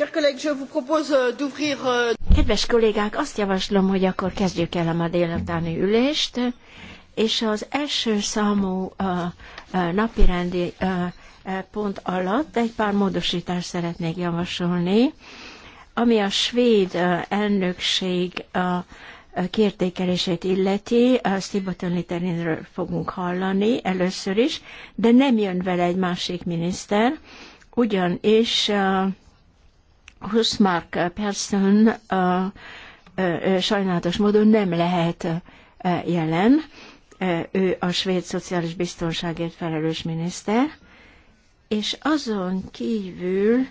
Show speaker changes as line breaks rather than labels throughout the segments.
Euh, euh, Kedves kollégák, azt javaslom, hogy akkor kezdjük el a ma délutáni ülést, és az első számú napirendi pont alatt egy pár módosítást szeretnék javasolni, ami a svéd elnökség kiértékelését illeti, Szibaton Literinről fogunk hallani először is, de nem jön vele egy másik miniszter, ugyanis Huszmark Persson sajnálatos módon nem lehet jelen. Ő a svéd szociális biztonságért felelős miniszter, és azon kívül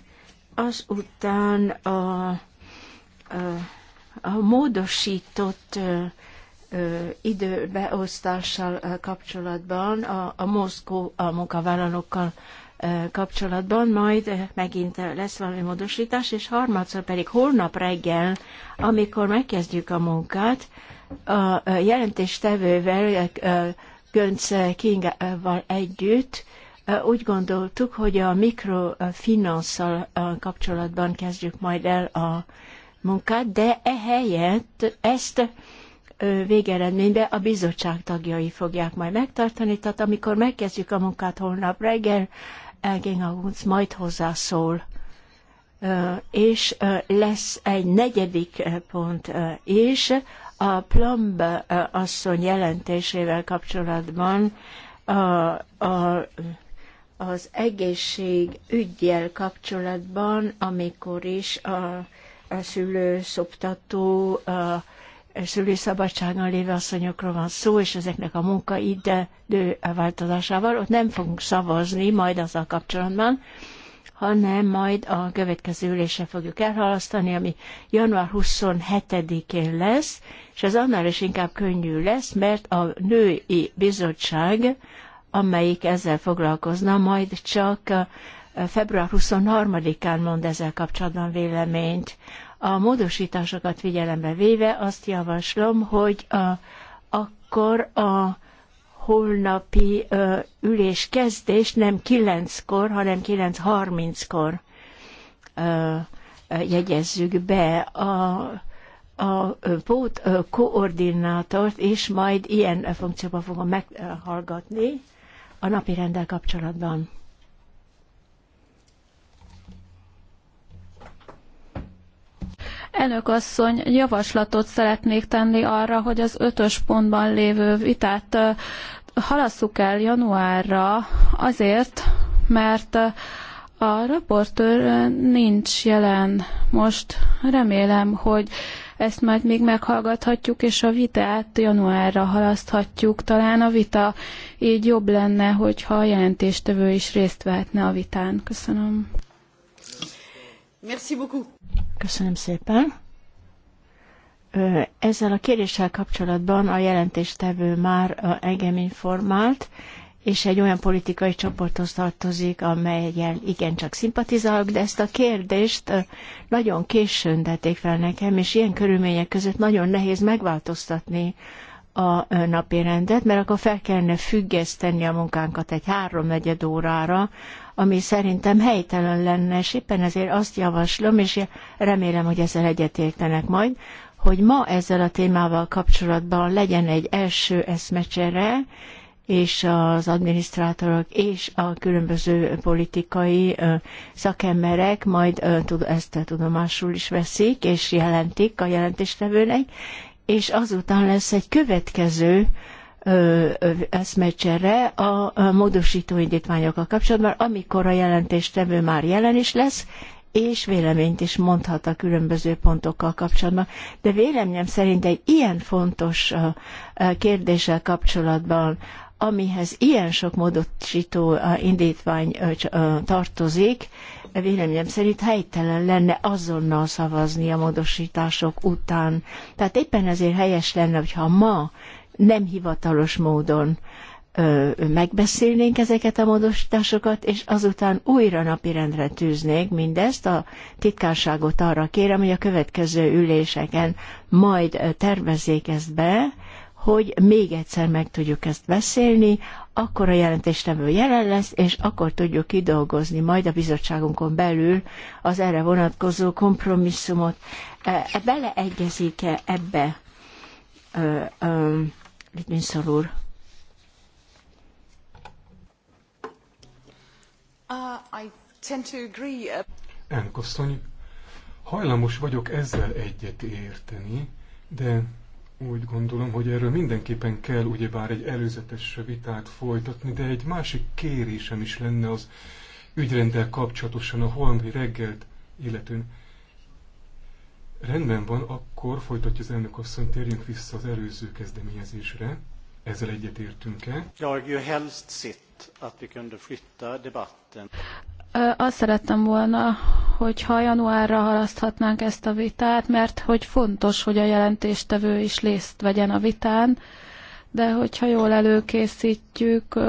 azután a, a, a módosított időbeosztással kapcsolatban a, a mozgó a munkavállalókkal kapcsolatban, majd megint lesz valami módosítás, és harmadszor pedig holnap reggel, amikor megkezdjük a munkát, a jelentéstevővel, Gönc Kingával együtt, úgy gondoltuk, hogy a mikrofinanszal kapcsolatban kezdjük majd el a munkát, de ehelyett ezt végeredményben a bizottság tagjai fogják majd megtartani, tehát amikor megkezdjük a munkát holnap reggel, Elgénagunc majd hozzászól, és lesz egy negyedik pont is, a Plumb asszony jelentésével kapcsolatban a, a, az egészségügyjel kapcsolatban, amikor is a, a szülő, szoptató, a, szülői szabadságon lévő asszonyokról van szó, és ezeknek a munkaidő változásával, ott nem fogunk szavazni majd azzal kapcsolatban, hanem majd a következő ülésre fogjuk elhalasztani, ami január 27-én lesz, és ez annál is inkább könnyű lesz, mert a női bizottság, amelyik ezzel foglalkozna, majd csak február 23-án mond ezzel kapcsolatban véleményt a módosításokat figyelembe véve azt javaslom, hogy a, akkor a holnapi ö, ülés kezdés nem 9-kor, hanem 9.30-kor jegyezzük be a a pót koordinátort, és majd ilyen funkcióban fogom meghallgatni a napi rendel kapcsolatban.
Elnök asszony, javaslatot szeretnék tenni arra, hogy az ötös pontban lévő vitát halasszuk el januárra azért, mert a raportőr nincs jelen most. Remélem, hogy ezt majd még meghallgathatjuk, és a vitát januárra halaszthatjuk. Talán a vita így jobb lenne, hogyha a jelentéstevő is részt vehetne a vitán. Köszönöm. Merci beaucoup. Köszönöm szépen.
Ezzel a kérdéssel kapcsolatban a jelentéstevő már engem informált, és egy olyan politikai csoporthoz tartozik, amelyen igencsak szimpatizálok, de ezt a kérdést nagyon későn tették fel nekem, és ilyen körülmények között nagyon nehéz megváltoztatni a napi rendet, mert akkor fel kellene függeszteni a munkánkat egy háromnegyed órára, ami szerintem helytelen lenne, és éppen ezért azt javaslom, és remélem, hogy ezzel egyetértenek majd, hogy ma ezzel a témával kapcsolatban legyen egy első eszmecsere, és az adminisztrátorok és a különböző politikai szakemberek majd ezt tudomásul is veszik, és jelentik a jelentéstevőnek, és azután lesz egy következő eszmecsere a módosító indítványokkal kapcsolatban, amikor a jelentéstevő már jelen is lesz, és véleményt is mondhat a különböző pontokkal kapcsolatban. De véleményem szerint egy ilyen fontos kérdéssel kapcsolatban, amihez ilyen sok módosító indítvány tartozik, véleményem szerint helytelen lenne azonnal szavazni a módosítások után. Tehát éppen ezért helyes lenne, hogyha ma nem hivatalos módon megbeszélnénk ezeket a módosításokat, és azután újra napirendre tűznék mindezt. A titkárságot arra kérem, hogy a következő üléseken majd tervezzék ezt be, hogy még egyszer meg tudjuk ezt beszélni, akkor a jelentéstevő jelen lesz, és akkor tudjuk kidolgozni majd a bizottságunkon belül az erre vonatkozó kompromisszumot. Beleegyezik-e ebbe? Ö, ö, Lidminszor úr.
Uh, I tend to agree. Uh,
Elnök asszony, hajlamos vagyok ezzel egyet érteni, de úgy gondolom, hogy erről mindenképpen kell ugyebár egy előzetes vitát folytatni, de egy másik kérésem is lenne az ügyrendel kapcsolatosan a holmi reggelt illetően. Rendben van, akkor folytatja az elnök asszony, térjünk vissza az előző kezdeményezésre. Ezzel egyetértünk-e? Jag ju helst att vi kunde flytta debatten.
Azt szerettem volna, hogyha januárra halaszthatnánk ezt a vitát, mert hogy fontos, hogy a jelentéstevő is részt vegyen a vitán, de hogyha jól előkészítjük,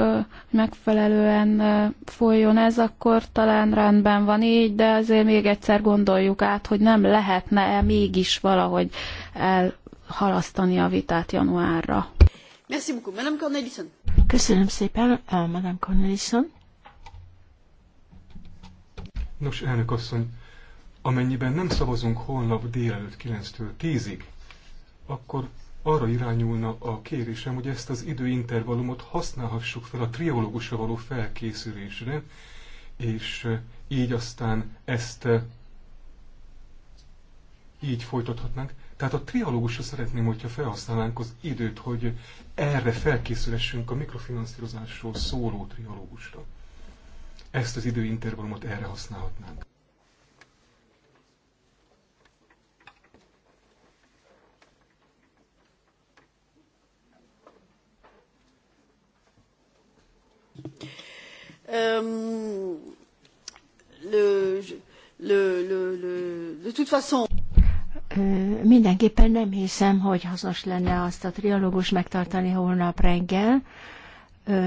megfelelően folyjon ez, akkor talán rendben van így, de azért még egyszer gondoljuk át, hogy nem lehetne-e mégis valahogy elhalasztani a vitát januárra.
Merci beaucoup, Madame
Cornelison.
Köszönöm szépen, Madame Cornelison.
Nos, elnök asszony, amennyiben nem szavazunk holnap délelőtt 9-től 10-ig, akkor arra irányulna a kérésem, hogy ezt az időintervallumot használhassuk fel a triológusra való felkészülésre, és eh, így aztán ezt eh, így folytathatnánk. Tehát a triológusra szeretném, hogyha felhasználnánk az időt, hogy erre felkészülessünk a mikrofinanszírozásról szóló triológusra. Ezt az időintervallumot erre használhatnánk.
Euh, de toute façon,
Mindenképpen nem hiszem, hogy hasznos lenne azt a trialógus megtartani holnap reggel,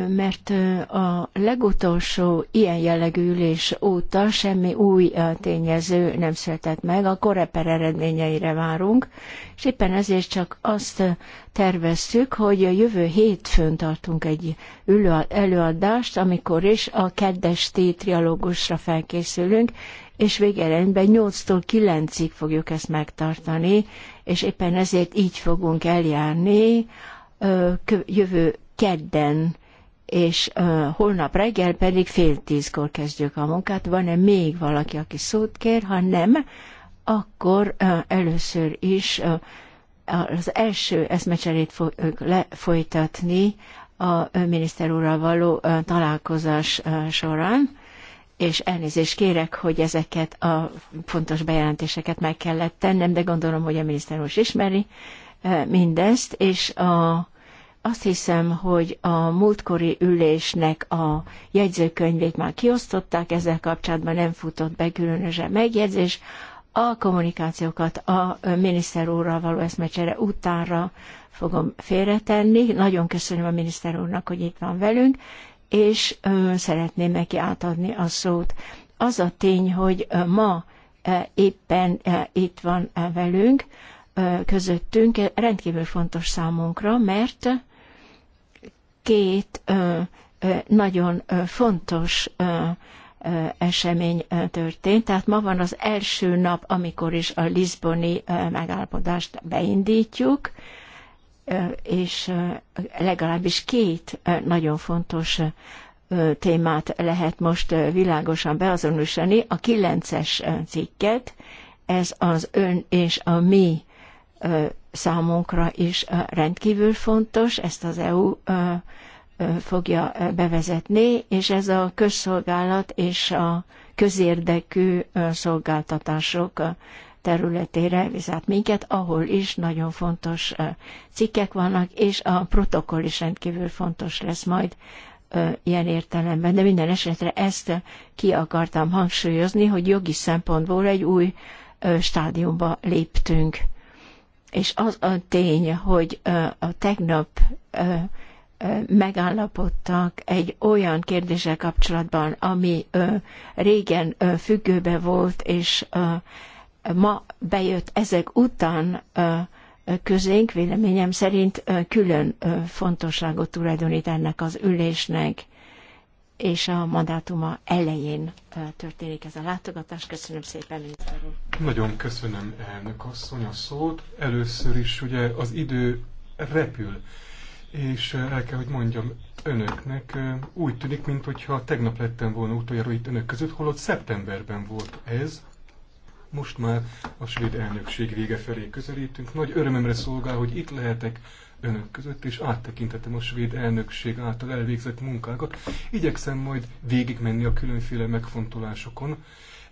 mert a legutolsó ilyen jellegű ülés óta semmi új tényező nem született meg, a koreper eredményeire várunk, és éppen ezért csak azt terveztük, hogy a jövő hétfőn tartunk egy előadást, amikor is a keddesti trialógusra felkészülünk, és végeredményben 8-tól 9-ig fogjuk ezt megtartani, és éppen ezért így fogunk eljárni jövő kedden és holnap reggel pedig fél tízkor kezdjük a munkát. Van-e még valaki, aki szót kér? Ha nem, akkor először is az első eszmecserét fogjuk lefolytatni a miniszter úrral való találkozás során és elnézést kérek, hogy ezeket a fontos bejelentéseket meg kellett tennem, de gondolom, hogy a miniszter úr is ismeri mindezt, és a azt hiszem, hogy a múltkori ülésnek a jegyzőkönyvét már kiosztották, ezzel kapcsolatban nem futott be különösen megjegyzés. A kommunikációkat a miniszter úrral való eszmecsere utánra fogom félretenni. Nagyon köszönöm a miniszter úrnak, hogy itt van velünk, és szeretném neki átadni a szót. Az a tény, hogy ma éppen itt van velünk, közöttünk rendkívül fontos számunkra, mert két nagyon fontos esemény történt. Tehát ma van az első nap, amikor is a Lisboni megállapodást beindítjuk, és legalábbis két nagyon fontos témát lehet most világosan beazonosítani. A kilences cikket, ez az ön és a mi számunkra is rendkívül fontos, ezt az EU fogja bevezetni, és ez a közszolgálat és a közérdekű szolgáltatások területére vizet minket, ahol is nagyon fontos cikkek vannak, és a protokoll is rendkívül fontos lesz majd ilyen értelemben. De minden esetre ezt ki akartam hangsúlyozni, hogy jogi szempontból egy új stádiumba léptünk és az a tény, hogy a tegnap megállapodtak egy olyan kérdéssel kapcsolatban, ami régen függőbe volt, és ma bejött ezek után közénk, véleményem szerint külön fontosságot tulajdonít ennek az ülésnek és a mandátuma elején történik ez a látogatás. Köszönöm szépen, miniszter
Nagyon köszönöm, elnök asszony, a szót. Először is ugye az idő repül, és el kell, hogy mondjam önöknek, úgy tűnik, mintha tegnap lettem volna utoljára itt önök között, holott szeptemberben volt ez, most már a svéd elnökség vége felé közelítünk. Nagy örömömre szolgál, hogy itt lehetek önök között, és áttekintettem a svéd elnökség által elvégzett munkákat. Igyekszem majd végigmenni a különféle megfontolásokon.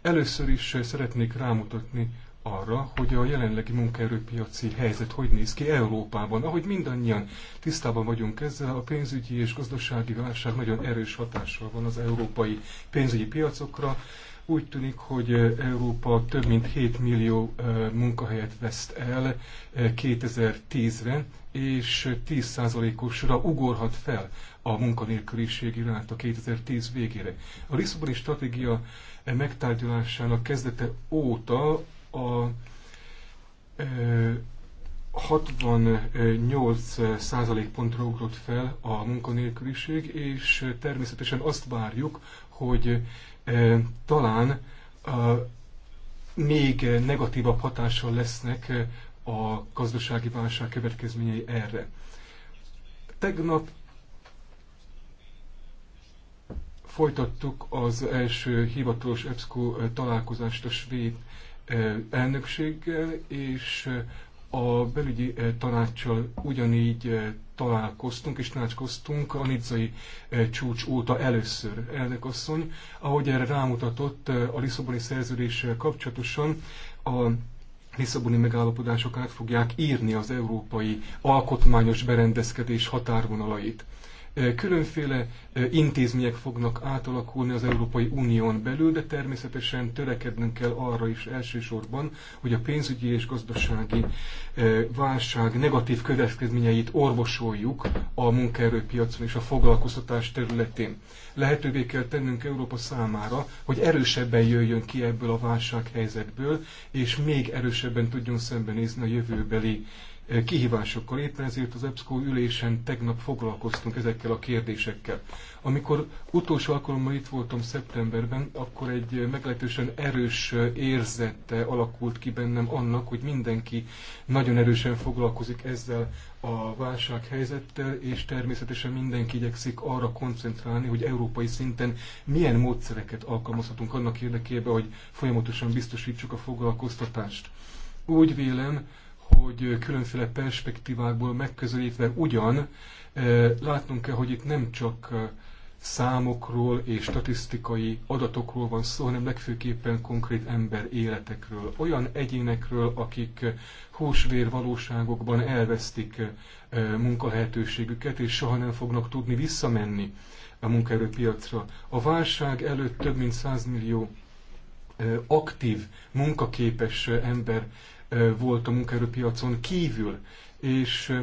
Először is szeretnék rámutatni arra, hogy a jelenlegi munkaerőpiaci helyzet hogy néz ki Európában. Ahogy mindannyian tisztában vagyunk ezzel, a pénzügyi és gazdasági válság nagyon erős hatással van az európai pénzügyi piacokra, úgy tűnik, hogy Európa több mint 7 millió munkahelyet veszt el 2010-re, és 10%-osra ugorhat fel a munkanélküliség iránt a 2010 végére. A Lisszaboni stratégia megtárgyalásának kezdete óta a 68 százalékpontra ugrott fel a munkanélküliség, és természetesen azt várjuk, hogy talán még negatívabb hatással lesznek a gazdasági válság következményei erre. Tegnap folytattuk az első hivatalos EBSCO találkozást a svéd elnökséggel, és a belügyi tanácssal ugyanígy találkoztunk és tanácskoztunk a nizzai csúcs óta először, elnökasszony, ahogy erre rámutatott a Lisszaboni szerződéssel kapcsolatosan a Lisszaboni megállapodások át fogják írni az európai alkotmányos berendezkedés határvonalait. Különféle intézmények fognak átalakulni az Európai Unión belül, de természetesen törekednünk kell arra is elsősorban, hogy a pénzügyi és gazdasági válság negatív következményeit orvosoljuk a munkaerőpiacon és a foglalkoztatás területén. Lehetővé kell tennünk Európa számára, hogy erősebben jöjjön ki ebből a válsághelyzetből, és még erősebben tudjon szembenézni a jövőbeli kihívásokkal. Éppen ezért az EBSCO ülésen tegnap foglalkoztunk ezekkel a kérdésekkel. Amikor utolsó alkalommal itt voltam szeptemberben, akkor egy meglehetősen erős érzette alakult ki bennem annak, hogy mindenki nagyon erősen foglalkozik ezzel a válsághelyzettel, és természetesen mindenki igyekszik arra koncentrálni, hogy európai szinten milyen módszereket alkalmazhatunk annak érdekében, hogy folyamatosan biztosítsuk a foglalkoztatást. Úgy vélem, hogy különféle perspektívákból megközelítve ugyan e, látnunk kell, hogy itt nem csak e, számokról és statisztikai adatokról van szó, hanem legfőképpen konkrét ember életekről, olyan egyénekről, akik e, húsvér valóságokban elvesztik munkalehetőségüket, és soha nem fognak tudni visszamenni a munkaerőpiacra. A válság előtt több mint 100 millió aktív, munkaképes ember volt a munkaerőpiacon kívül, és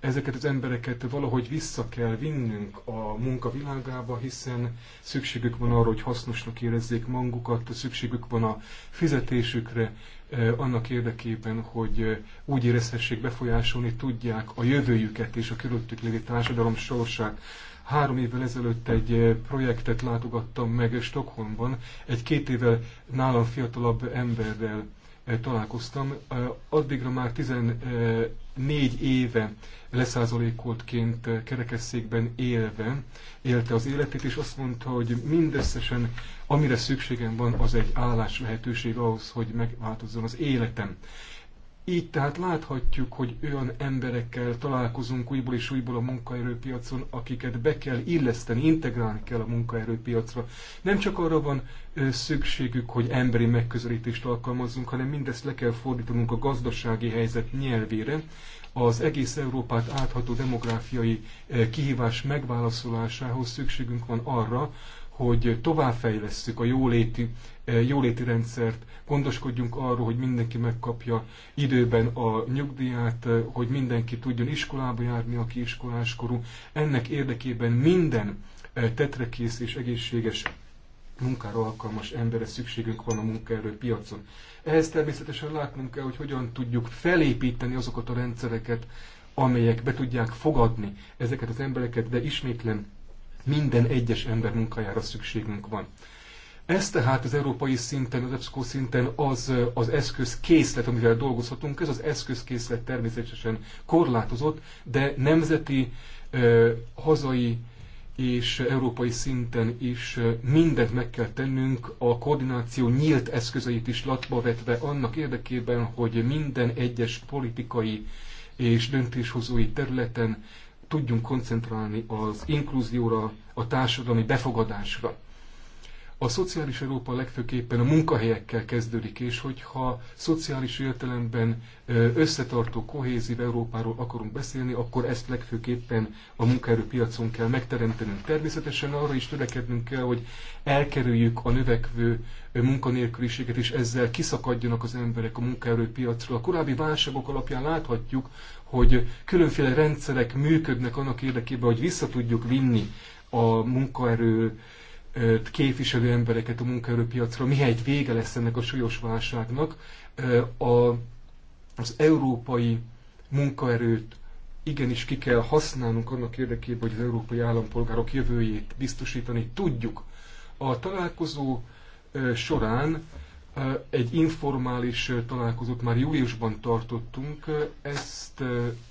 ezeket az embereket valahogy vissza kell vinnünk a munka világába, hiszen szükségük van arra, hogy hasznosnak érezzék magukat, szükségük van a fizetésükre, annak érdekében, hogy úgy érezhessék, befolyásolni tudják a jövőjüket és a körülöttük lévő társadalom sorsát. Három évvel ezelőtt egy projektet látogattam meg Stockholmban, egy két évvel nálam fiatalabb emberrel találkoztam, addigra már 14 éve leszázalékoltként kerekesszékben élve élte az életét, és azt mondta, hogy mindösszesen amire szükségem van, az egy állás lehetőség ahhoz, hogy megváltozzon az életem. Így tehát láthatjuk, hogy olyan emberekkel találkozunk újból és újból a munkaerőpiacon, akiket be kell illeszteni, integrálni kell a munkaerőpiacra. Nem csak arra van szükségük, hogy emberi megközelítést alkalmazzunk, hanem mindezt le kell fordítanunk a gazdasági helyzet nyelvére, az egész Európát átható demográfiai kihívás megválaszolásához szükségünk van arra, hogy továbbfejlesszük a jóléti, eh, jóléti rendszert, gondoskodjunk arról, hogy mindenki megkapja időben a nyugdíját, eh, hogy mindenki tudjon iskolába járni, aki iskoláskorú. Ennek érdekében minden eh, tetrekész és egészséges munkára alkalmas emberre szükségünk van a munkaerőpiacon. Ehhez természetesen látnunk kell, hogy hogyan tudjuk felépíteni azokat a rendszereket, amelyek be tudják fogadni ezeket az embereket, de ismétlen minden egyes ember munkájára szükségünk van. Ez tehát az európai szinten, az EBSCO szinten az, az eszközkészlet, amivel dolgozhatunk, ez az eszközkészlet természetesen korlátozott, de nemzeti, hazai és európai szinten is mindent meg kell tennünk, a koordináció nyílt eszközeit is latba vetve annak érdekében, hogy minden egyes politikai és döntéshozói területen tudjunk koncentrálni az inkluzióra, a társadalmi befogadásra. A szociális Európa legfőképpen a munkahelyekkel kezdődik, és hogyha szociális értelemben összetartó, kohézív Európáról akarunk beszélni, akkor ezt legfőképpen a munkaerőpiacon kell megteremtenünk. Természetesen arra is törekednünk kell, hogy elkerüljük a növekvő munkanélküliséget, és ezzel kiszakadjanak az emberek a munkaerőpiacról. A korábbi válságok alapján láthatjuk, hogy különféle rendszerek működnek annak érdekében, hogy vissza tudjuk vinni a munkaerő képviselő embereket a munkaerőpiacra, mihelyt vége lesz ennek a súlyos válságnak, a, az európai munkaerőt igenis ki kell használnunk annak érdekében, hogy az európai állampolgárok jövőjét biztosítani tudjuk. A találkozó során egy informális találkozót már júliusban tartottunk, ezt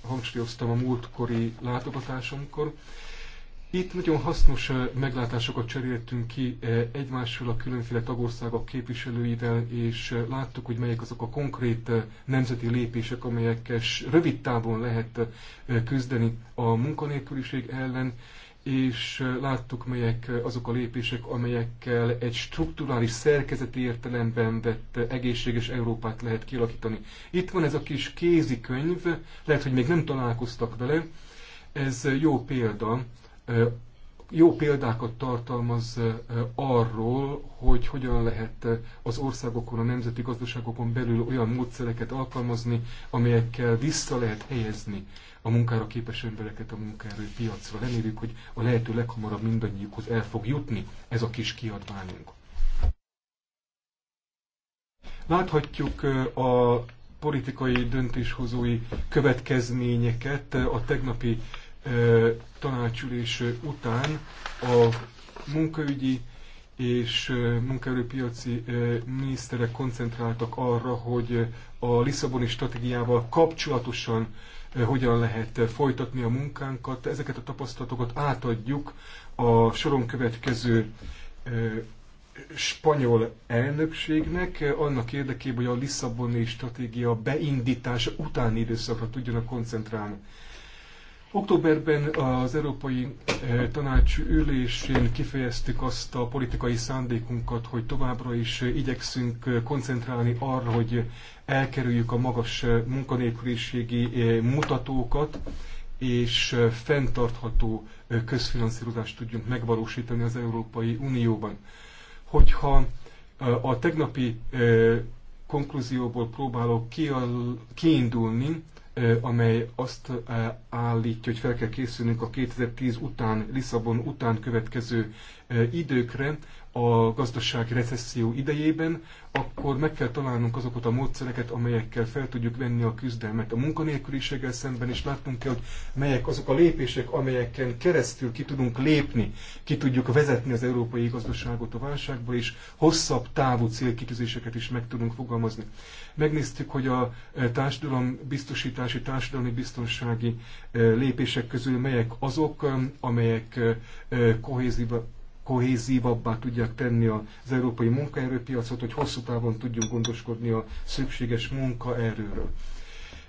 hangsúlyoztam a múltkori látogatásomkor. Itt nagyon hasznos meglátásokat cseréltünk ki egymással a különféle tagországok képviselőivel, és láttuk, hogy melyek azok a konkrét nemzeti lépések, amelyekkel rövid távon lehet küzdeni a munkanélküliség ellen, és láttuk, melyek azok a lépések, amelyekkel egy strukturális szerkezeti értelemben vett egészséges Európát lehet kialakítani. Itt van ez a kis kézikönyv, lehet, hogy még nem találkoztak vele, ez jó példa jó példákat tartalmaz arról, hogy hogyan lehet az országokon, a nemzeti gazdaságokon belül olyan módszereket alkalmazni, amelyekkel vissza lehet helyezni a munkára képes embereket a munkaerőpiacra. Reméljük, hogy a lehető leghamarabb mindannyiukhoz el fog jutni ez a kis kiadványunk. Láthatjuk a politikai döntéshozói következményeket a tegnapi tanácsülés után a munkaügyi és munkaerőpiaci miniszterek koncentráltak arra, hogy a Lisszaboni stratégiával kapcsolatosan hogyan lehet folytatni a munkánkat. Ezeket a tapasztalatokat átadjuk a soron következő spanyol elnökségnek annak érdekében, hogy a Lisszaboni stratégia beindítása utáni időszakra tudjanak koncentrálni. Októberben az Európai eh, Tanács ülésén kifejeztük azt a politikai szándékunkat, hogy továbbra is eh, igyekszünk eh, koncentrálni arra, hogy elkerüljük a magas munkanélküliségi mutatókat, és fenntartható közfinanszírozást tudjunk megvalósítani az Európai Unióban. Hogyha a tegnapi konklúzióból próbálok kiindulni, amely azt állítja, hogy fel kell készülnünk a 2010 után, Lisszabon után következő időkre, a gazdaság recesszió idejében, akkor meg kell találnunk azokat a módszereket, amelyekkel fel tudjuk venni a küzdelmet a munkanélküliséggel szemben, és látnunk kell, hogy melyek azok a lépések, amelyeken keresztül ki tudunk lépni, ki tudjuk vezetni az európai gazdaságot a válságból, és hosszabb távú célkitűzéseket is meg tudunk fogalmazni. Megnéztük, hogy a e, társadalom biztosítási, társadalmi biztonsági e, lépések közül melyek azok, e, amelyek kohézíva, kohézívabbá tudják tenni az európai munkaerőpiacot, hogy hosszú távon tudjunk gondoskodni a szükséges munkaerőről.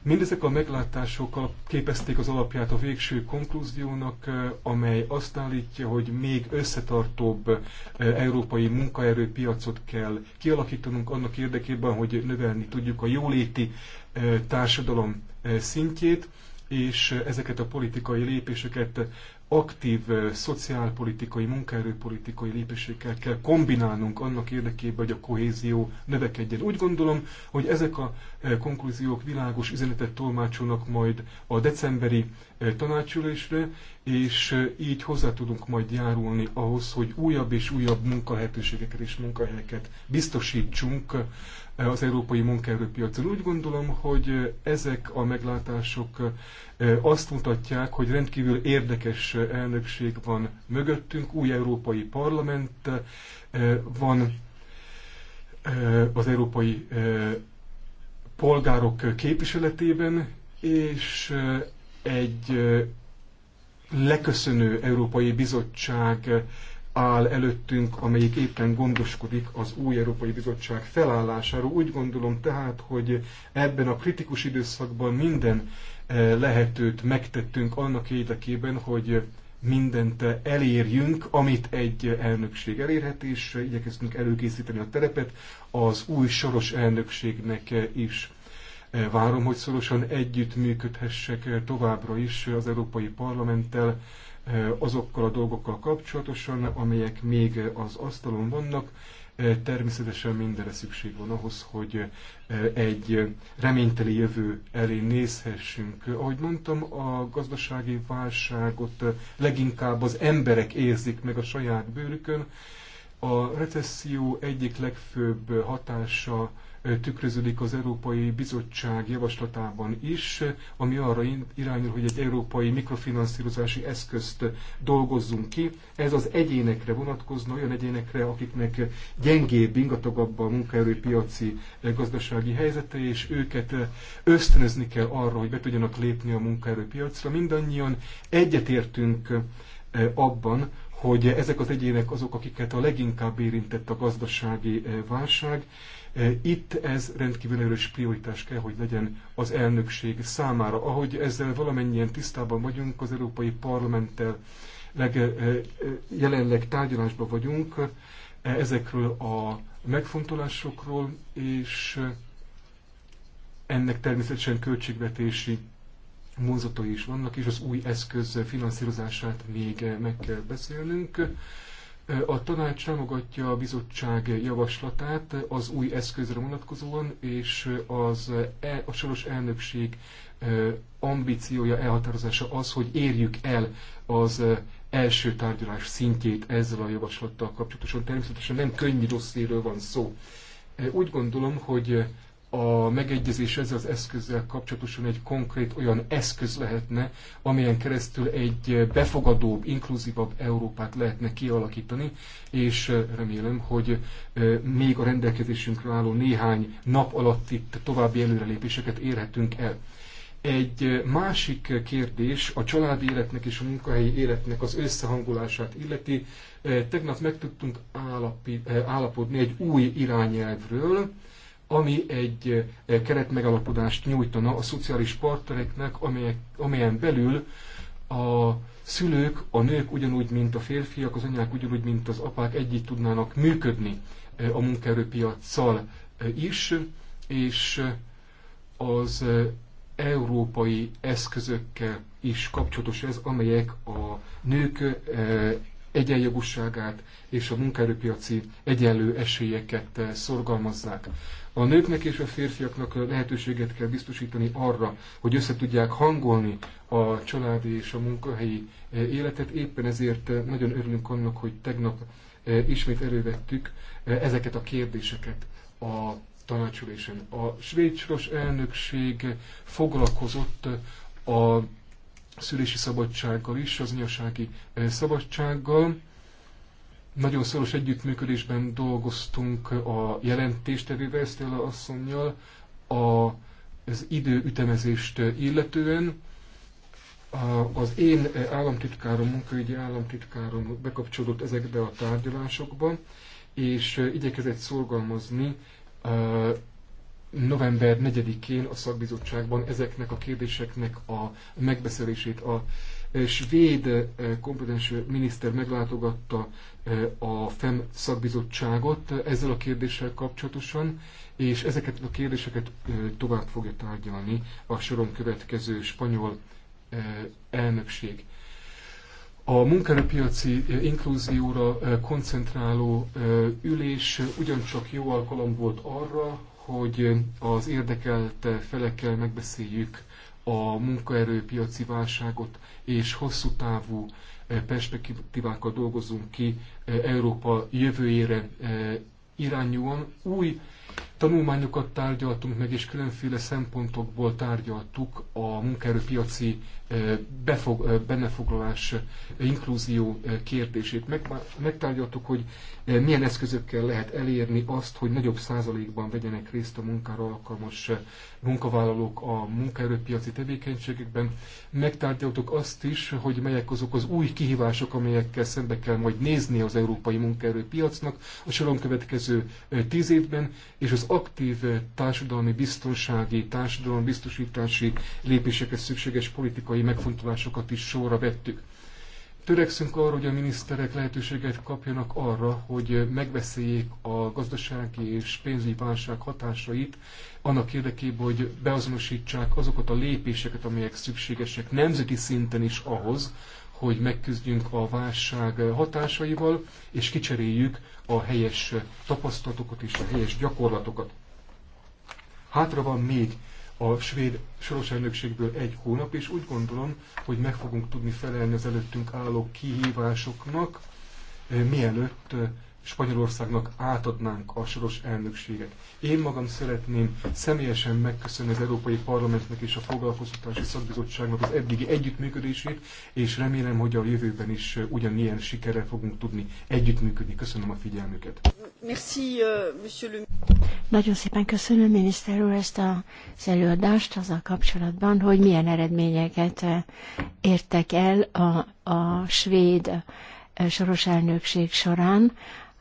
Mindezek a meglátások képezték az alapját a végső konklúziónak, amely azt állítja, hogy még összetartóbb európai munkaerőpiacot kell kialakítanunk annak érdekében, hogy növelni tudjuk a jóléti társadalom szintjét, és ezeket a politikai lépéseket aktív szociálpolitikai, munkaerőpolitikai lépésekkel kell kombinálnunk annak érdekében, hogy a kohézió növekedjen. Úgy gondolom, hogy ezek a konklúziók világos üzenetet tolmácsolnak majd a decemberi tanácsülésre, és így hozzá tudunk majd járulni ahhoz, hogy újabb és újabb munkahelyetőségeket és munkahelyeket biztosítsunk az európai munkaerőpiacon. Úgy gondolom, hogy ezek a meglátások azt mutatják, hogy rendkívül érdekes elnökség van mögöttünk, új európai parlament eh, van, eh, az európai eh, polgárok képviseletében, és egy leköszönő Európai Bizottság áll előttünk, amelyik éppen gondoskodik az új Európai Bizottság felállásáról. Úgy gondolom tehát, hogy ebben a kritikus időszakban minden lehetőt megtettünk annak érdekében, hogy mindent elérjünk, amit egy elnökség elérhet, és igyekeztünk előkészíteni a terepet az új soros elnökségnek is. Várom, hogy szorosan együttműködhessek továbbra is az Európai Parlamenttel azokkal a dolgokkal kapcsolatosan, amelyek még az asztalon vannak, Természetesen mindenre szükség van ahhoz, hogy egy reményteli jövő elé nézhessünk. Ahogy mondtam, a gazdasági válságot leginkább az emberek érzik meg a saját bőrükön. A recesszió egyik legfőbb hatása tükröződik az Európai Bizottság javaslatában is, ami arra irányul, hogy egy európai mikrofinanszírozási eszközt dolgozzunk ki. Ez az egyénekre vonatkozna, olyan egyénekre, akiknek gyengébb, ingatagabb a munkaerőpiaci eh, gazdasági helyzete, és őket eh, ösztönözni kell arra, hogy be tudjanak lépni a munkaerőpiacra. Mindannyian egyetértünk eh, abban, hogy ezek az egyének azok, akiket a leginkább érintett a gazdasági válság, Eh, itt ez rendkívül erős prioritás kell, hogy legyen az elnökség számára. Ahogy ezzel valamennyien tisztában vagyunk, az Európai Parlamenttel leg, eh, eh, jelenleg tárgyalásban vagyunk ezekről a megfontolásokról, és ennek természetesen költségvetési vonzatai is vannak, és az új eszköz finanszírozását még meg kell beszélnünk. A tanács támogatja a bizottság javaslatát az új eszközre vonatkozóan, és az e, a soros elnökség ambíciója, elhatározása az, hogy érjük el az első tárgyalás szintjét ezzel a javaslattal kapcsolatosan. Természetesen nem könnyű dosszéről van szó. Úgy gondolom, hogy a megegyezés ezzel az eszközzel kapcsolatosan egy konkrét olyan eszköz lehetne, amelyen keresztül egy befogadóbb, inkluzívabb Európát lehetne kialakítani, és remélem, hogy még a rendelkezésünkre álló néhány nap alatt itt további előrelépéseket érhetünk el. Egy másik kérdés a családi életnek és a munkahelyi életnek az összehangolását illeti. Tegnap meg tudtunk állapodni egy új irányelvről, ami egy eh, keretmegalapodást nyújtana a szociális partnereknek, amelyek, amelyen belül a szülők, a nők ugyanúgy, mint a férfiak, az anyák ugyanúgy, mint az apák együtt tudnának működni eh, a munkaerőpiacsal eh, is, és az európai eszközökkel is kapcsolatos ez, amelyek a nők egyenjogúságát és a munkaerőpiaci egyenlő esélyeket szorgalmazzák. A nőknek és a férfiaknak lehetőséget kell biztosítani arra, hogy össze tudják hangolni a családi és a munkahelyi e, életet. Éppen ezért e, nagyon örülünk annak, hogy tegnap e, ismét elővettük ezeket a kérdéseket a tanácsülésen. A svéd soros elnökség foglalkozott a szülési szabadsággal is, az anyasági szabadsággal. Nagyon szoros együttműködésben dolgoztunk a jelentéstevével, a asszonynal, a, az időütemezést illetően. A, az én államtitkárom, munkaügyi államtitkárom bekapcsolódott ezekbe a tárgyalásokba, és igyekezett szorgalmazni november 4-én a szakbizottságban ezeknek a kérdéseknek a megbeszélését a svéd eh, kompetens miniszter meglátogatta eh, a FEM szakbizottságot eh, ezzel a kérdéssel kapcsolatosan, és ezeket a kérdéseket tovább fogja tárgyalni a soron következő spanyol elnökség. A munkaerőpiaci inkluzióra koncentráló ülés ugyancsak jó alkalom volt arra, hogy az érdekelt felekkel megbeszéljük a munkaerőpiaci válságot, és hosszú távú eh, perspektívákkal dolgozunk ki eh, Európa jövőjére eh, irányúan. Új Tanulmányokat tárgyaltunk meg, és különféle szempontokból tárgyaltuk a munkaerőpiaci eh, befog, eh, bennefoglalás, eh, inkluzió kérdését. Meg, megtárgyaltuk, hogy milyen eszközökkel lehet elérni azt, hogy nagyobb százalékban vegyenek részt a munkára alkalmas munkavállalók a munkaerőpiaci tevékenységekben. Megtárgyaltuk azt is, hogy melyek azok az új kihívások, amelyekkel szembe kell majd nézni az európai munkaerőpiacnak a soron következő tíz évben, és az aktív társadalmi biztonsági, társadalmi biztosítási lépéseket szükséges politikai megfontolásokat is sorra vettük. Törekszünk arra, hogy a miniszterek lehetőséget kapjanak arra, hogy megbeszéljék a gazdasági és pénzügyi válság hatásait, annak érdekében, hogy beazonosítsák azokat a lépéseket, amelyek szükségesek nemzeti szinten is ahhoz, hogy megküzdjünk a válság hatásaival, és kicseréljük a helyes tapasztalatokat és a helyes gyakorlatokat. Hátra van még a svéd soros elnökségből egy hónap, és úgy gondolom, hogy meg fogunk tudni felelni az előttünk álló kihívásoknak, eh, mielőtt eh, Spanyolországnak átadnánk a soros elnökséget. Én magam szeretném személyesen megköszönni az Európai Parlamentnek és a Foglalkoztatási Szakbizottságnak az eddigi együttműködését, és remélem, hogy a jövőben is ugyanilyen sikerrel fogunk tudni együttműködni. Köszönöm a figyelmüket.
Merci, euh, monsieur le... Nagyon szépen köszönöm, miniszter úr, ezt az előadást azzal kapcsolatban, hogy milyen eredményeket eh, értek el a, a svéd eh, soros elnökség során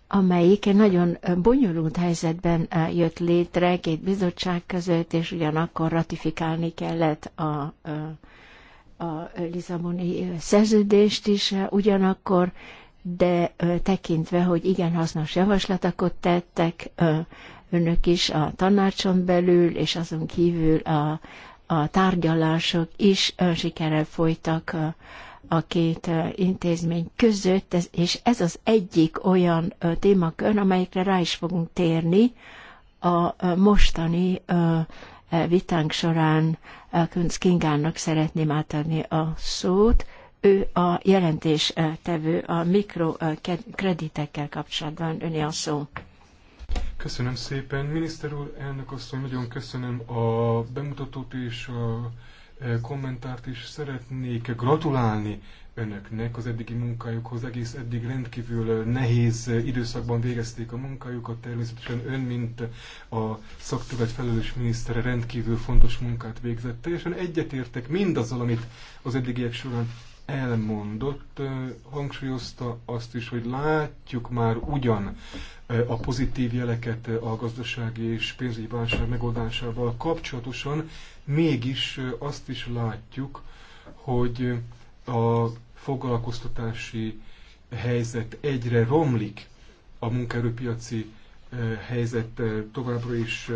amelyik egy nagyon bonyolult helyzetben jött létre két bizottság között, és ugyanakkor ratifikálni kellett a, a Lizaboni szerződést is ugyanakkor, de tekintve, hogy igen hasznos javaslatokat tettek önök is a tanácson belül, és azon kívül a, a tárgyalások is sikerrel folytak a két intézmény között, és ez az egyik olyan témakör, amelyikre rá is fogunk térni a mostani vitánk során. Künz Kingának szeretném átadni a szót. Ő a jelentéstevő a mikrokreditekkel kapcsolatban. Öni a szó.
Köszönöm szépen. Miniszter úr, elnök asszony, nagyon köszönöm a bemutatót és a kommentárt is szeretnék gratulálni önöknek az eddigi munkájukhoz. Egész eddig rendkívül nehéz időszakban végezték a munkájukat. Természetesen ön, mint a szakterület felelős minisztere rendkívül fontos munkát végzett. Teljesen egyetértek mindazzal, amit az eddigiek során elmondott, hangsúlyozta azt is, hogy látjuk már ugyan a pozitív jeleket a gazdasági és pénzügyi válság megoldásával kapcsolatosan, mégis azt is látjuk, hogy a foglalkoztatási helyzet egyre romlik, a munkaerőpiaci helyzet továbbra is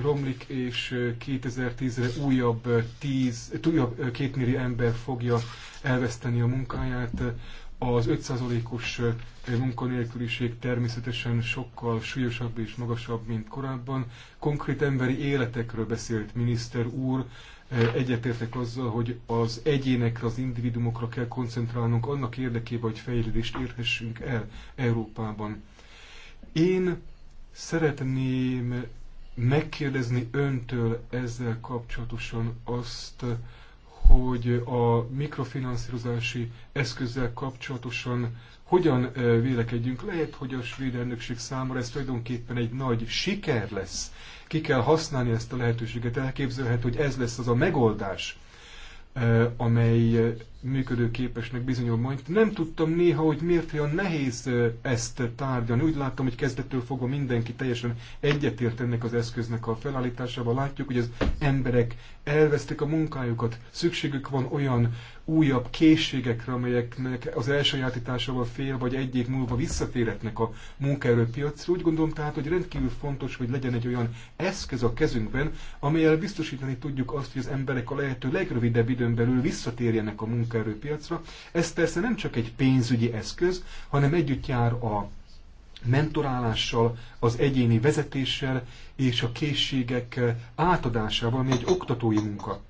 romlik, és 2010-re újabb, 10, újabb két millió ember fogja elveszteni a munkáját. Az 5%-os munkanélküliség természetesen sokkal súlyosabb és magasabb, mint korábban. Konkrét emberi életekről beszélt miniszter úr, egyetértek azzal, hogy az egyénekre, az individumokra kell koncentrálnunk annak érdekében, hogy fejlődést érhessünk el Európában. Én szeretném megkérdezni öntől ezzel kapcsolatosan azt, hogy a mikrofinanszírozási eszközzel kapcsolatosan hogyan vélekedjünk. Lehet, hogy a svéd elnökség számára ez tulajdonképpen egy nagy siker lesz. Ki kell használni ezt a lehetőséget. Elképzelhet, hogy ez lesz az a megoldás, amely működőképesnek bizonyul majd. Nem tudtam néha, hogy miért olyan nehéz ezt tárgyalni. Úgy láttam, hogy kezdettől fogva mindenki teljesen egyetért ennek az eszköznek a felállításával. Látjuk, hogy az emberek elvesztik a munkájukat, szükségük van olyan újabb készségekre, amelyeknek az elsajátításával fél vagy egy év múlva visszatérhetnek a munkaerőpiacra. Úgy gondolom tehát, hogy rendkívül fontos, hogy legyen egy olyan eszköz a kezünkben, amelyel biztosítani tudjuk azt, hogy az emberek a lehető legrövidebb időn belül visszatérjenek a munkájukat munkaerőpiacra. Ez persze nem csak egy pénzügyi eszköz, hanem együtt jár a mentorálással, az egyéni vezetéssel és a készségek átadásával, ami egy oktatói munka.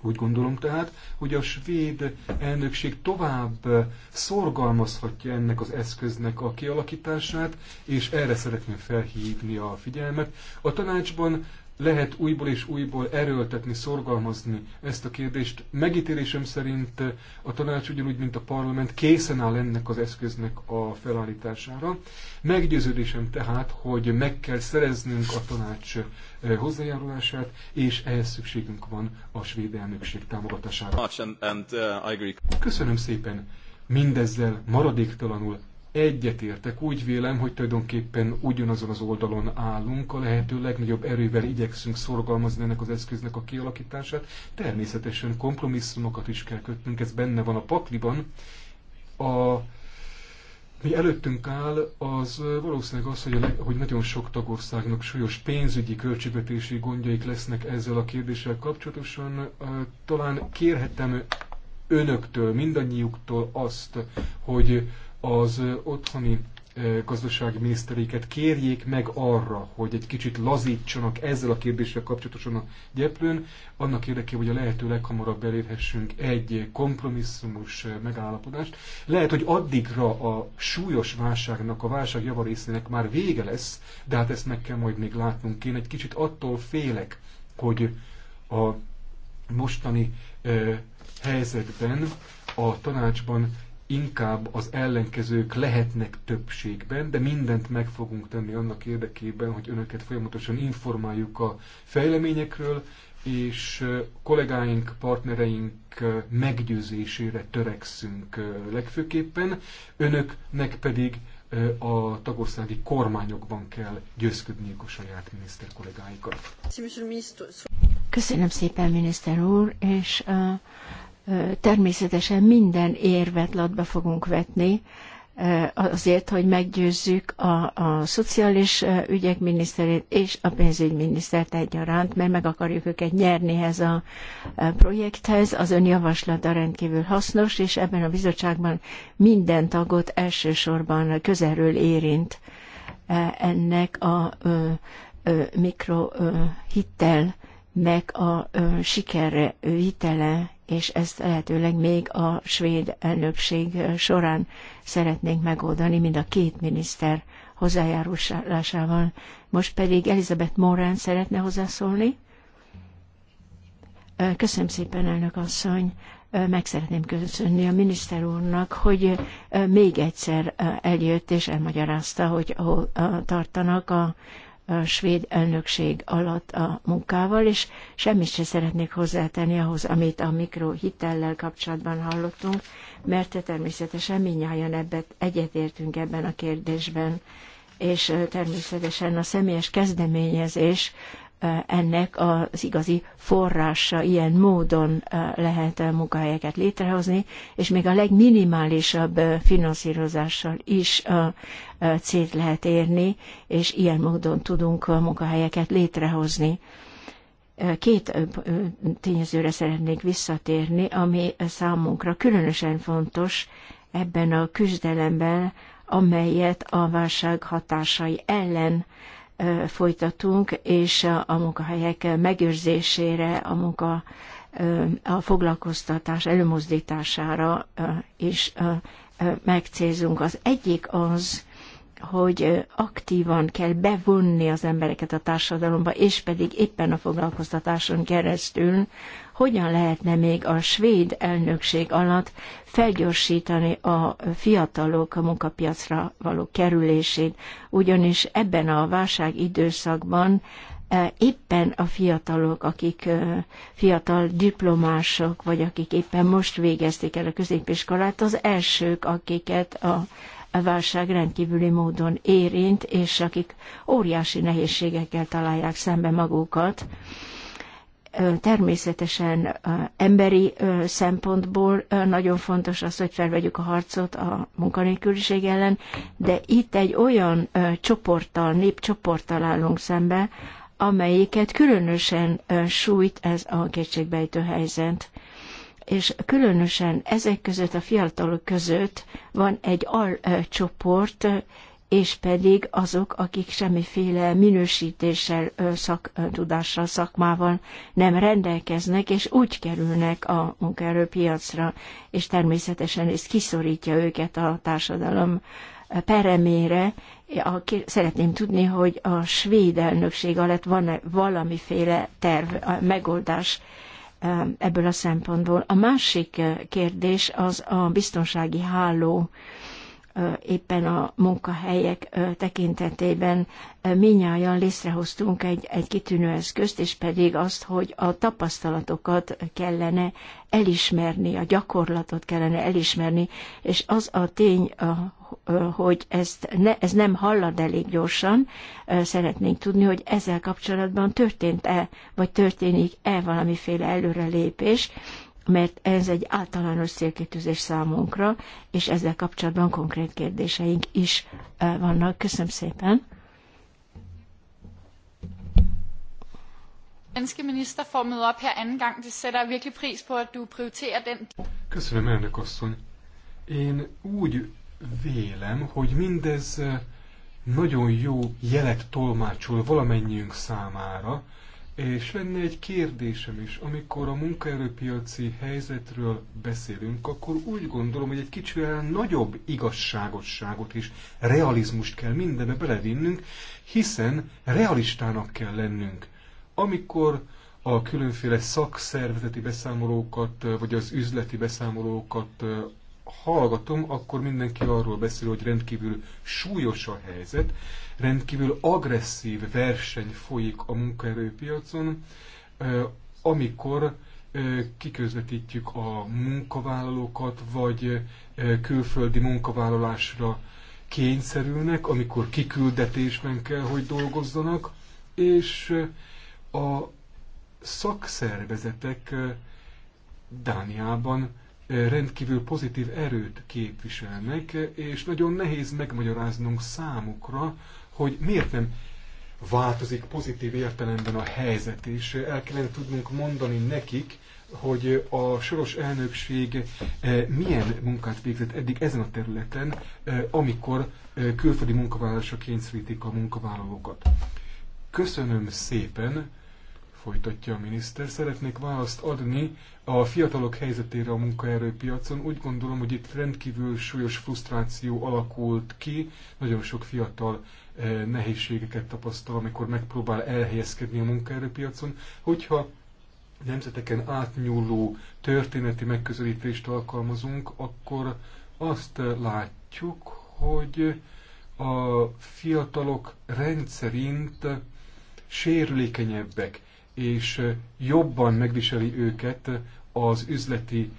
Úgy gondolom tehát, hogy a svéd elnökség tovább szorgalmazhatja ennek az eszköznek a kialakítását, és erre szeretném felhívni a figyelmet. A tanácsban lehet újból és újból erőltetni, szorgalmazni ezt a kérdést. Megítélésem szerint a tanács ugyanúgy, mint a parlament készen áll ennek az eszköznek a felállítására. Meggyőződésem tehát, hogy meg kell szereznünk a tanács eh, hozzájárulását, és ehhez szükségünk van a svéd elnökség támogatására. Uh, Köszönöm szépen! Mindezzel maradéktalanul egyetértek. Úgy vélem, hogy tulajdonképpen ugyanazon az oldalon állunk, a lehető legnagyobb erővel igyekszünk szorgalmazni ennek az eszköznek a kialakítását. Természetesen kompromisszumokat is kell kötnünk, ez benne van a pakliban. A, mi előttünk áll, az valószínűleg az, hogy, a hogy nagyon sok tagországnak súlyos pénzügyi, költségvetési gondjaik lesznek ezzel a kérdéssel kapcsolatosan. Talán kérhetem önöktől, mindannyiuktól azt, hogy az otthoni gazdasági miniszteréket kérjék meg arra, hogy egy kicsit lazítsanak ezzel a kérdéssel kapcsolatosan a gyeplőn, annak érdekében, hogy a lehető leghamarabb elérhessünk egy kompromisszumos megállapodást. Lehet, hogy addigra a súlyos válságnak, a válság javarésznek már vége lesz, de hát ezt meg kell majd még látnunk. Én egy kicsit attól félek, hogy a mostani helyzetben a tanácsban inkább az ellenkezők lehetnek többségben, de mindent meg fogunk tenni annak érdekében, hogy önöket folyamatosan informáljuk a fejleményekről, és kollégáink, partnereink meggyőzésére törekszünk legfőképpen, önöknek pedig a tagországi kormányokban kell győzködniük a saját miniszter kollégáikat.
Köszönöm szépen, miniszter úr, és uh, természetesen minden érvet latba fogunk vetni, azért, hogy meggyőzzük a, a szociális ügyek miniszterét és a pénzügyminisztert egyaránt, mert meg akarjuk őket nyerni ez a projekthez. Az ön javaslata rendkívül hasznos, és ebben a bizottságban minden tagot elsősorban közelről érint ennek a mikrohittel nek a sikerre vitele, és ezt lehetőleg még a svéd elnökség során szeretnénk megoldani, mind a két miniszter hozzájárulásával. Most pedig Elizabeth Morán szeretne hozzászólni. Köszönöm szépen, elnök asszony. Meg szeretném köszönni a miniszter úrnak, hogy még egyszer eljött és elmagyarázta, hogy tartanak a a svéd elnökség alatt a munkával, és semmit sem szeretnék hozzátenni ahhoz, amit a mikrohitellel kapcsolatban hallottunk, mert természetesen minnyáján ebben egyetértünk ebben a kérdésben, és természetesen a személyes kezdeményezés ennek az igazi forrása ilyen módon lehet munkahelyeket létrehozni, és még a legminimálisabb finanszírozással is célt lehet érni, és ilyen módon tudunk munkahelyeket létrehozni. Két tényezőre szeretnék visszatérni, ami számunkra különösen fontos ebben a küzdelemben, amelyet a válság hatásai ellen folytatunk, és a munkahelyek megőrzésére, a munka a foglalkoztatás előmozdítására is megcélzünk. Az egyik az, hogy aktívan kell bevonni az embereket a társadalomba, és pedig éppen a foglalkoztatáson keresztül hogyan lehetne még a svéd elnökség alatt felgyorsítani a fiatalok a munkapiacra való kerülését, ugyanis ebben a válság időszakban e, éppen a fiatalok, akik e, fiatal diplomások, vagy akik éppen most végezték el a középiskolát, az elsők, akiket a a válság rendkívüli módon érint, és akik óriási nehézségekkel találják szembe magukat természetesen emberi szempontból nagyon fontos az, hogy felvegyük a harcot a munkanélküliség ellen, de itt egy olyan csoporttal, népcsoporttal állunk szembe, amelyiket különösen sújt ez a kétségbejtő helyzet. És különösen ezek között, a fiatalok között van egy alcsoport, és pedig azok, akik semmiféle minősítéssel, szaktudással, szakmával nem rendelkeznek, és úgy kerülnek a munkaerőpiacra, és természetesen ez kiszorítja őket a társadalom peremére. A, szeretném tudni, hogy a svéd elnökség alatt van-e valamiféle terv, megoldás ebből a szempontból. A másik kérdés az a biztonsági háló éppen a munkahelyek tekintetében minnyáján létrehoztunk egy, egy kitűnő eszközt, és pedig azt, hogy a tapasztalatokat kellene elismerni, a gyakorlatot kellene elismerni, és az a tény, hogy ezt ne, ez nem hallad elég gyorsan, szeretnénk tudni, hogy ezzel kapcsolatban történt-e, vagy történik-e valamiféle előrelépés, mert ez egy általános célkitűzés számunkra, és ezzel kapcsolatban konkrét kérdéseink is vannak. Köszönöm szépen!
danske minister for møde op her anden gang. Det sætter jeg virkelig pris på, at du prioriterer den.
Köszönöm, elnök asszony. Én úgy vélem, hogy mindez nagyon jó jelet tolmácsol valamennyiünk számára, és lenne egy kérdésem is, amikor a munkaerőpiaci helyzetről beszélünk, akkor úgy gondolom, hogy egy kicsivel nagyobb igazságosságot és realizmust kell mindenbe belevinnünk, hiszen realistának kell lennünk. Amikor a különféle szakszervezeti beszámolókat, vagy az üzleti beszámolókat hallgatom, akkor mindenki arról beszél, hogy rendkívül súlyos a helyzet, rendkívül agresszív verseny folyik a munkaerőpiacon, amikor kiközvetítjük a munkavállalókat, vagy külföldi munkavállalásra kényszerülnek, amikor kiküldetésben kell, hogy dolgozzanak, és a szakszervezetek Dániában rendkívül pozitív erőt képviselnek, és nagyon nehéz megmagyaráznunk számukra, hogy miért nem változik pozitív értelemben a helyzet, és el kellene tudnunk mondani nekik, hogy a soros elnökség eh, milyen munkát végzett eddig ezen a területen, eh, amikor eh, külföldi munkavállalásra kényszerítik a munkavállalókat. Köszönöm szépen, folytatja a miniszter. Szeretnék választ adni a fiatalok helyzetére a munkaerőpiacon. Úgy gondolom, hogy itt rendkívül súlyos frusztráció alakult ki, nagyon sok fiatal nehézségeket tapasztal, amikor megpróbál elhelyezkedni a munkaerőpiacon, hogyha nemzeteken átnyúló történeti megközelítést alkalmazunk, akkor azt látjuk, hogy a fiatalok rendszerint sérülékenyebbek, és jobban megviseli őket az üzleti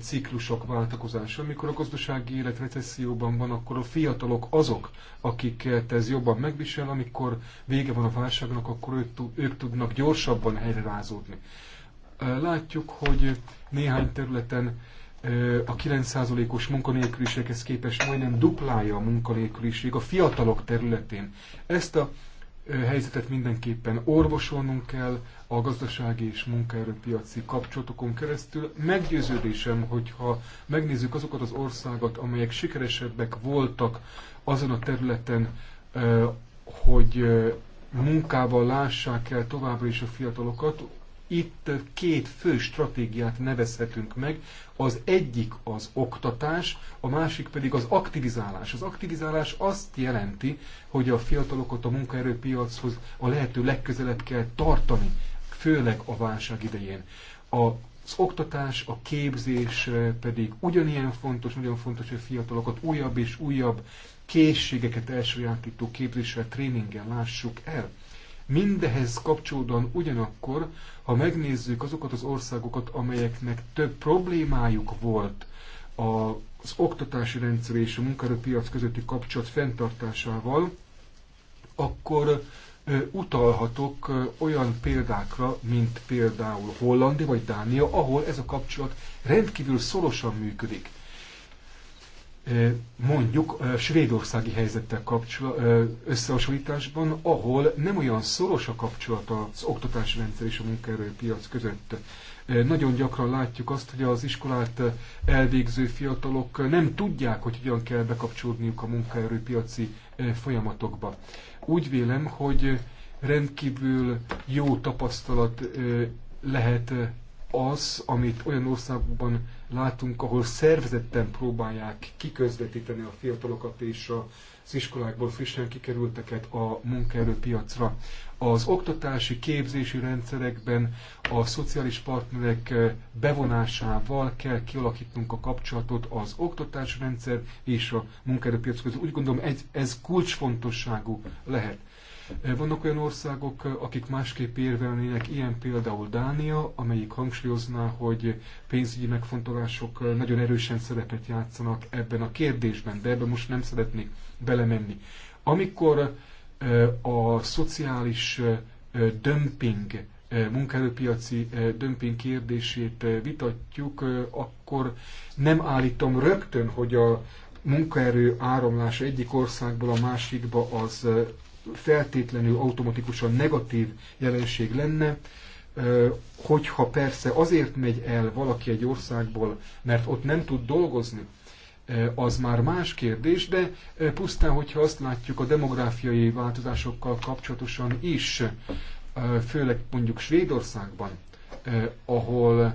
ciklusok váltakozása. Amikor a gazdasági élet recesszióban van, akkor a fiatalok azok, akiket ez jobban megvisel, amikor vége van a válságnak, akkor ők, ők tudnak gyorsabban helyrázódni. Látjuk, hogy néhány területen a 9%-os munkanélküliséghez képest majdnem duplája a munkanélküliség a fiatalok területén. Ezt a helyzetet mindenképpen orvosolnunk kell a gazdasági és munkaerőpiaci kapcsolatokon keresztül. Meggyőződésem, hogyha megnézzük azokat az országot, amelyek sikeresebbek voltak azon a területen, hogy munkával lássák el továbbra is a fiatalokat, itt két fő stratégiát nevezhetünk meg, az egyik az oktatás, a másik pedig az aktivizálás. Az aktivizálás azt jelenti, hogy a fiatalokat a munkaerőpiachoz a lehető legközelebb kell tartani, főleg a válság idején. A az oktatás, a képzés pedig ugyanilyen fontos, nagyon fontos, hogy a fiatalokat újabb és újabb készségeket elsajátító képzéssel, tréninggel lássuk el. Mindehhez kapcsolódóan ugyanakkor, ha megnézzük azokat az országokat, amelyeknek több problémájuk volt az oktatási rendszer és a munkaerőpiac közötti kapcsolat fenntartásával, akkor utalhatok olyan példákra, mint például Hollandia vagy Dánia, ahol ez a kapcsolat rendkívül szorosan működik mondjuk svédországi helyzettel összehasonlításban, ahol nem olyan szoros a kapcsolat az oktatási rendszer és a munkaerőpiac között. Nagyon gyakran látjuk azt, hogy az iskolát elvégző fiatalok nem tudják, hogy hogyan kell bekapcsolódniuk a munkaerőpiaci folyamatokba. Úgy vélem, hogy rendkívül jó tapasztalat lehet az, amit olyan országokban látunk, ahol szervezetten próbálják kiközvetíteni a fiatalokat és az iskolákból frissen kikerülteket a munkaerőpiacra. Az oktatási képzési rendszerekben a szociális partnerek bevonásával kell kialakítunk a kapcsolatot az oktatási rendszer és a munkaerőpiac között. Úgy gondolom, ez, ez kulcsfontosságú lehet. Vannak olyan országok, akik másképp érvelnének, ilyen például Dánia, amelyik hangsúlyozná, hogy pénzügyi megfontolások nagyon erősen szerepet játszanak ebben a kérdésben, de ebben most nem szeretnék belemenni. Amikor eh, a szociális eh, dömping, eh, munkaerőpiaci dömping kérdését vitatjuk, akkor nem állítom rögtön, hogy a munkaerő áramlás egyik országból a másikba az feltétlenül automatikusan negatív jelenség lenne, hogyha persze azért megy el valaki egy országból, mert ott nem tud dolgozni, az már más kérdés, de pusztán, hogyha azt látjuk a demográfiai változásokkal kapcsolatosan is, főleg mondjuk Svédországban, ahol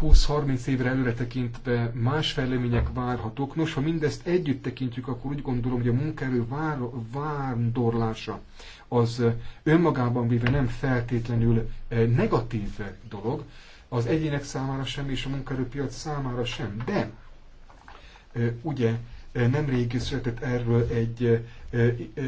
20-30 évre előre tekintve más fejlemények várhatók. Nos, ha mindezt együtt tekintjük, akkor úgy gondolom, hogy a munkaerő vár, vándorlása az önmagában véve nem feltétlenül negatív dolog, az egyének számára sem, és a munkaerőpiac számára sem. De ugye nemrég született erről egy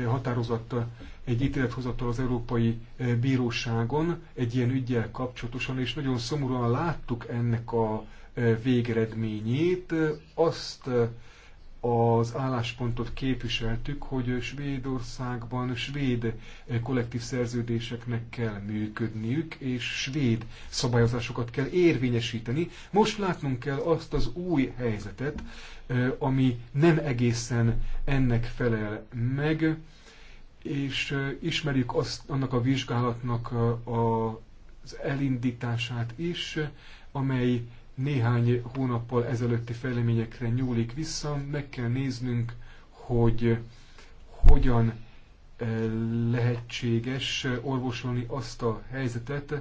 határozatta egy ítélethozatal az Európai eh, Bíróságon egy ilyen ügyel kapcsolatosan, és nagyon szomorúan láttuk ennek a eh, végeredményét. Azt eh, az álláspontot képviseltük, hogy Svédországban svéd kollektív szerződéseknek kell működniük, és svéd szabályozásokat kell érvényesíteni. Most látnunk kell azt az új helyzetet, ami nem egészen ennek felel meg, és ismerjük azt, annak a vizsgálatnak az elindítását is, amely néhány hónappal ezelőtti fejleményekre nyúlik vissza. Meg kell néznünk, hogy hogyan lehetséges orvosolni azt a helyzetet,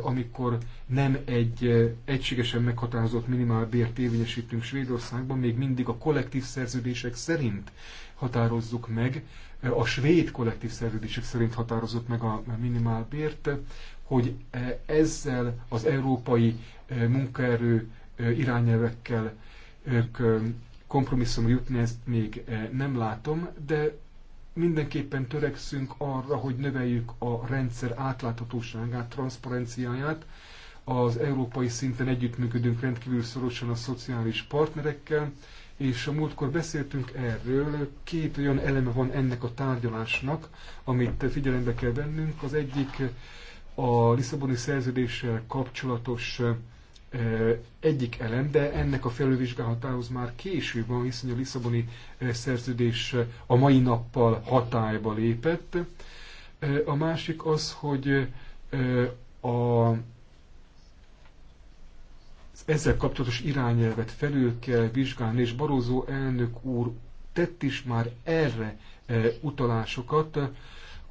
amikor nem egy egységesen meghatározott minimálbért érvényesítünk Svédországban, még mindig a kollektív szerződések szerint határozzuk meg a svéd kollektív szerződések szerint határozott meg a minimálbért, hogy e, ezzel az európai e, munkaerő e, irányelvekkel kompromisszum jutni, ezt még nem látom, de mindenképpen törekszünk arra, hogy növeljük a rendszer átláthatóságát, transzparenciáját. Az európai szinten együttműködünk rendkívül szorosan a szociális partnerekkel, és a múltkor beszéltünk erről, két olyan eleme van ennek a tárgyalásnak, amit figyelembe kell vennünk. Az egyik a Lisszaboni szerződéssel kapcsolatos e, egyik elem, de ennek a felülvizsgálatához már később van, hiszen a Lisszaboni e, szerződés a mai nappal hatályba lépett. E, a másik az, hogy a ezzel kapcsolatos irányelvet felül kell vizsgálni, és Barózó elnök úr tett is már erre e, utalásokat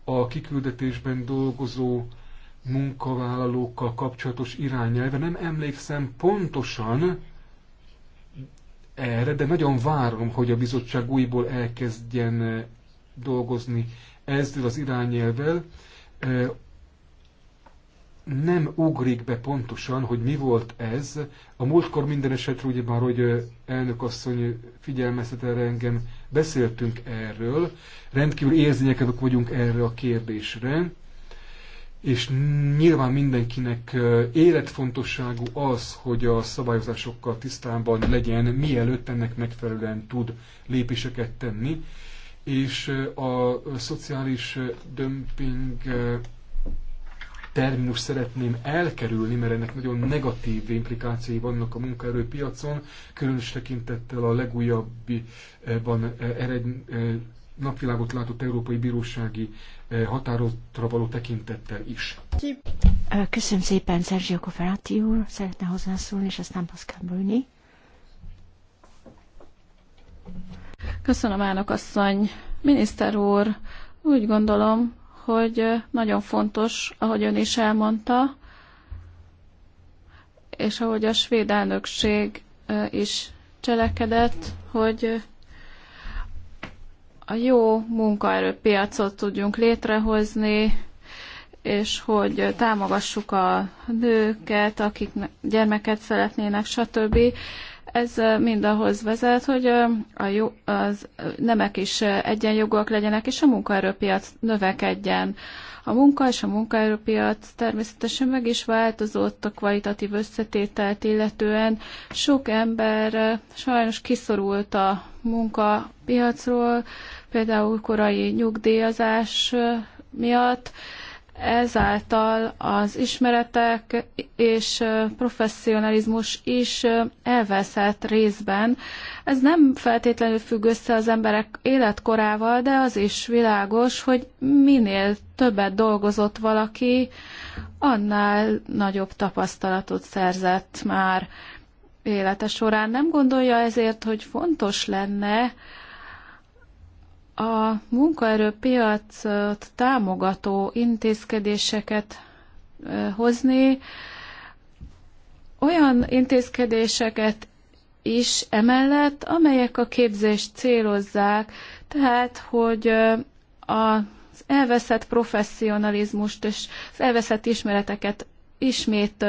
a kiküldetésben dolgozó munkavállalókkal kapcsolatos irányelve. Nem emlékszem pontosan erre, de nagyon várom, hogy a bizottság újból elkezdjen e, dolgozni ezzel az irányelvel e, nem ugrik be pontosan, hogy mi volt ez. A múltkor minden esetre ugye már, hogy asszony figyelmeztet erre engem, beszéltünk erről, rendkívül érzényekek vagyunk erre a kérdésre, és nyilván mindenkinek életfontosságú az, hogy a szabályozásokkal tisztában legyen, mielőtt ennek megfelelően tud lépéseket tenni, és a szociális dömping terminus szeretném elkerülni, mert ennek nagyon negatív implikációi vannak a munkaerőpiacon, különös tekintettel a legújabbiban eh, eh, eredmény eh, napvilágot látott Európai Bírósági határozatra való tekintettel is.
Köszönöm szépen, Sergio Koferati
úr, szeretne hozzászólni, és aztán Pascal Bruni. Köszönöm, elnök asszony. Miniszter úr, úgy gondolom, hogy nagyon fontos, ahogy ön is elmondta, és ahogy a svéd elnökség is cselekedett, hogy a jó munkaerőpiacot tudjunk létrehozni, és hogy támogassuk a nőket, akik gyermeket szeretnének, stb. Ez mind ahhoz vezet, hogy a jó, az nemek is egyenjogúak legyenek, és a munkaerőpiac növekedjen. A munka és a munkaerőpiac természetesen meg is változott a kvalitatív összetételt illetően. Sok ember sajnos kiszorult a munkapiacról, például korai nyugdíjazás miatt, Ezáltal az ismeretek és professzionalizmus is elveszett részben. Ez nem feltétlenül függ össze az emberek életkorával, de az is világos, hogy minél többet dolgozott valaki, annál nagyobb tapasztalatot szerzett már élete során. Nem gondolja ezért, hogy fontos lenne, a munkaerőpiacot támogató intézkedéseket hozni, olyan intézkedéseket is emellett, amelyek a képzést célozzák, tehát, hogy az elveszett professzionalizmust és az elveszett ismereteket ismét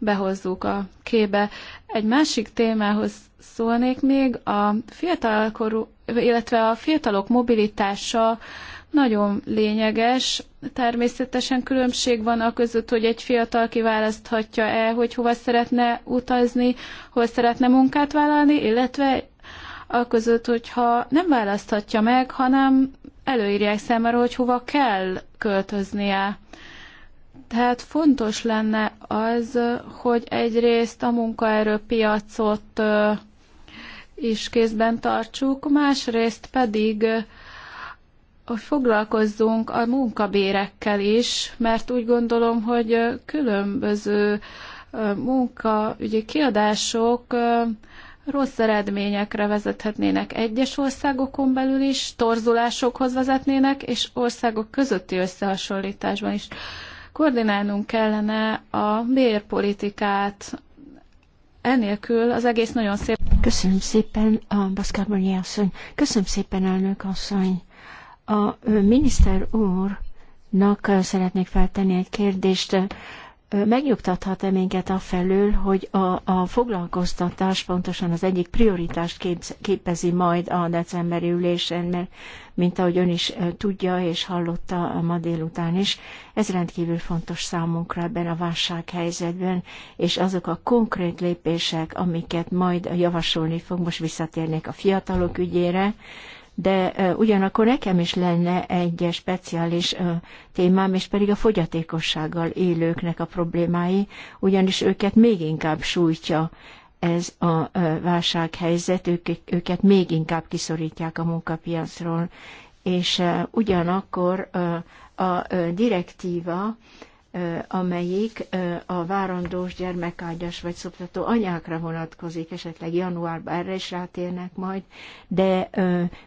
behozzuk a kébe. Egy másik témához szólnék még, a fiatalkorú, illetve a fiatalok mobilitása nagyon lényeges. Természetesen különbség van a között, hogy egy fiatal kiválaszthatja el, hogy hova szeretne utazni, hol szeretne munkát vállalni, illetve a között, hogyha nem választhatja meg, hanem előírják számára, hogy hova kell költöznie. Tehát fontos lenne az, hogy egyrészt a munkaerőpiacot is kézben tartsuk, másrészt pedig hogy foglalkozzunk a munkabérekkel is, mert úgy gondolom, hogy különböző munkaügyi kiadások rossz eredményekre vezethetnének egyes országokon belül is, torzulásokhoz vezetnének, és országok közötti összehasonlításban is. Koordinálnunk kellene a bérpolitikát. Enélkül az egész nagyon szép.
Köszönöm szépen, a Baszkárbanyi asszony. Köszönöm szépen, elnök asszony. A miniszter úrnak szeretnék feltenni egy kérdést. Megnyugtathat-e minket a felől, hogy a, a foglalkoztatás pontosan az egyik prioritást képzi, képezi majd a decemberi ülésen, mert mint ahogy ön is tudja és hallotta ma délután is. Ez rendkívül fontos számunkra ebben a válsághelyzetben, és azok a konkrét lépések, amiket majd javasolni fog, most visszatérnék a fiatalok ügyére, de ugyanakkor nekem is lenne egy speciális témám, és pedig a fogyatékossággal élőknek a problémái, ugyanis őket még inkább sújtja ez a válsághelyzet, ők, őket még inkább kiszorítják a munkapiacról. És ugyanakkor a direktíva, amelyik a várandós gyermekágyas vagy szoptató anyákra vonatkozik, esetleg januárban erre is rátérnek majd, de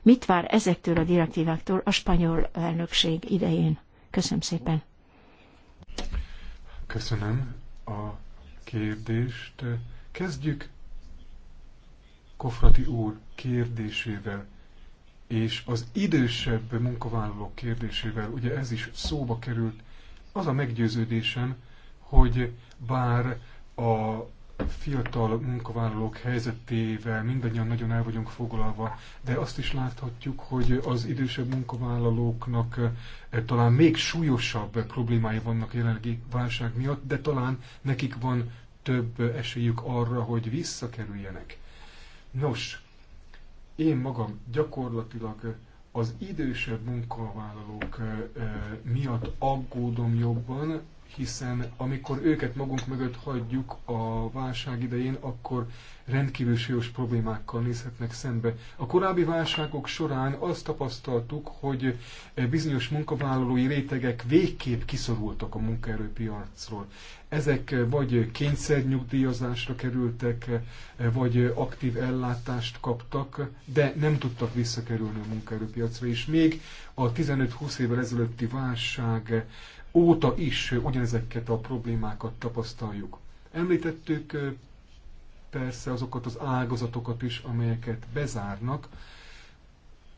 mit vár ezektől a direktívektől a spanyol elnökség idején? Köszönöm szépen.
Köszönöm a kérdést. Kezdjük Kofrati úr kérdésével és az idősebb munkavállalók kérdésével, ugye ez is szóba került, az a meggyőződésem, hogy bár a fiatal munkavállalók helyzetével mindannyian nagyon el vagyunk foglalva, de azt is láthatjuk, hogy az idősebb munkavállalóknak eh, talán még súlyosabb problémái vannak jelenlegi válság miatt, de talán nekik van több esélyük arra, hogy visszakerüljenek. Nos, én magam gyakorlatilag az idősebb munkavállalók miatt aggódom jobban, hiszen amikor őket magunk mögött hagyjuk a válság idején, akkor rendkívül súlyos problémákkal nézhetnek szembe. A korábbi válságok során azt tapasztaltuk, hogy bizonyos munkavállalói rétegek végképp kiszorultak a munkaerőpiacról. Ezek vagy kényszernyugdíjazásra kerültek, vagy aktív ellátást kaptak, de nem tudtak visszakerülni a munkaerőpiacra. És még a 15-20 évvel ezelőtti válság óta is ugyanezeket a problémákat tapasztaljuk. Említettük persze azokat az ágazatokat is, amelyeket bezárnak.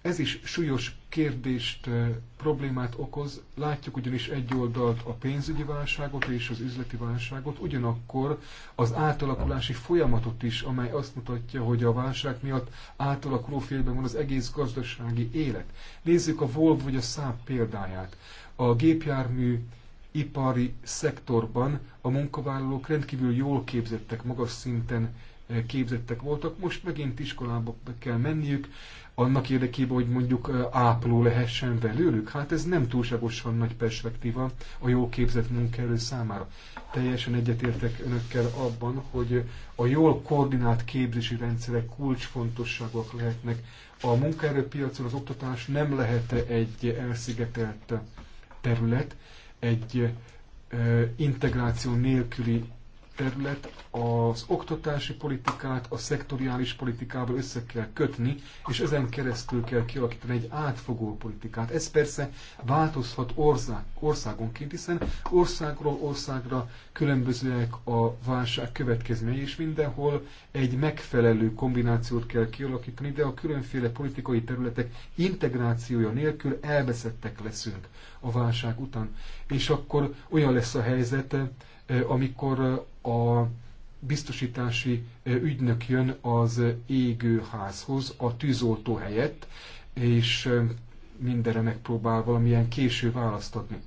Ez is súlyos kérdést, problémát okoz. Látjuk ugyanis egy oldalt a pénzügyi válságot és az üzleti válságot, ugyanakkor az átalakulási folyamatot is, amely azt mutatja, hogy a válság miatt átalakuló félben van az egész gazdasági élet. Nézzük a Volvo vagy a Száp példáját. A gépjármű ipari szektorban a munkavállalók rendkívül jól képzettek, magas szinten eh, képzettek voltak, most megint iskolába kell menniük, annak érdekében, hogy mondjuk eh, ápoló lehessen velőlük. Hát ez nem túlságosan nagy perspektíva a jól képzett munkaerő számára. Teljesen egyetértek önökkel abban, hogy a jól koordinált képzési rendszerek kulcsfontosságúak lehetnek. A munkaerőpiacon az oktatás nem lehet egy elszigetelt terület egy integráció nélküli terület, az oktatási politikát a szektoriális politikával össze kell kötni, és ezen keresztül kell kialakítani egy átfogó politikát. Ez persze változhat ország, országonként, hiszen országról országra különbözőek a válság következményei, és mindenhol egy megfelelő kombinációt kell kialakítani, de a különféle politikai területek integrációja nélkül elveszettek leszünk a válság után. És akkor olyan lesz a helyzet, eh, amikor a biztosítási ügynök jön az égőházhoz a tűzoltó helyett, és mindenre megpróbál valamilyen késő választ adni.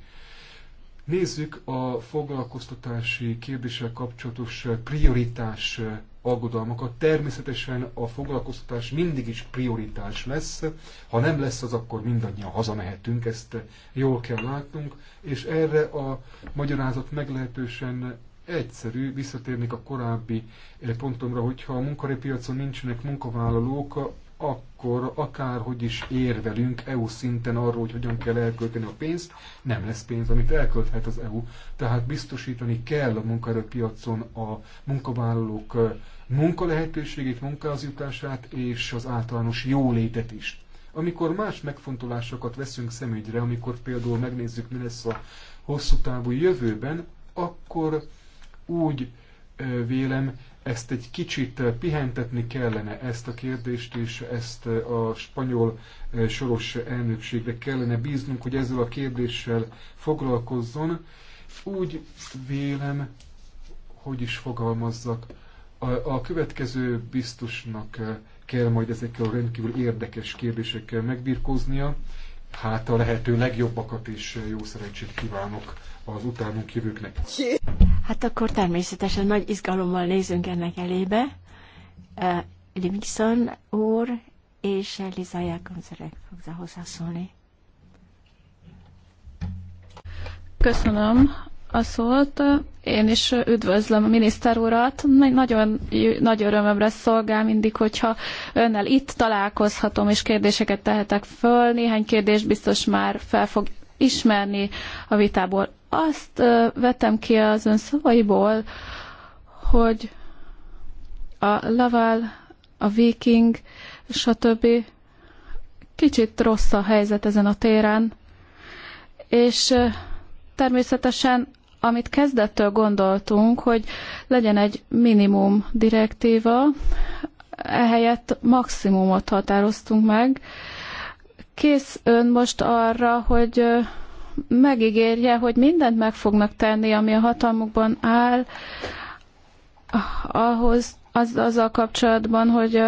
Nézzük a foglalkoztatási kérdéssel kapcsolatos prioritás aggodalmakat. Természetesen a foglalkoztatás mindig is prioritás lesz. Ha nem lesz az, akkor mindannyian hazamehetünk, ezt jól kell látnunk, és erre a magyarázat meglehetősen egyszerű visszatérnék a korábbi eh, pontomra, hogyha a munkarépiacon nincsenek munkavállalók, akkor akárhogy is érvelünk EU szinten arról, hogy hogyan kell elkölteni a pénzt, nem lesz pénz, amit elkölthet az EU. Tehát biztosítani kell a munkaerőpiacon a munkavállalók eh, munkalehetőségét, munkához jutását és az általános jólétet is. Amikor más megfontolásokat veszünk szemügyre, amikor például megnézzük, mi lesz a hosszú távú jövőben, akkor úgy vélem, ezt egy kicsit pihentetni kellene ezt a kérdést, és ezt a spanyol soros elnökségre kellene bíznunk, hogy ezzel a kérdéssel foglalkozzon. Úgy vélem, hogy is fogalmazzak, a, a következő biztosnak kell majd ezekkel a rendkívül érdekes kérdésekkel megbirkóznia. Hát a lehető legjobbakat és jó szerencsét kívánok az utánunk jövőknek.
Hát akkor természetesen nagy izgalommal nézünk ennek elébe. Uh, Livingston úr és Eliza Jákonszerek fogja hozzászólni.
Köszönöm a szót. Én is üdvözlöm a miniszter urat. Nagyon nagy örömömre szolgál mindig, hogyha önnel itt találkozhatom, és kérdéseket tehetek föl. Néhány kérdés biztos már fel fog ismerni a vitából azt vettem ki az ön szavaiból, hogy a Laval, a Viking, stb. kicsit rossz a helyzet ezen a téren, és természetesen amit kezdettől gondoltunk, hogy legyen egy minimum direktíva, ehelyett maximumot határoztunk meg. Kész ön most arra, hogy megígérje, hogy mindent meg fognak tenni, ami a hatalmukban áll, ahhoz, az, azzal kapcsolatban, hogy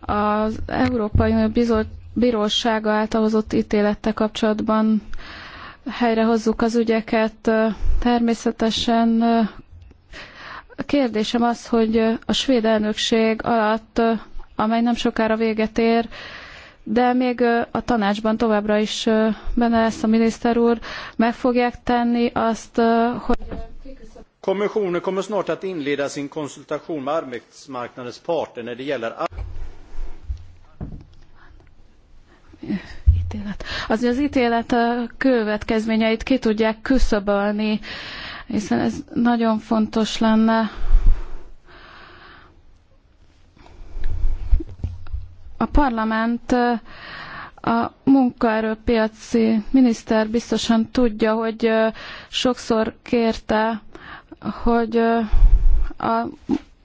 az Európai Unió Bírósága által hozott ítélette kapcsolatban helyrehozzuk az ügyeket. Természetesen a kérdésem az, hogy a svéd elnökség alatt, amely nem sokára véget ér, de még a tanácsban továbbra is benne lesz a miniszter úr, meg fogják tenni azt, hogy...
Kommissionen kommer snart att inleda sin konsultation med arbetsmarknadens parter när det gäller...
Ítélet. Az, az ítélet következményeit ki tudják küszöbölni, hiszen ez nagyon fontos lenne a parlament a munkaerőpiaci miniszter biztosan tudja, hogy sokszor kérte, hogy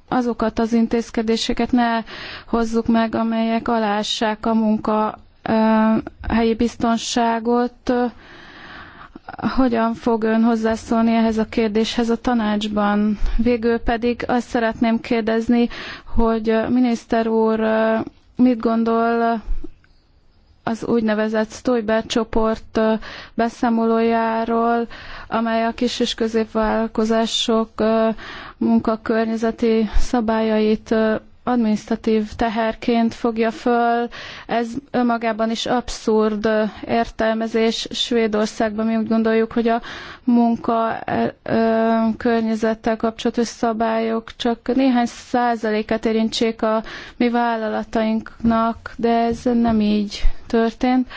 azokat az intézkedéseket ne hozzuk meg, amelyek alássák a munka helyi biztonságot. Hogyan fog ön hozzászólni ehhez a kérdéshez a tanácsban? Végül pedig azt szeretném kérdezni, hogy miniszter úr mit gondol az úgynevezett Stoiber csoport beszámolójáról, amely a kis és középvállalkozások munkakörnyezeti szabályait administratív teherként fogja föl. Ez önmagában is abszurd értelmezés. Svédországban mi úgy gondoljuk, hogy a munka környezettel kapcsolatos szabályok csak néhány százalékát érintsék a mi vállalatainknak, de ez nem így történt.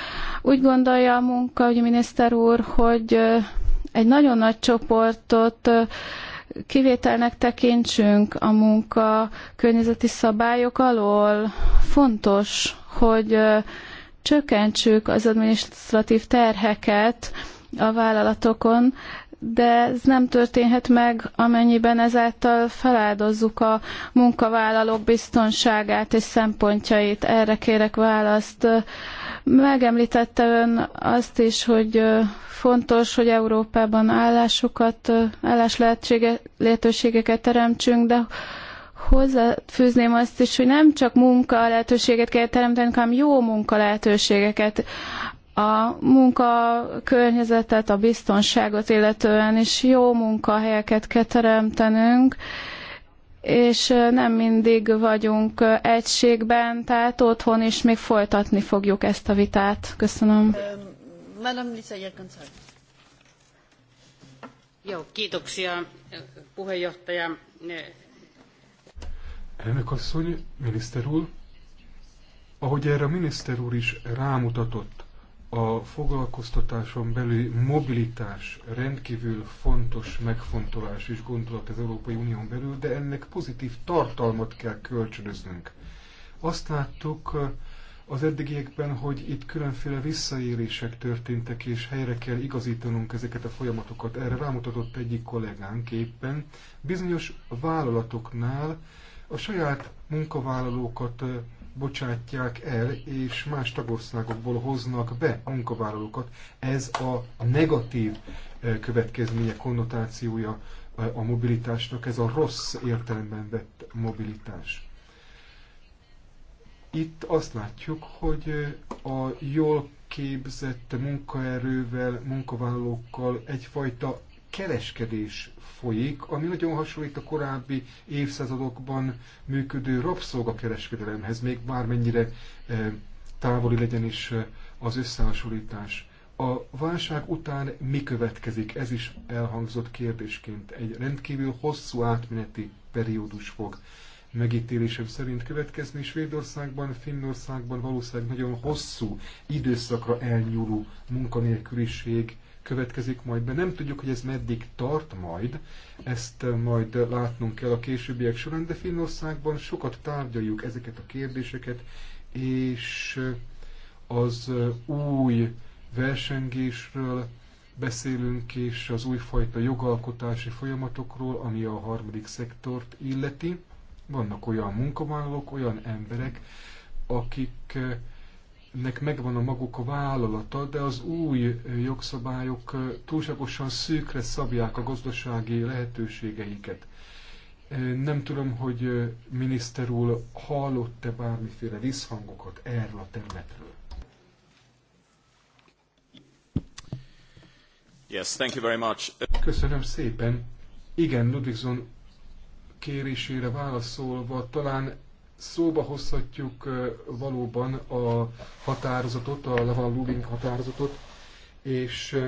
Úgy gondolja a munka, hogy miniszter úr, hogy egy nagyon nagy csoportot kivételnek tekintsünk a munka környezeti szabályok alól. Fontos, hogy csökkentsük az administratív terheket a vállalatokon, de ez nem történhet meg, amennyiben ezáltal feláldozzuk a munkavállalók biztonságát és szempontjait. Erre kérek választ. Megemlítette ön azt is, hogy fontos, hogy Európában állásokat, állás lehetőségeket teremtsünk, de hozzáfűzném azt is, hogy nem csak munka lehetőséget kell teremteni, hanem jó munka lehetőségeket a munkakörnyezetet, a biztonságot illetően is jó munkahelyeket kell teremtenünk, és nem mindig vagyunk egységben, tehát otthon is még folytatni fogjuk ezt a vitát. Köszönöm.
Madame Lisa Jekonszág.
Jó, kiitoksia puheenjohtaja.
Elnök asszony, miniszter úr, ahogy erre a miniszter úr is rámutatott, a foglalkoztatáson belüli mobilitás rendkívül fontos megfontolás és gondolat az Európai Unión belül, de ennek pozitív tartalmat kell kölcsönöznünk. Azt láttuk uh, az eddigiekben, hogy itt különféle visszaélések történtek, és helyre kell igazítanunk ezeket a folyamatokat. Erre rámutatott egyik kollégánk éppen. Bizonyos vállalatoknál a saját munkavállalókat uh, bocsátják el, és más tagországokból hoznak be munkavállalókat. Ez a negatív eh, következménye, konnotációja eh, a mobilitásnak, ez a rossz értelemben vett mobilitás. Itt azt látjuk, hogy eh, a jól képzett munkaerővel, munkavállalókkal egyfajta kereskedés folyik, ami nagyon hasonlít a korábbi évszázadokban működő rabszolgakereskedelemhez, még bármennyire eh, távoli legyen is eh, az összehasonlítás. A válság után mi következik? Ez is elhangzott kérdésként. Egy rendkívül hosszú átmeneti periódus fog megítélésem szerint következni. És Svédországban, Finnországban valószínűleg nagyon hosszú időszakra elnyúló munkanélküliség következik majd be. Nem tudjuk, hogy ez meddig tart majd, ezt majd látnunk kell a későbbiek során, de Finnországban sokat tárgyaljuk ezeket a kérdéseket, és az új versengésről beszélünk, és az újfajta jogalkotási folyamatokról, ami a harmadik szektort illeti. Vannak olyan munkavállalók, olyan emberek, akik nek megvan a maguk a vállalata, de az új jogszabályok túlságosan szűkre szabják a gazdasági lehetőségeiket. Nem tudom, hogy miniszter úr hallott-e bármiféle visszhangokat erről a területről.
Yes, thank you very much.
Köszönöm szépen. Igen, Ludvigson kérésére válaszolva talán szóba hozhatjuk valóban a határozatot, a Laval Lubin határozatot, és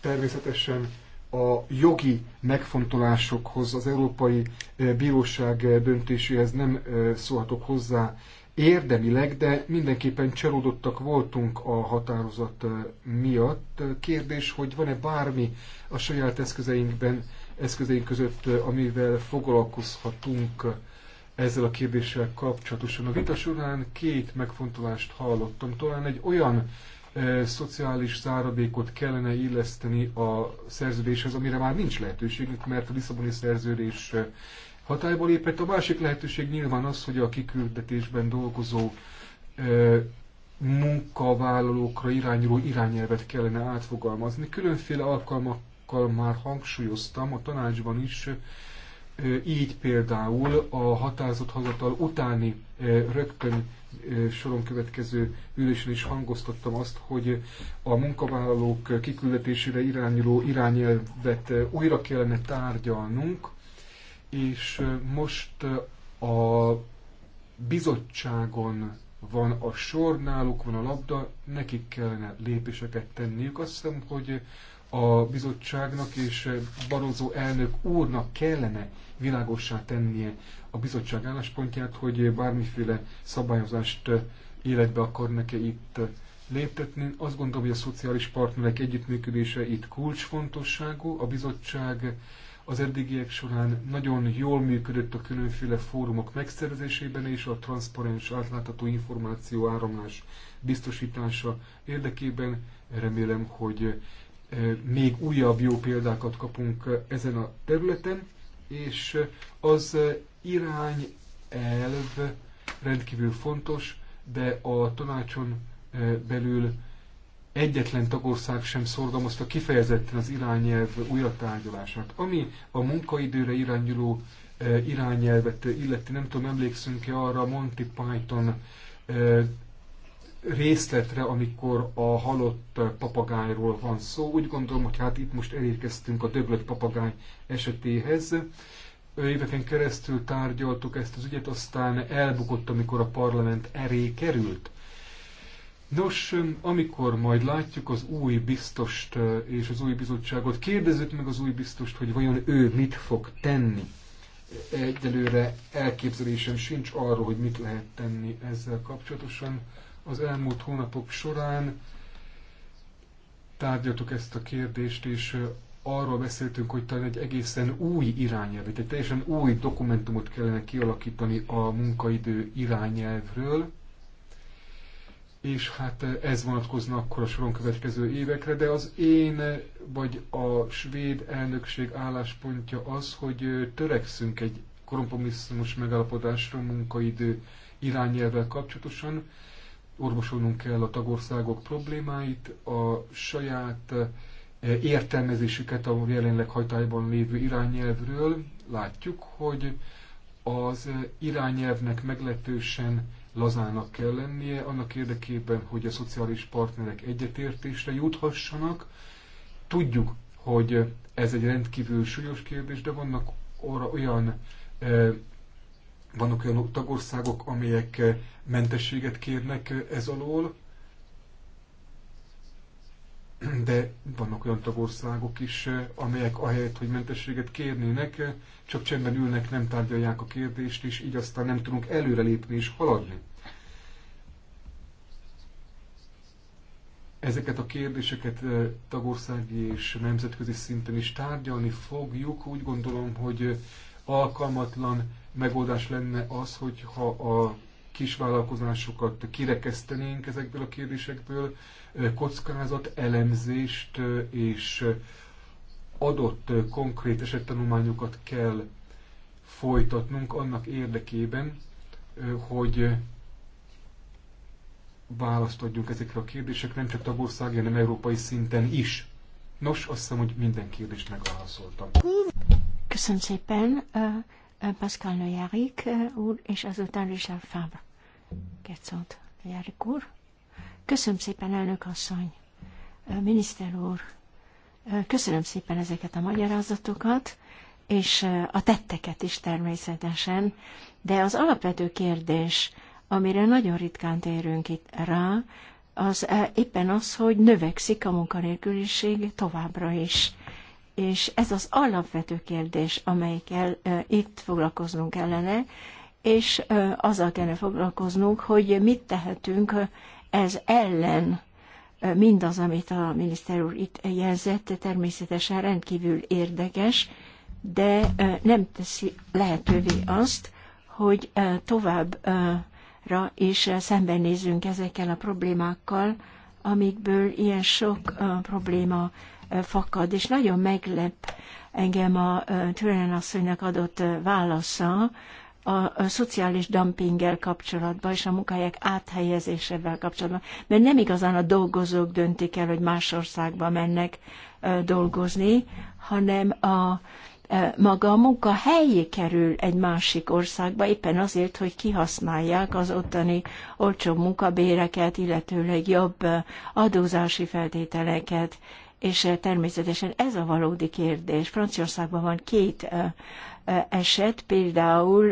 természetesen a jogi megfontolásokhoz, az Európai Bíróság döntéséhez nem szólhatok hozzá érdemileg, de mindenképpen csalódottak voltunk a határozat miatt. Kérdés, hogy van-e bármi a saját eszközeinkben, eszközeink között, amivel foglalkozhatunk ezzel a kérdéssel kapcsolatosan. A vita során két megfontolást hallottam. Talán egy olyan e, szociális záradékot kellene illeszteni a szerződéshez, amire már nincs lehetőségünk, mert a Lisszaboni szerződés e, hatályba lépett. A másik lehetőség nyilván az, hogy a kiküldetésben dolgozó e, munkavállalókra irányuló irányelvet kellene átfogalmazni. Különféle alkalmak alkalommal már hangsúlyoztam, a tanácsban is így például a határozott hazatal utáni rögtön soron következő ülésen is hangoztattam azt, hogy a munkavállalók kiküldetésére irányuló irányelvet újra kellene tárgyalnunk, és most a bizottságon van a sor, náluk van a labda, nekik kellene lépéseket tenniük. Azt hiszem, hogy a bizottságnak és Barozó elnök úrnak kellene világossá tennie a bizottság álláspontját, hogy bármiféle szabályozást életbe akar e itt léptetni. Azt gondolom, hogy a szociális partnerek együttműködése itt kulcsfontosságú. A bizottság az eddigiek során nagyon jól működött a különféle fórumok megszervezésében és a transzparens átlátható információ áramlás biztosítása érdekében. Remélem, hogy még újabb jó példákat kapunk ezen a területen, és az irányelv rendkívül fontos, de a tanácson belül egyetlen tagország sem szorgalmazta kifejezetten az irányelv újratárgyalását. Ami a munkaidőre irányuló irányelvet illeti, nem tudom, emlékszünk-e arra a Monty Python részletre, amikor a halott papagájról van szó. Úgy gondolom, hogy hát itt most elérkeztünk a döglött papagáj esetéhez. Éveken keresztül tárgyaltuk ezt az ügyet, aztán elbukott, amikor a parlament eré került. Nos, amikor majd látjuk az új biztost eh, és az új bizottságot, kérdezzük meg az új biztost, hogy vajon ő mit fog tenni. Egyelőre elképzelésem sincs arról, hogy mit lehet tenni ezzel kapcsolatosan. Az elmúlt hónapok során tárgyaltuk ezt a kérdést, és arról beszéltünk, hogy talán egy egészen új irányelvet, egy teljesen új dokumentumot kellene kialakítani a munkaidő irányelvről, és hát ez vonatkozna akkor a soron következő évekre, de az én vagy a svéd elnökség álláspontja az, hogy törekszünk egy kompromisszumos megállapodásra munkaidő irányelvvel kapcsolatosan, orvosolnunk kell a tagországok problémáit, a saját eh, értelmezésüket a jelenleg hajtályban lévő irányelvről. Látjuk, hogy az eh, irányelvnek meglehetősen lazának kell lennie annak érdekében, hogy a szociális partnerek egyetértésre juthassanak. Tudjuk, hogy ez egy rendkívül súlyos kérdés, de vannak orra olyan eh, vannak olyan tagországok, amelyek eh, mentességet kérnek eh, ez alól, de vannak olyan tagországok is, eh, amelyek ahelyett, hogy mentességet kérnének, csak csendben ülnek, nem tárgyalják a kérdést, és így aztán nem tudunk előrelépni és haladni. Ezeket a kérdéseket tagországi és nemzetközi szinten is tárgyalni fogjuk. Úgy gondolom, hogy alkalmatlan megoldás lenne az, hogyha a kisvállalkozásokat kirekesztenénk ezekből a kérdésekből, kockázat, elemzést és adott konkrét esettanulmányokat kell folytatnunk annak érdekében, hogy választ adjunk ezekre a kérdésekre, nem csak tagországi, hanem európai szinten is. Nos, azt hiszem, hogy minden kérdést megválaszoltam.
Köszönöm szépen. Pascal Nőjárik eh, úr, és azután Richard Fábra. Két szót, úr. Köszönöm szépen, elnök asszony, eh, miniszter úr. Eh, köszönöm szépen ezeket a magyarázatokat, és a tetteket is természetesen, de az alapvető kérdés, amire nagyon ritkán térünk itt rá, az éppen az, hogy növekszik a munkanélküliség továbbra is. És ez az alapvető kérdés, amelyikkel itt foglalkoznunk kellene, és azzal kellene foglalkoznunk, hogy mit tehetünk ez ellen. Mindaz, amit a miniszter úr itt jelzett, természetesen rendkívül érdekes, de nem teszi lehetővé azt, hogy továbbra is szembenézünk ezekkel a problémákkal, amikből ilyen sok probléma fakad, és nagyon meglep engem a Türen asszonynak adott válasza a, a szociális dumpinggel kapcsolatban és a munkahelyek áthelyezésével kapcsolatban, mert nem igazán a dolgozók döntik el, hogy más országba mennek dolgozni, hanem a, maga a munkahelyé kerül egy másik országba, éppen azért, hogy kihasználják az ottani olcsó munkabéreket, illetőleg jobb adózási feltételeket, és természetesen ez a valódi kérdés. Franciaországban van két eset, például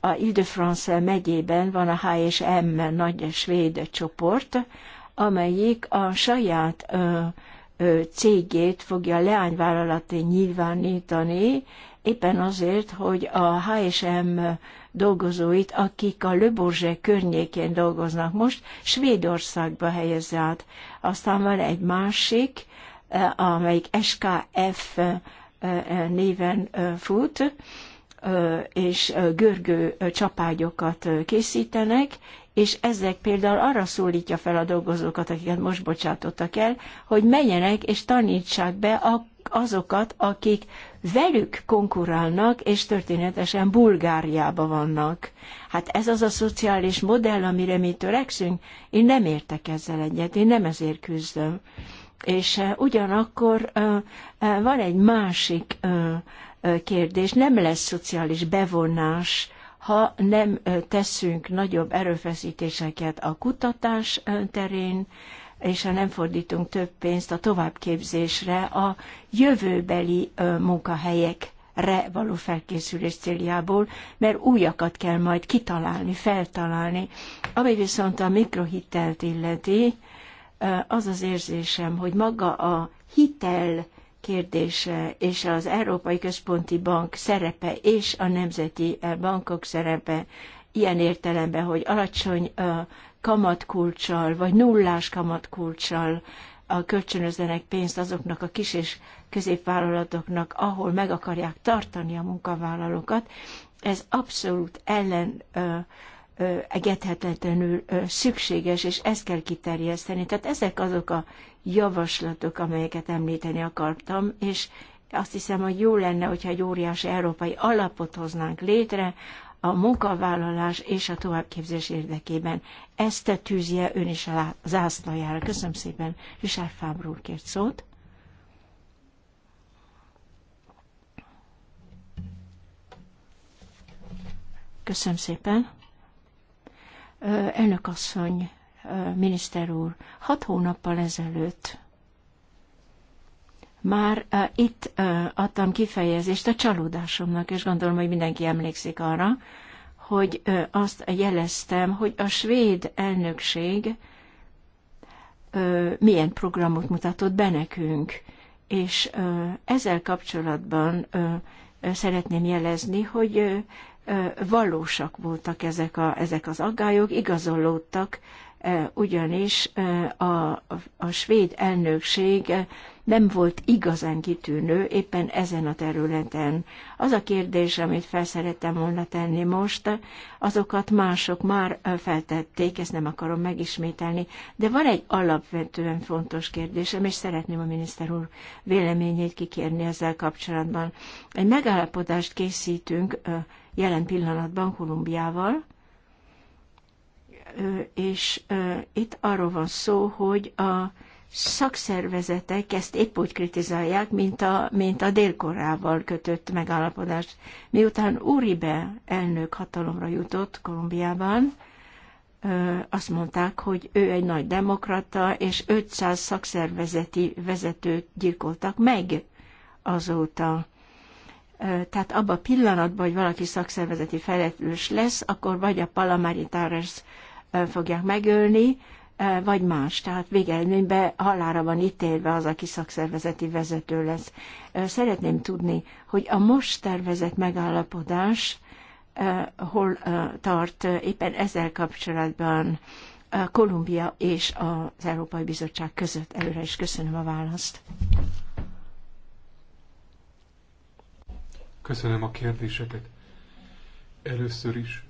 a Ile-de-France megyében van a H&M nagy svéd csoport, amelyik a saját cégét fogja leányvállalati nyilvánítani, éppen azért, hogy a HSM dolgozóit, akik a Le Bourget környékén dolgoznak most, Svédországba helyezze át. Aztán van egy másik, eh, amelyik SKF eh, eh, néven fut, és görgő csapágyokat készítenek, és ezek például arra szólítja fel a dolgozókat, akiket most bocsátottak el, hogy menjenek és tanítsák be azokat, akik velük konkurálnak, és történetesen Bulgáriába vannak. Hát ez az a szociális modell, amire mi törekszünk. Én nem értek ezzel egyet, én nem ezért küzdöm. És eh, ugyanakkor eh, eh, van egy másik kérdés, nem lesz szociális bevonás, ha nem teszünk nagyobb erőfeszítéseket a kutatás terén, és ha nem fordítunk több pénzt a továbbképzésre, a jövőbeli munkahelyekre való felkészülés céljából, mert újakat kell majd kitalálni, feltalálni. Ami viszont a mikrohitelt illeti, az az érzésem, hogy maga a hitel kérdése és az Európai Központi Bank szerepe és a nemzeti bankok szerepe ilyen értelemben, hogy alacsony kamatkulcsal, vagy nullás kamatkulcsal kölcsönözenek pénzt azoknak a kis és középvállalatoknak, ahol meg akarják tartani a munkavállalókat. Ez abszolút ellen ö, ö, egethetetlenül ö, szükséges, és ezt kell kiterjeszteni. Tehát ezek azok a javaslatok, amelyeket említeni akartam, és azt hiszem, hogy jó lenne, hogyha egy óriási európai alapot hoznánk létre, a munkavállalás és a továbbképzés érdekében. Ezt tűzje ön is a zászlajára. Köszönöm szépen. Richard Fábr úr kért szót. Köszönöm szépen. Elnök asszony, miniszter úr, hat hónappal ezelőtt már eh, itt eh, adtam kifejezést a csalódásomnak, és gondolom, hogy mindenki emlékszik arra, hogy eh, azt jeleztem, hogy a svéd elnökség milyen programot mutatott be nekünk. És ezzel kapcsolatban szeretném jelezni, hogy valósak voltak ezek, a, ezek az aggályok, igazolódtak, ugyanis a, a svéd elnökség nem volt igazán kitűnő éppen ezen a területen. Az a kérdés, amit felszerettem volna tenni most, azokat mások már feltették, ezt nem akarom megismételni, de van egy alapvetően fontos kérdésem, és szeretném a miniszter úr véleményét kikérni ezzel kapcsolatban. Egy megállapodást készítünk jelen pillanatban Kolumbiával, és itt arról van szó, hogy a szakszervezetek ezt épp úgy kritizálják, mint a, mint a délkorával kötött megállapodást. Miután Uribe elnök hatalomra jutott Kolumbiában, azt mondták, hogy ő egy nagy demokrata, és 500 szakszervezeti vezetőt gyilkoltak meg azóta. Tehát abban a pillanatban, hogy valaki szakszervezeti felelős lesz, akkor vagy a Palamaritáres fogják megölni, E, vagy más, tehát végelményben halára van ítélve az, aki szakszervezeti vezető lesz. E, szeretném tudni, hogy a most tervezett megállapodás e, hol tart éppen ezzel kapcsolatban Kolumbia és az Európai Bizottság között. Előre is köszönöm a
választ. Köszönöm a kérdéseket. Először is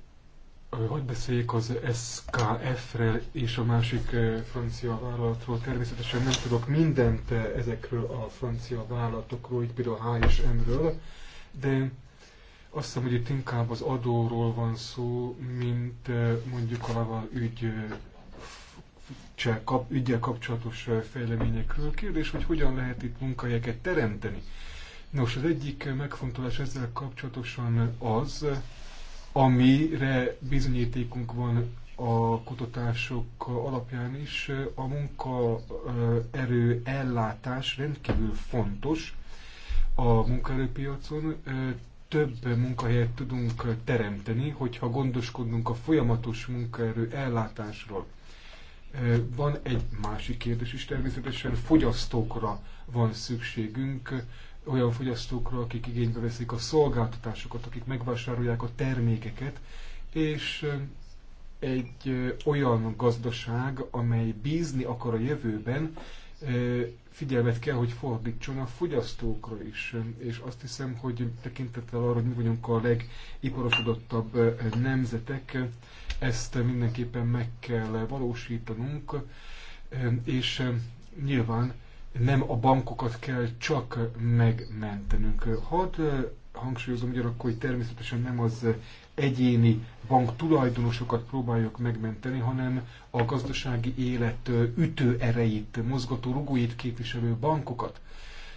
hogy beszéljék az skf re és a másik francia vállalatról. Természetesen nem tudok mindent ezekről a francia vállalatokról, itt például a H&M-ről, de azt hiszem, hogy itt inkább az adóról van szó, mint mondjuk a Laval ügy kap, ügyel kapcsolatos fejleményekről. Kérdés, hogy hogyan lehet itt munkahelyeket teremteni. Nos, az egyik megfontolás ezzel kapcsolatosan az, amire bizonyítékunk van a kutatások alapján is. A munkaerő ellátás rendkívül fontos a munkaerőpiacon. Több munkahelyet tudunk teremteni, hogyha gondoskodunk a folyamatos munkaerő ellátásról. Van egy másik kérdés is, természetesen fogyasztókra van szükségünk, olyan fogyasztókra, akik igénybe veszik a szolgáltatásokat, akik megvásárolják a termékeket, és egy olyan gazdaság, amely bízni akar a jövőben, figyelmet kell, hogy fordítson a fogyasztókra is. És azt hiszem, hogy tekintettel arra, hogy mi vagyunk a legiparosodottabb nemzetek, ezt mindenképpen meg kell valósítanunk, és nyilván nem a bankokat kell csak megmentenünk. Hadd hangsúlyozom ugyanakkor, hogy természetesen nem az egyéni bank tulajdonosokat próbáljuk megmenteni, hanem a gazdasági élet ütő erejét, mozgató rugóit képviselő bankokat.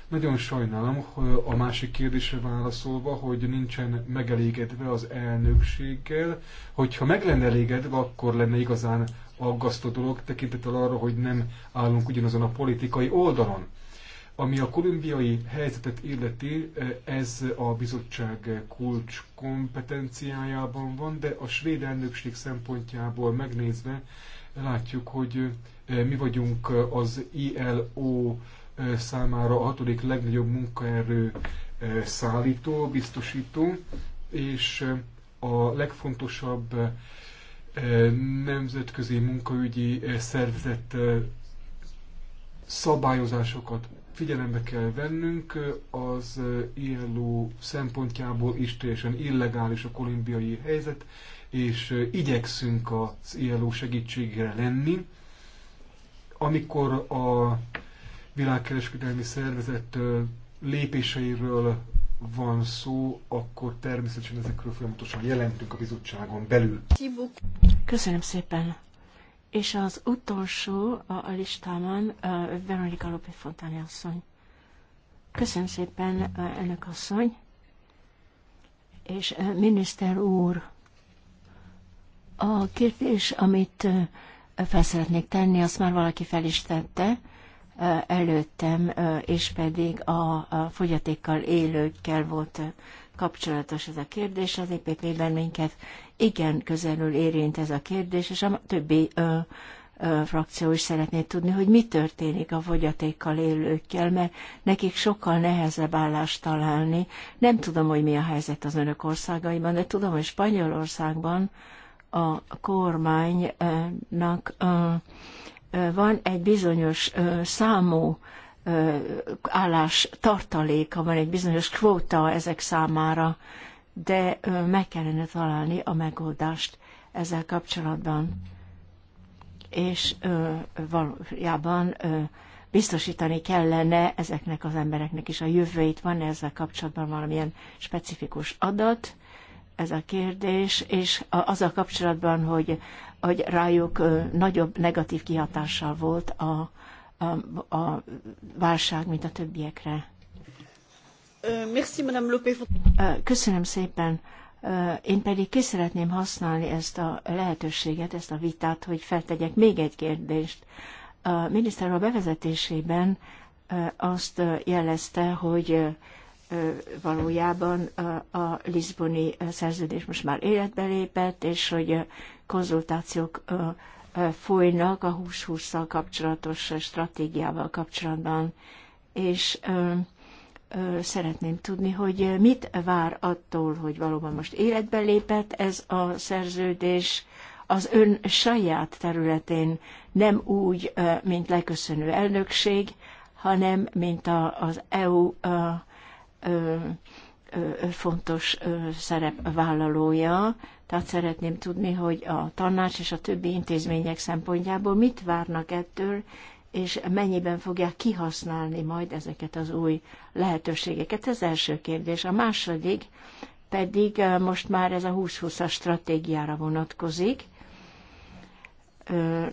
Nagyon sajnálom, hogy a másik kérdésre válaszolva, hogy nincsen megelégedve az elnökséggel. Hogyha meg lenne elégedve, akkor lenne igazán aggasztó dolog, tekintettel arra, hogy nem állunk ugyanazon a politikai oldalon. Ami a kolumbiai helyzetet illeti, ez a bizottság kulcs kompetenciájában van, de a svéd elnökség szempontjából megnézve látjuk, hogy eh, mi vagyunk az ILO eh, számára a hatodik legnagyobb munkaerő eh, szállító, biztosító, és a legfontosabb nemzetközi munkaügyi szervezet szabályozásokat figyelembe kell vennünk, az ILO szempontjából is teljesen illegális a kolumbiai helyzet, és igyekszünk az ILO segítségére lenni. Amikor a világkereskedelmi szervezet lépéseiről van szó, akkor természetesen ezekről folyamatosan jelentünk a bizottságon belül.
Köszönöm szépen. És az utolsó a listámon Veronika López Fontáni asszony. Köszönöm szépen, ennek asszony. És miniszter úr, a kérdés, amit fel szeretnék tenni, azt már valaki fel is tette, előttem, és pedig a fogyatékkal élőkkel volt kapcsolatos ez a kérdés. Az EPP-ben minket igen közelül érint ez a kérdés, és a többi ö, ö, frakció is szeretné tudni, hogy mi történik a fogyatékkal élőkkel, mert nekik sokkal nehezebb állást találni. Nem tudom, hogy mi a helyzet az önök országaiban, de tudom, hogy Spanyolországban a kormánynak ö, van egy bizonyos számú állás tartaléka, van egy bizonyos kvóta ezek számára, de meg kellene találni a megoldást ezzel kapcsolatban. És valójában biztosítani kellene ezeknek az embereknek is a jövőit. Van -e ezzel kapcsolatban valamilyen specifikus adat? Ez a kérdés, és azzal kapcsolatban, hogy hogy rájuk nagyobb negatív kihatással volt a, a, a válság, mint a többiekre.
Merci, Madame Lopé.
Köszönöm szépen. Én pedig ki szeretném használni ezt a lehetőséget, ezt a vitát, hogy feltegyek még egy kérdést. A miniszter a bevezetésében azt jelezte, hogy valójában a Lisboni szerződés most már életbe lépett, és hogy konzultációk folynak a hús-hússzal kapcsolatos stratégiával kapcsolatban, és szeretném tudni, hogy mit vár attól, hogy valóban most életbe lépett ez a szerződés az ön saját területén, nem úgy, mint leköszönő elnökség, hanem mint a, az EU fontos szerepvállalója, tehát szeretném tudni, hogy a tanács és a többi intézmények szempontjából mit várnak ettől, és mennyiben fogják kihasználni majd ezeket az új lehetőségeket. Ez első kérdés. A második pedig most már ez a 2020-as stratégiára vonatkozik.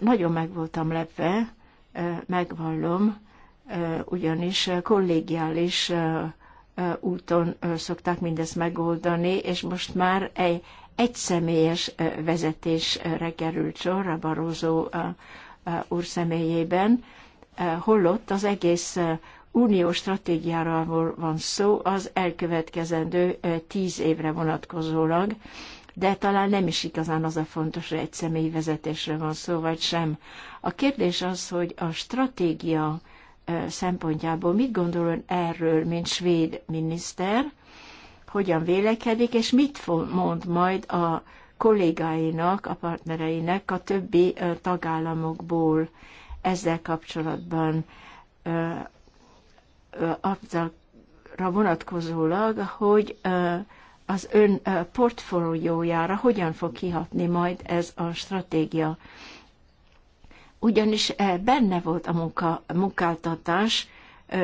Nagyon meg voltam lepve, megvallom, ugyanis kollégiális úton szokták mindezt megoldani, és most már egy egyszemélyes vezetésre került sor a Barózó úr személyében, holott az egész unió stratégiáról van szó az elkövetkezendő tíz évre vonatkozólag, de talán nem is igazán az a fontos, hogy egy személyi vezetésre van szó, vagy sem. A kérdés az, hogy a stratégia szempontjából mit gondol ön erről, mint svéd miniszter, hogyan vélekedik, és mit mond majd a kollégáinak, a partnereinek a többi tagállamokból ezzel kapcsolatban azzal vonatkozólag, hogy az ön portfóliójára hogyan fog kihatni majd ez a stratégia. Ugyanis benne volt a munka, munkáltatás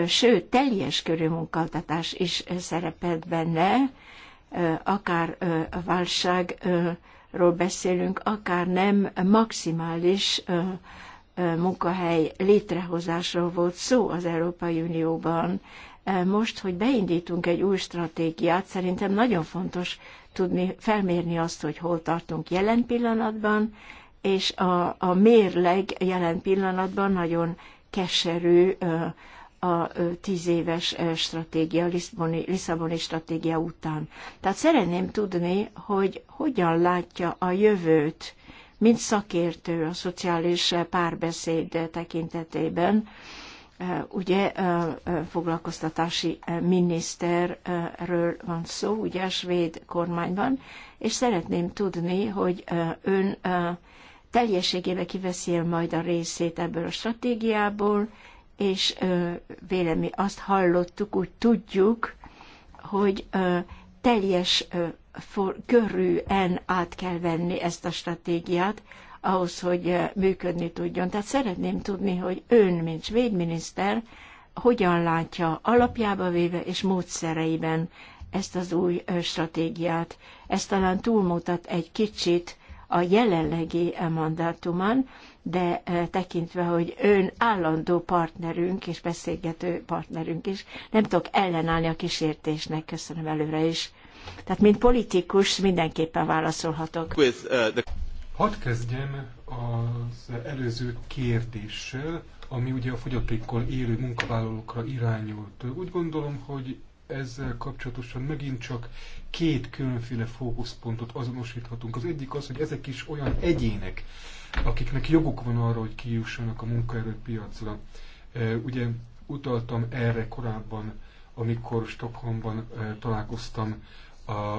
sőt, teljes körű munkáltatás is szerepelt benne, akár a válságról beszélünk, akár nem maximális munkahely létrehozásról volt szó az Európai Unióban. Most, hogy beindítunk egy új stratégiát, szerintem nagyon fontos tudni felmérni azt, hogy hol tartunk jelen pillanatban, és a, a mérleg jelen pillanatban nagyon keserű a tíz éves stratégia, Lisszaboni, Lisszaboni stratégia után. Tehát szeretném tudni, hogy hogyan látja a jövőt, mint szakértő a szociális párbeszéd tekintetében, ugye foglalkoztatási miniszterről van szó, ugye a svéd kormányban, és szeretném tudni, hogy ön teljességébe kiveszél majd a részét ebből a stratégiából, és vélemi azt hallottuk, úgy tudjuk, hogy teljes körűen át kell venni ezt a stratégiát, ahhoz, hogy működni tudjon. Tehát szeretném tudni, hogy ön, mint védminiszter, hogyan látja alapjába véve és módszereiben ezt az új stratégiát. Ez talán túlmutat egy kicsit a jelenlegi mandátumán, de tekintve, hogy ön állandó partnerünk és beszélgető partnerünk is, nem tudok ellenállni a kísértésnek, köszönöm előre is. Tehát, mint politikus mindenképpen válaszolhatok.
With, uh, the... Hadd kezdjem az előző kérdéssel, ami ugye a fogyatékkal élő munkavállalókra irányult. Úgy gondolom, hogy ezzel kapcsolatosan megint csak két különféle fókuszpontot azonosíthatunk. Az egyik az, hogy ezek is olyan egyének, akiknek joguk van arra, hogy kijussanak a munkaerőpiacra. Ugye utaltam erre korábban, amikor Stockholmban találkoztam a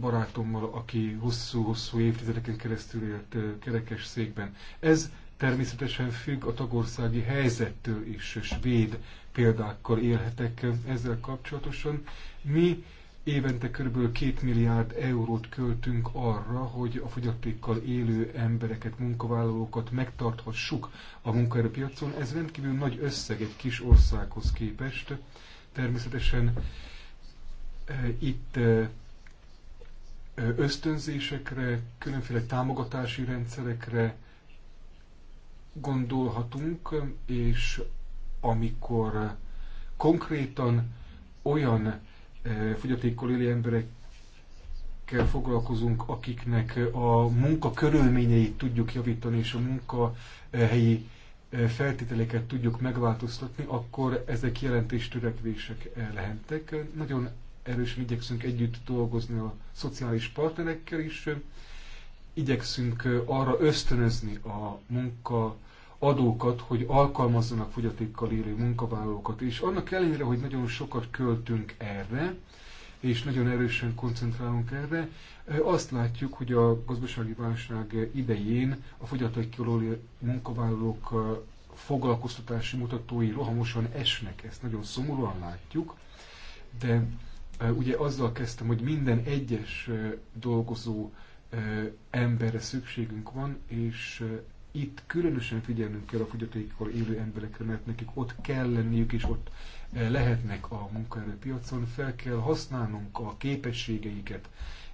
barátommal, aki hosszú-hosszú évtizedeken keresztül élt kerekes székben. Ez természetesen függ a tagországi helyzettől is, svéd példákkal élhetek ezzel kapcsolatosan. Mi Évente kb. 2 milliárd eurót költünk arra, hogy a fogyatékkal élő embereket, munkavállalókat megtarthassuk a munkaerőpiacon. Ez rendkívül nagy összeg egy kis országhoz képest. Természetesen eh, itt eh, ösztönzésekre, különféle támogatási rendszerekre gondolhatunk, és amikor konkrétan olyan fogyatékkal élő emberekkel foglalkozunk, akiknek a munka körülményeit tudjuk javítani, és a munkahelyi feltételeket tudjuk megváltoztatni, akkor ezek jelentős törekvések lehetnek. Nagyon erősen igyekszünk együtt dolgozni a szociális partnerekkel is, igyekszünk arra ösztönözni a munka adókat, hogy alkalmazzanak fogyatékkal élő munkavállalókat. És annak ellenére, hogy nagyon sokat költünk erre, és nagyon erősen koncentrálunk erre, azt látjuk, hogy a gazdasági válság idején a fogyatékkal élő munkavállalók foglalkoztatási mutatói rohamosan esnek, ezt nagyon szomorúan látjuk, de ugye azzal kezdtem, hogy minden egyes dolgozó emberre szükségünk van, és itt különösen figyelnünk kell a fogyatékkal élő emberekre, mert nekik ott kell lenniük, és ott eh, lehetnek a munkaerőpiacon, fel kell használnunk a képességeiket,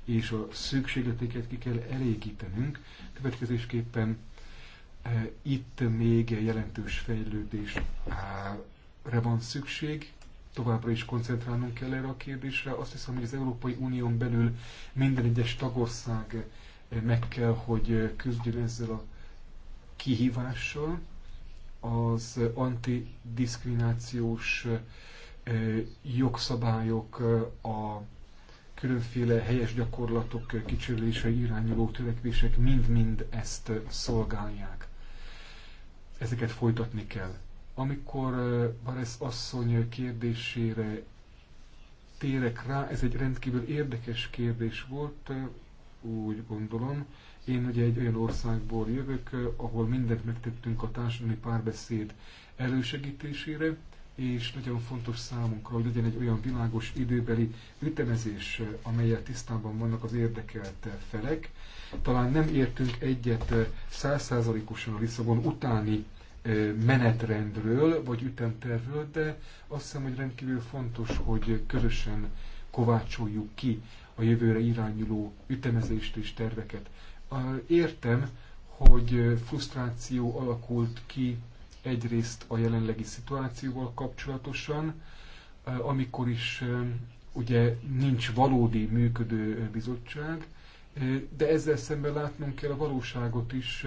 és a szükségleteiket ki kell elégítenünk. Következésképpen eh, itt még jelentős fejlődésre van szükség, továbbra is koncentrálnunk kell erre a kérdésre. Azt hiszem, hogy az Európai Unión belül minden egyes tagország eh, meg kell, hogy küzdjön ezzel a kihívással, az antidiskriminációs jogszabályok, a különféle helyes gyakorlatok kicsőlése irányuló törekvések mind-mind ezt szolgálják. Ezeket folytatni kell. Amikor Baresz asszony kérdésére térek rá, ez egy rendkívül érdekes kérdés volt, úgy gondolom, én ugye egy olyan országból jövök, ahol mindent megtettünk a társadalmi párbeszéd elősegítésére, és nagyon fontos számunkra, hogy legyen egy olyan világos időbeli ütemezés, amelyet tisztában vannak az érdekelt felek. Talán nem értünk egyet százszázalékosan a Lisszabon utáni menetrendről, vagy ütemtervről, de azt hiszem, hogy rendkívül fontos, hogy közösen kovácsoljuk ki a jövőre irányuló ütemezést és terveket. Értem, hogy frusztráció alakult ki egyrészt a jelenlegi szituációval kapcsolatosan, amikor is ugye nincs valódi működő bizottság, de ezzel szemben látnunk kell a valóságot is,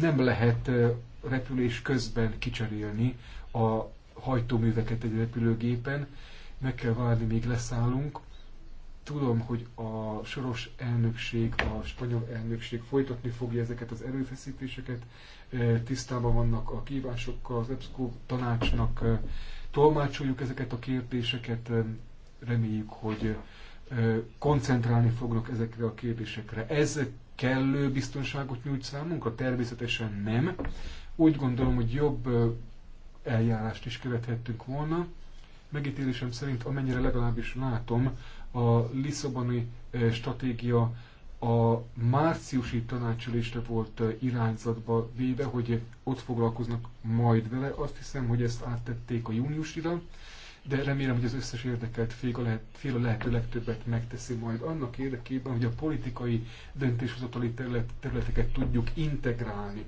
nem lehet repülés közben kicserélni a hajtóműveket egy repülőgépen, meg kell várni, még leszállunk, Tudom, hogy a soros elnökség, a spanyol elnökség folytatni fogja ezeket az erőfeszítéseket, tisztában vannak a kívásokkal, az EBSCO tanácsnak tolmácsoljuk ezeket a kérdéseket, reméljük, hogy koncentrálni fognak ezekre a kérdésekre. Ez kellő biztonságot nyújt számunkra? Természetesen nem. Úgy gondolom, hogy jobb eljárást is követhettünk volna. Megítélésem szerint, amennyire legalábbis látom, a Lisszaboni stratégia a márciusi tanácsülésre volt irányzatba véve, hogy ott foglalkoznak majd vele. Azt hiszem, hogy ezt áttették a júniusira, de remélem, hogy az összes érdekelt fél a, lehet, fél a lehető legtöbbet megteszi majd annak érdekében, hogy a politikai döntéshozatali terület, területeket tudjuk integrálni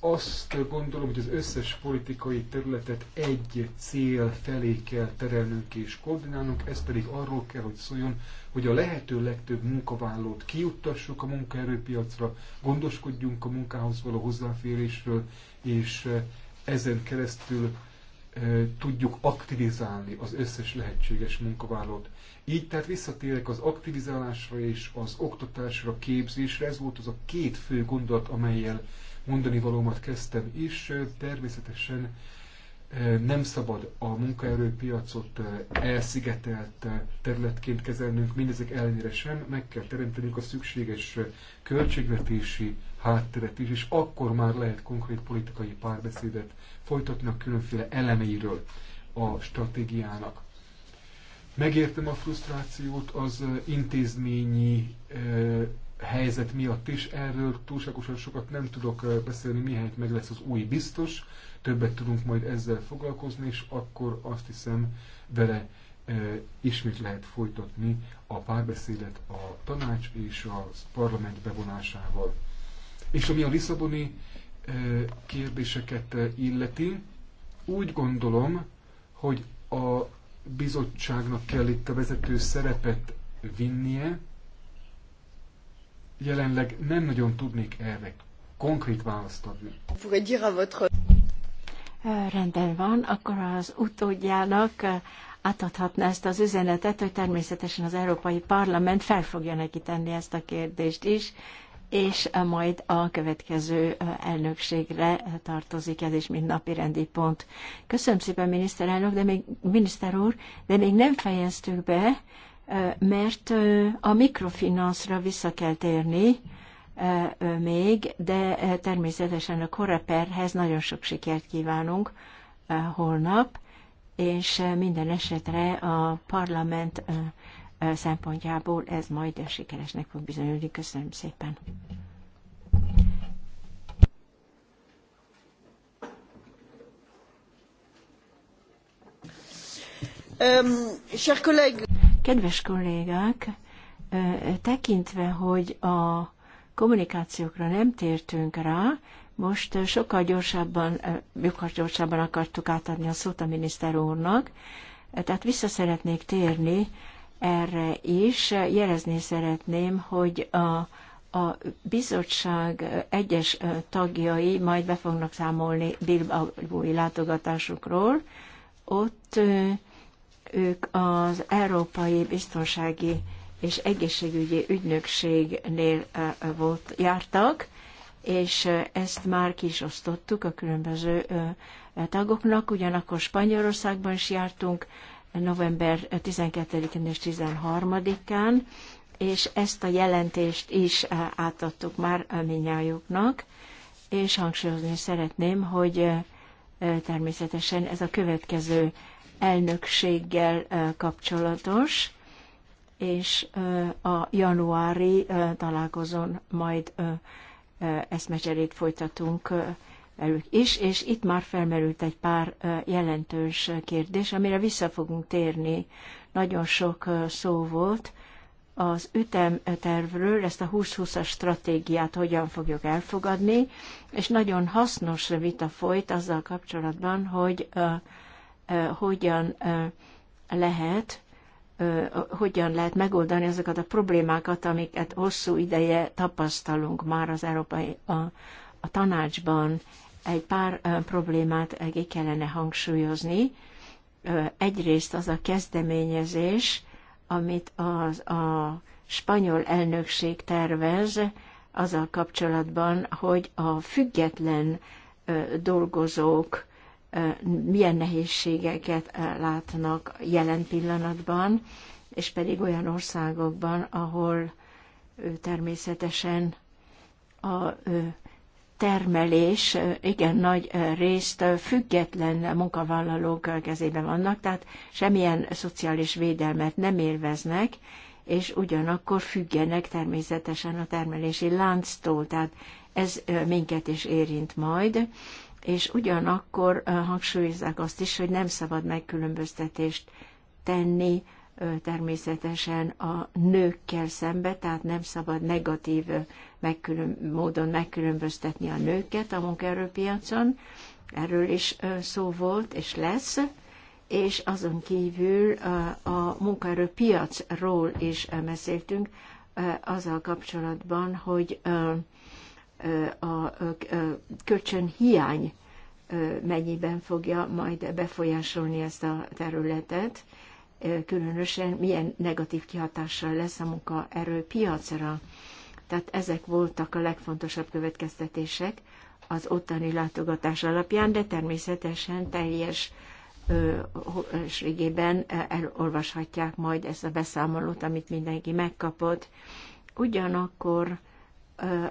azt gondolom, hogy az összes politikai területet egy cél felé kell terelnünk és koordinálnunk, ez pedig arról kell, hogy szóljon, hogy a lehető legtöbb munkavállalót kiuttassuk a munkaerőpiacra, gondoskodjunk a munkához való hozzáférésről, és eh, ezen keresztül eh, tudjuk aktivizálni az összes lehetséges munkavállalót. Így tehát visszatérek az aktivizálásra és az oktatásra, képzésre, ez volt az a két fő gondolat, amelyel mondani valómat kezdtem is. Természetesen nem szabad a munkaerőpiacot elszigetelt területként kezelnünk, mindezek ellenére sem, meg kell teremtenünk a szükséges költségvetési hátteret is, és akkor már lehet konkrét politikai párbeszédet folytatni a különféle elemeiről a stratégiának. Megértem a frusztrációt az intézményi helyzet miatt is. Erről túlságosan sokat nem tudok beszélni, mihelyt meg lesz az új biztos, többet tudunk majd ezzel foglalkozni, és akkor azt hiszem vele ismét lehet folytatni a párbeszédet a tanács és a parlament bevonásával. És ami a Lisszaboni kérdéseket illeti, úgy gondolom, hogy a bizottságnak kell itt a vezető szerepet vinnie, jelenleg nem nagyon tudnék erre konkrét választ adni.
Rendben van, akkor az utódjának átadhatná ezt az üzenetet, hogy természetesen az Európai Parlament fel fogja neki tenni ezt a kérdést is, és majd a következő elnökségre tartozik ez is, mint napi rendi pont. Köszönöm szépen, miniszterelnök, de még, miniszter úr, de még nem fejeztük be mert a mikrofinanszra vissza kell térni még, de természetesen a koreperhez nagyon sok sikert kívánunk holnap, és minden esetre a parlament szempontjából ez majd sikeresnek fog bizonyulni. Köszönöm szépen! Um, Kedves kollégák, tekintve, hogy a kommunikációkra nem tértünk rá, most sokkal gyorsabban, sokkal gyorsabban akartuk átadni a szót a miniszter úrnak, tehát vissza szeretnék térni erre is. Jelezni szeretném, hogy a, a bizottság egyes tagjai majd be fognak számolni Bilbaói látogatásukról. Ott ők az Európai Biztonsági és Egészségügyi Ügynökségnél volt, jártak, és ezt már ki is osztottuk a különböző tagoknak, ugyanakkor Spanyolországban is jártunk november 12-én és 13-án, és ezt a jelentést is átadtuk már minnyájuknak, és hangsúlyozni szeretném, hogy természetesen ez a következő elnökséggel kapcsolatos, és a januári találkozón majd eszmecserét folytatunk velük is, és itt már felmerült egy pár jelentős kérdés, amire vissza fogunk térni. Nagyon sok szó volt az ütemtervről, ezt a 2020-as stratégiát hogyan fogjuk elfogadni, és nagyon hasznos vita folyt azzal kapcsolatban, hogy hogyan lehet hogyan lehet megoldani azokat a problémákat, amiket hosszú ideje tapasztalunk már az Európai a, a Tanácsban. Egy pár problémát ki kellene hangsúlyozni. Egyrészt az a kezdeményezés, amit az, a spanyol elnökség tervez azzal kapcsolatban, hogy a független dolgozók milyen nehézségeket látnak jelen pillanatban, és pedig olyan országokban, ahol természetesen a termelés igen nagy részt független munkavállalók kezében vannak, tehát semmilyen szociális védelmet nem élveznek, és ugyanakkor függenek természetesen a termelési lánctól, tehát ez minket is érint majd, és ugyanakkor hangsúlyozzák azt is, hogy nem szabad megkülönböztetést tenni természetesen a nőkkel szembe, tehát nem szabad negatív megkülön, módon megkülönböztetni a nőket a munkaerőpiacon. Erről is szó volt, és lesz és azon kívül a munkaerőpiacról is beszéltünk, azzal kapcsolatban, hogy a kölcsön hiány mennyiben fogja majd befolyásolni ezt a területet, különösen milyen negatív kihatással lesz a munkaerő piacra. Tehát ezek voltak a legfontosabb következtetések az ottani látogatás alapján, de természetesen teljes ségében e, elolvashatják majd ezt a beszámolót, amit mindenki megkapott. Ugyanakkor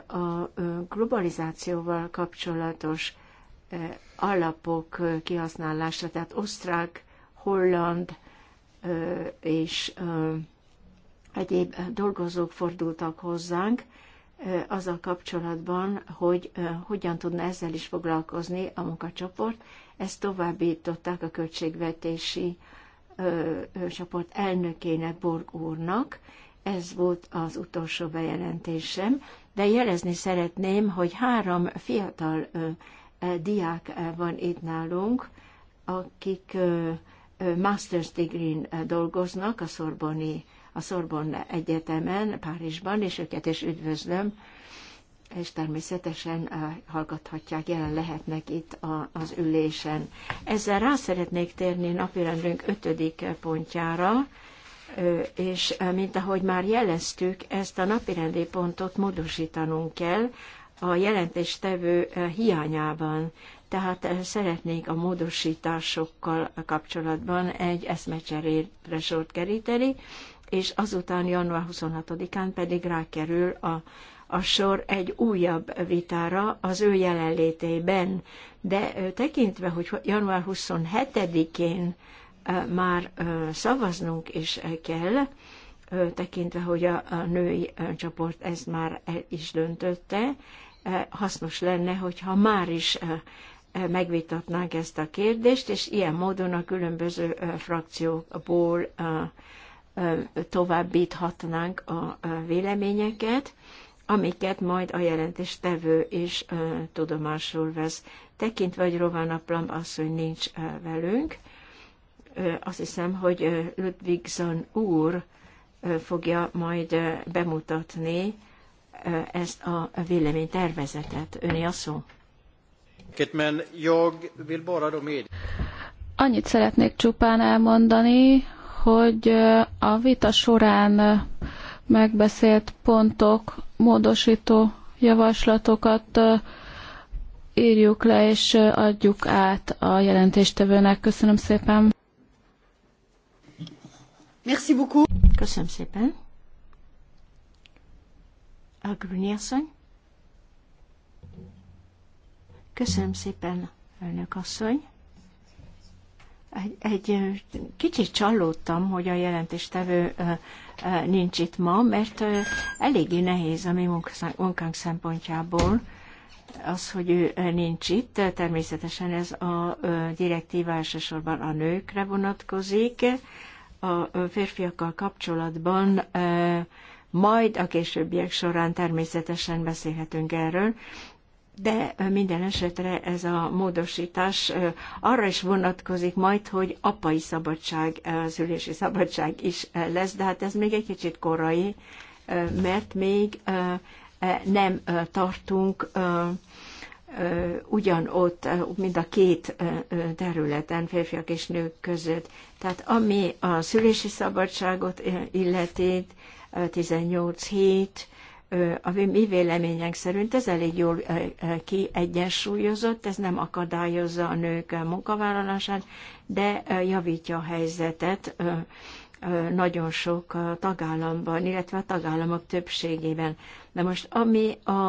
a globalizációval kapcsolatos e, alapok e, kihasználása, tehát osztrák, holland e, és egyéb dolgozók fordultak hozzánk Az a kapcsolatban, hogy hogyan tudna ezzel is foglalkozni a munkacsoport. Ezt továbbították a költségvetési csoport elnökének, Borg úrnak. Ez volt az utolsó bejelentésem de jelezni szeretném, hogy három fiatal diák van itt nálunk, akik master's degree-n dolgoznak a Szorboni, a Sorbonne Egyetemen, Párizsban, és őket is üdvözlöm, és természetesen hallgathatják, jelen lehetnek itt a, az ülésen. Ezzel rá szeretnék térni napirendünk ötödik pontjára, és mint ahogy már jeleztük, ezt a napirendi pontot módosítanunk kell a jelentéstevő hiányában. Tehát szeretnék a módosításokkal kapcsolatban egy eszmecserére sort keríteni, és azután január 26-án pedig rákerül a, a sor egy újabb vitára az ő jelenlétében. De tekintve, hogy január 27-én már szavaznunk is kell, tekintve, hogy a női csoport ezt már el is döntötte. Hasznos lenne, hogyha már is megvitatnánk ezt a kérdést, és ilyen módon a különböző frakciókból továbbíthatnánk a véleményeket, amiket majd a jelentéstevő is tudomásul vesz. Tekintve, hogy Rovana Plamb asszony nincs velünk, azt hiszem, hogy Ludvigson úr fogja majd bemutatni ezt a véleménytervezetet. Öné a szó.
Annyit szeretnék csupán elmondani, hogy a vita során megbeszélt pontok, módosító javaslatokat írjuk le és adjuk át a jelentéstevőnek. Köszönöm szépen! Merci beaucoup. Köszönöm szépen.
A Köszönöm szépen, elnök asszony. Egy, egy kicsit csalódtam, hogy a jelentéstevő nincs itt ma, mert eléggé nehéz a mi munkánk szempontjából az, hogy ő nincs itt. Természetesen ez a direktíva elsősorban a nőkre vonatkozik, a férfiakkal kapcsolatban, majd a későbbiek során természetesen beszélhetünk erről, de minden esetre ez a módosítás arra is vonatkozik majd, hogy apai szabadság, szülési szabadság is lesz, de hát ez még egy kicsit korai, mert még nem tartunk ugyanott, mind a két területen, férfiak és nők között. Tehát ami a szülési szabadságot illeti, 18 hét, a mi véleményünk szerint ez elég jól kiegyensúlyozott, ez nem akadályozza a nők munkavállalását, de javítja a helyzetet nagyon sok tagállamban, illetve a tagállamok többségében. De most ami a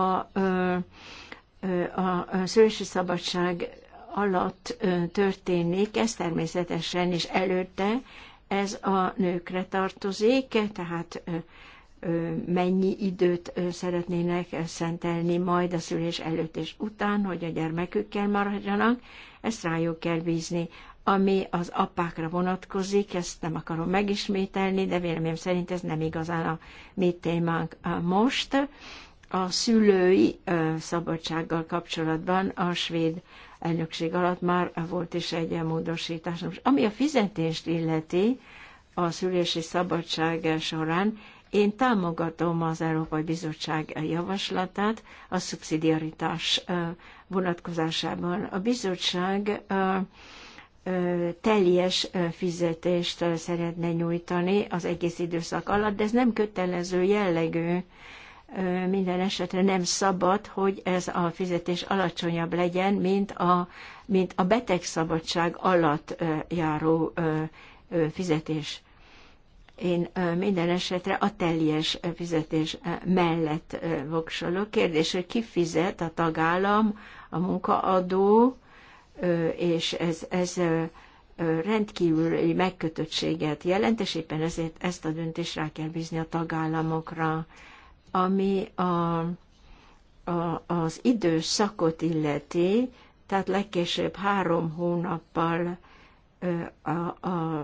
a szülési szabadság alatt történik, ez természetesen is előtte, ez a nőkre tartozik, tehát mennyi időt szeretnének szentelni majd a szülés előtt és után, hogy a gyermekükkel maradjanak, ezt rájuk kell bízni. Ami az apákra vonatkozik, ezt nem akarom megismételni, de véleményem szerint ez nem igazán a mi témánk most a szülői szabadsággal kapcsolatban a svéd elnökség alatt már volt is egy módosítás. Most, ami a fizetést illeti a szülési szabadság során, én támogatom az Európai Bizottság javaslatát a szubszidiaritás vonatkozásában. A bizottság teljes fizetést szeretne nyújtani az egész időszak alatt, de ez nem kötelező jellegű minden esetre nem szabad, hogy ez a fizetés alacsonyabb legyen, mint a, mint a betegszabadság alatt járó fizetés. Én minden esetre a teljes fizetés mellett voksolok. Kérdés, hogy ki fizet a tagállam, a munkaadó, és ez, ez rendkívüli megkötöttséget jelent, és éppen ezért ezt a döntést rá kell bízni a tagállamokra ami a, a, az időszakot illeti, tehát legkésőbb három hónappal a, a, a,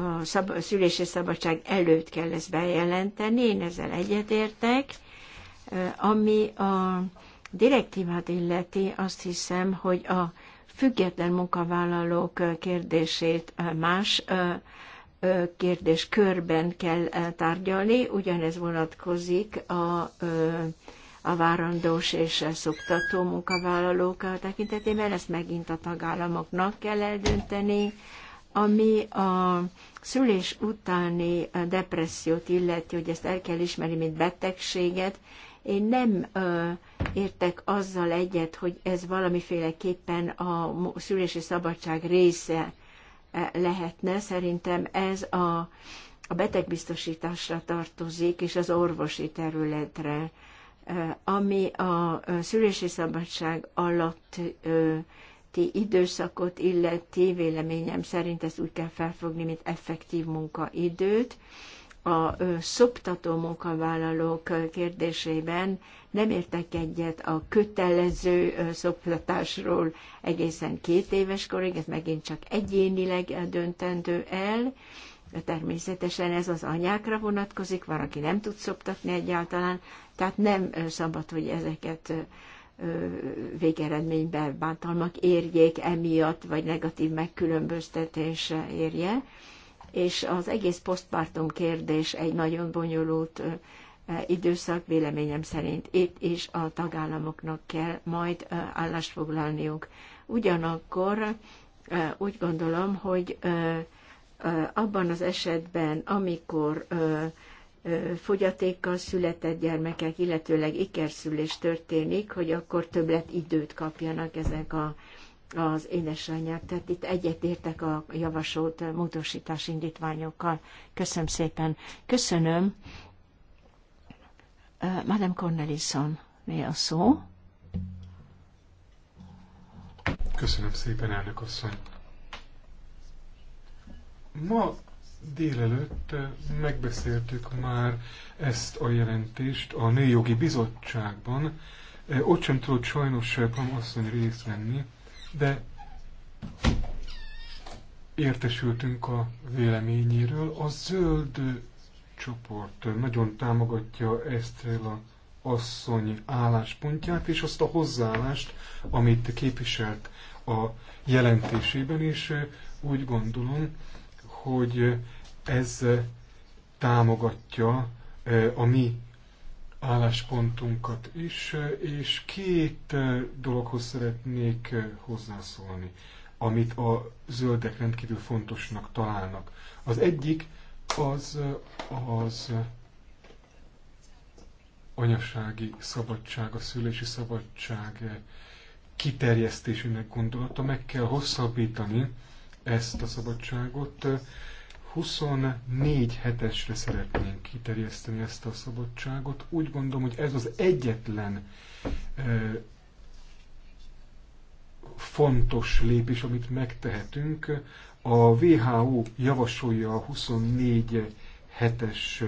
a szab, szülési szabadság előtt kell ezt bejelenteni, én ezzel egyetértek. Ami a direktívát illeti, azt hiszem, hogy a független munkavállalók kérdését más kérdés körben kell tárgyalni, ugyanez vonatkozik a, a várandós és szoktató munkavállalók tekintetében, ezt megint a tagállamoknak kell eldönteni, ami a szülés utáni depressziót illeti, hogy ezt el kell ismerni, mint betegséget, én nem ö, értek azzal egyet, hogy ez valamiféleképpen a szülési szabadság része lehetne. Szerintem ez a, a betegbiztosításra tartozik, és az orvosi területre, ami a szülési szabadság alatti időszakot illeti, véleményem szerint ezt úgy kell felfogni, mint effektív munkaidőt, a szoptató munkavállalók kérdésében nem értek egyet a kötelező szoptatásról egészen két éves korig, ez megint csak egyénileg döntendő el. Természetesen ez az anyákra vonatkozik, van, aki nem tud szoptatni egyáltalán, tehát nem szabad, hogy ezeket végeredményben bántalmak érjék emiatt, vagy negatív megkülönböztetés érje és az egész posztpartum kérdés egy nagyon bonyolult időszak véleményem szerint itt is a tagállamoknak kell majd állást foglalniuk. Ugyanakkor úgy gondolom, hogy abban az esetben, amikor fogyatékkal született gyermekek, illetőleg ikerszülés történik, hogy akkor többlet időt kapjanak ezek a az édesanyját. Tehát itt egyetértek a javasolt módosítás indítványokkal. Köszönöm szépen. Köszönöm. Madame Cornelison, mi a szó?
Köszönöm szépen, elnök asszony. Ma délelőtt megbeszéltük már ezt a jelentést a Nőjogi Bizottságban. Ott sem tudott sajnos Pam asszony részt venni, de értesültünk a véleményéről. A zöld csoport nagyon támogatja a asszony álláspontját, és azt a hozzáállást, amit képviselt a jelentésében, és úgy gondolom, hogy ez támogatja a mi álláspontunkat is, és két eh, dologhoz szeretnék eh, hozzászólni, amit a zöldek rendkívül fontosnak találnak. Az egyik az eh, az anyasági szabadság, a szülési szabadság kiterjesztésének gondolata. Meg kell hosszabbítani ezt a szabadságot 24 hetesre szeretnénk kiterjeszteni ezt a szabadságot. Úgy gondolom, hogy ez az egyetlen fontos lépés, amit megtehetünk. A WHO javasolja a 24 hetes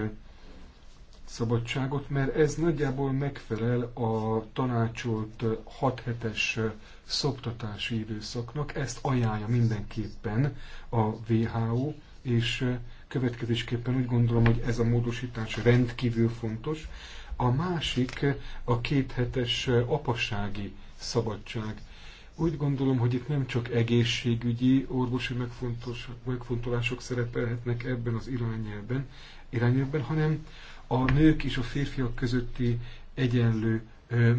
szabadságot, mert ez nagyjából megfelel a tanácsolt 6 hetes szoptatási időszaknak. Ezt ajánlja mindenképpen a WHO, és következésképpen úgy gondolom, hogy ez a módosítás rendkívül fontos. A másik a két hetes apassági szabadság. Úgy gondolom, hogy itt nem csak egészségügyi, orvosi megfontolások szerepelhetnek ebben az irányelben, irányelben hanem a nők és a férfiak közötti egyenlő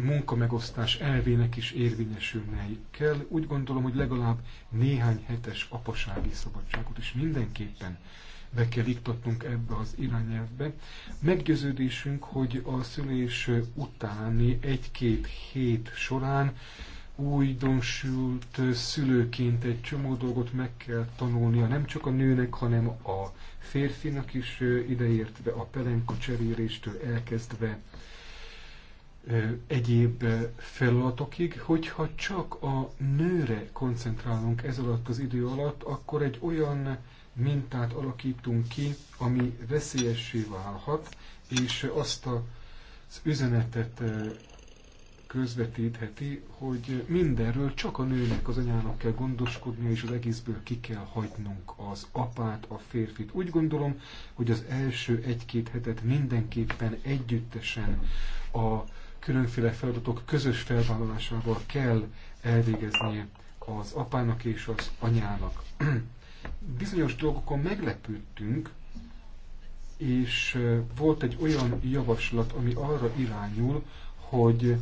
munkamegosztás elvének is érvényesülnie kell. Úgy gondolom, hogy legalább néhány hetes apasági szabadságot is mindenképpen be kell iktatnunk ebbe az irányelvbe. Meggyőződésünk, hogy a szülés utáni egy-két hét során újdonsült szülőként egy csomó dolgot meg kell tanulnia, nem csak a nőnek, hanem a férfinak is ideértve, a pelenka cseréléstől elkezdve egyéb feladatokig, hogyha csak a nőre koncentrálunk ez alatt az idő alatt, akkor egy olyan mintát alakítunk ki, ami veszélyessé válhat, és azt az üzenetet közvetítheti, hogy mindenről csak a nőnek, az anyának kell gondoskodnia, és az egészből ki kell hagynunk az apát, a férfit. Úgy gondolom, hogy az első egy-két hetet mindenképpen együttesen a különféle feladatok közös felvállalásával kell elvégeznie az apának és az anyának. Bizonyos dolgokon meglepődtünk, és volt egy olyan javaslat, ami arra irányul, hogy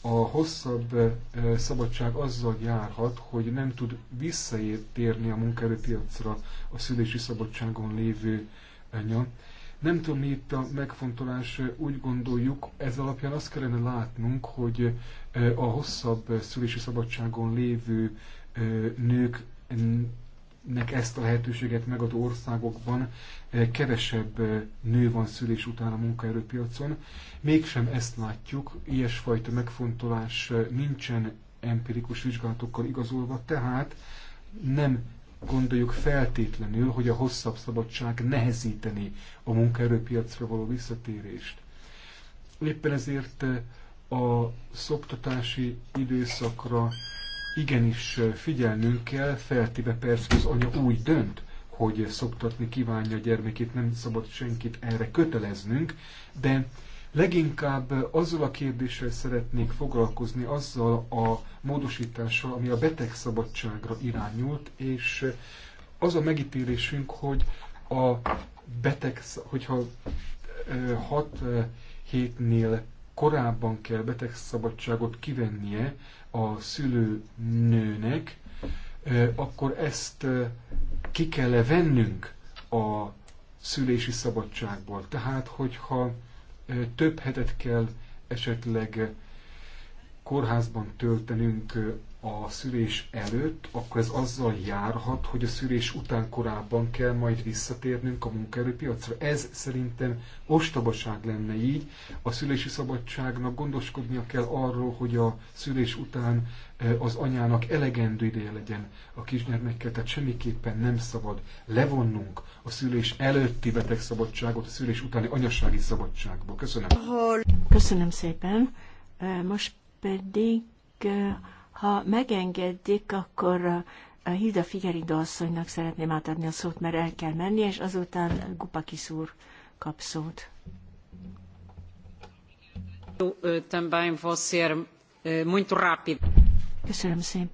a hosszabb szabadság azzal járhat, hogy nem tud visszatérni a munkaerőpiacra a szülési szabadságon lévő anya, nem tudom, mi itt a megfontolás, úgy gondoljuk, ez alapján azt kellene látnunk, hogy a hosszabb szülési szabadságon lévő nők nek ezt a lehetőséget megadó országokban kevesebb nő van szülés után a munkaerőpiacon. Mégsem ezt látjuk, ilyesfajta megfontolás nincsen empirikus vizsgálatokkal igazolva, tehát nem gondoljuk feltétlenül, hogy a hosszabb szabadság nehezíteni a munkaerőpiacra való visszatérést. Éppen ezért eh, a szoktatási időszakra igenis eh, figyelnünk kell, feltéve persze, hogy az anya úgy dönt, hogy szoktatni kívánja a gyermekét, nem szabad senkit erre köteleznünk, de Leginkább eh, azzal a kérdéssel szeretnék foglalkozni, azzal a módosítással, ami a betegszabadságra irányult, és eh, az a megítélésünk, hogy a beteg, hogyha 6 eh, hétnél korábban kell betegszabadságot kivennie a szülőnőnek, akkor ezt ki kell -e vennünk a szülési szabadságból. Tehát, hogyha több hetet kell esetleg kórházban töltenünk a szülés előtt, akkor ez azzal járhat, hogy a szülés után korábban kell majd visszatérnünk a munkaerőpiacra. Ez szerintem ostobaság lenne így. A szülési szabadságnak gondoskodnia kell arról, hogy a szülés után az anyának elegendő ideje legyen a kisgyermekkel, tehát semmiképpen nem szabad levonnunk a szülés előtti betegszabadságot a szülés utáni anyasági szabadságból. Köszönöm.
Köszönöm szépen. Most pedig, ha megengedik, akkor a Hilda Figerido asszonynak szeretném átadni a szót, mert el kell menni, és azután Gupakis úr kap szót.
Também vou ser muito
rápido.
Köszönöm szépen.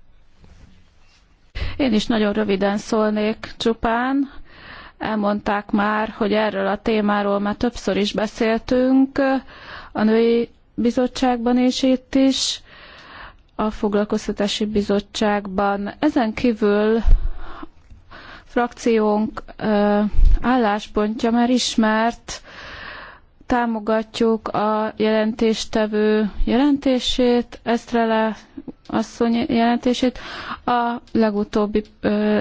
Én is nagyon röviden szólnék csupán. Elmondták már, hogy erről a témáról már többször is beszéltünk a női bizottságban és itt is, a foglalkoztatási bizottságban. Ezen kívül frakciónk álláspontja már ismert, támogatjuk a jelentéstevő jelentését, Esztrele asszony jelentését. A legutóbbi ö,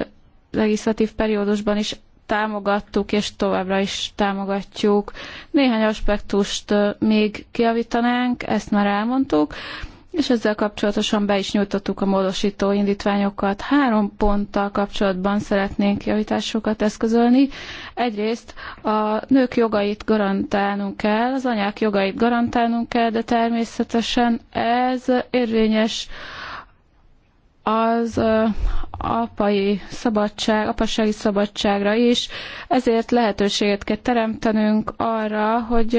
legislatív periódusban is támogattuk, és továbbra is támogatjuk. Néhány aspektust még kiavítanánk, ezt már elmondtuk. Ö, és ezzel kapcsolatosan be is nyújtottuk a módosító indítványokat. Három ponttal kapcsolatban szeretnénk javításokat eszközölni. Egyrészt a nők jogait garantálnunk kell, az anyák jogait garantálnunk kell, de természetesen ez érvényes az apai szabadság, apasági szabadságra is, ezért lehetőséget kell teremtenünk arra, hogy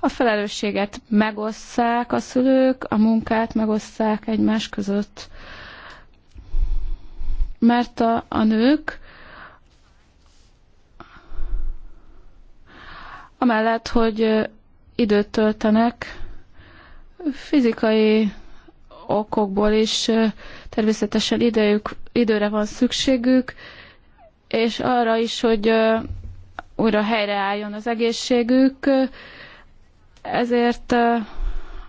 a felelősséget megosszák a szülők, a munkát megosszák egymás között. Mert a, a nők amellett, hogy időt töltenek, fizikai okokból is Természetesen idejük, időre van szükségük, és arra is, hogy újra helyreálljon az egészségük, ezért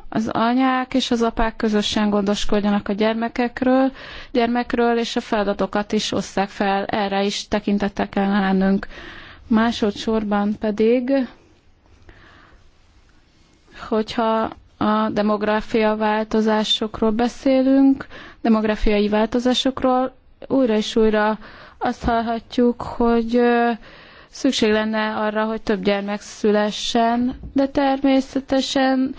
az anyák és az apák közösen gondoskodjanak a gyermekekről, gyermekről, és a feladatokat is osszák fel, erre is tekintettel kellene lennünk. Másodszorban pedig, hogyha a demográfia változásokról beszélünk, demográfiai változásokról. Újra és újra azt hallhatjuk, hogy szükség lenne arra, hogy több gyermek szülessen, de természetesen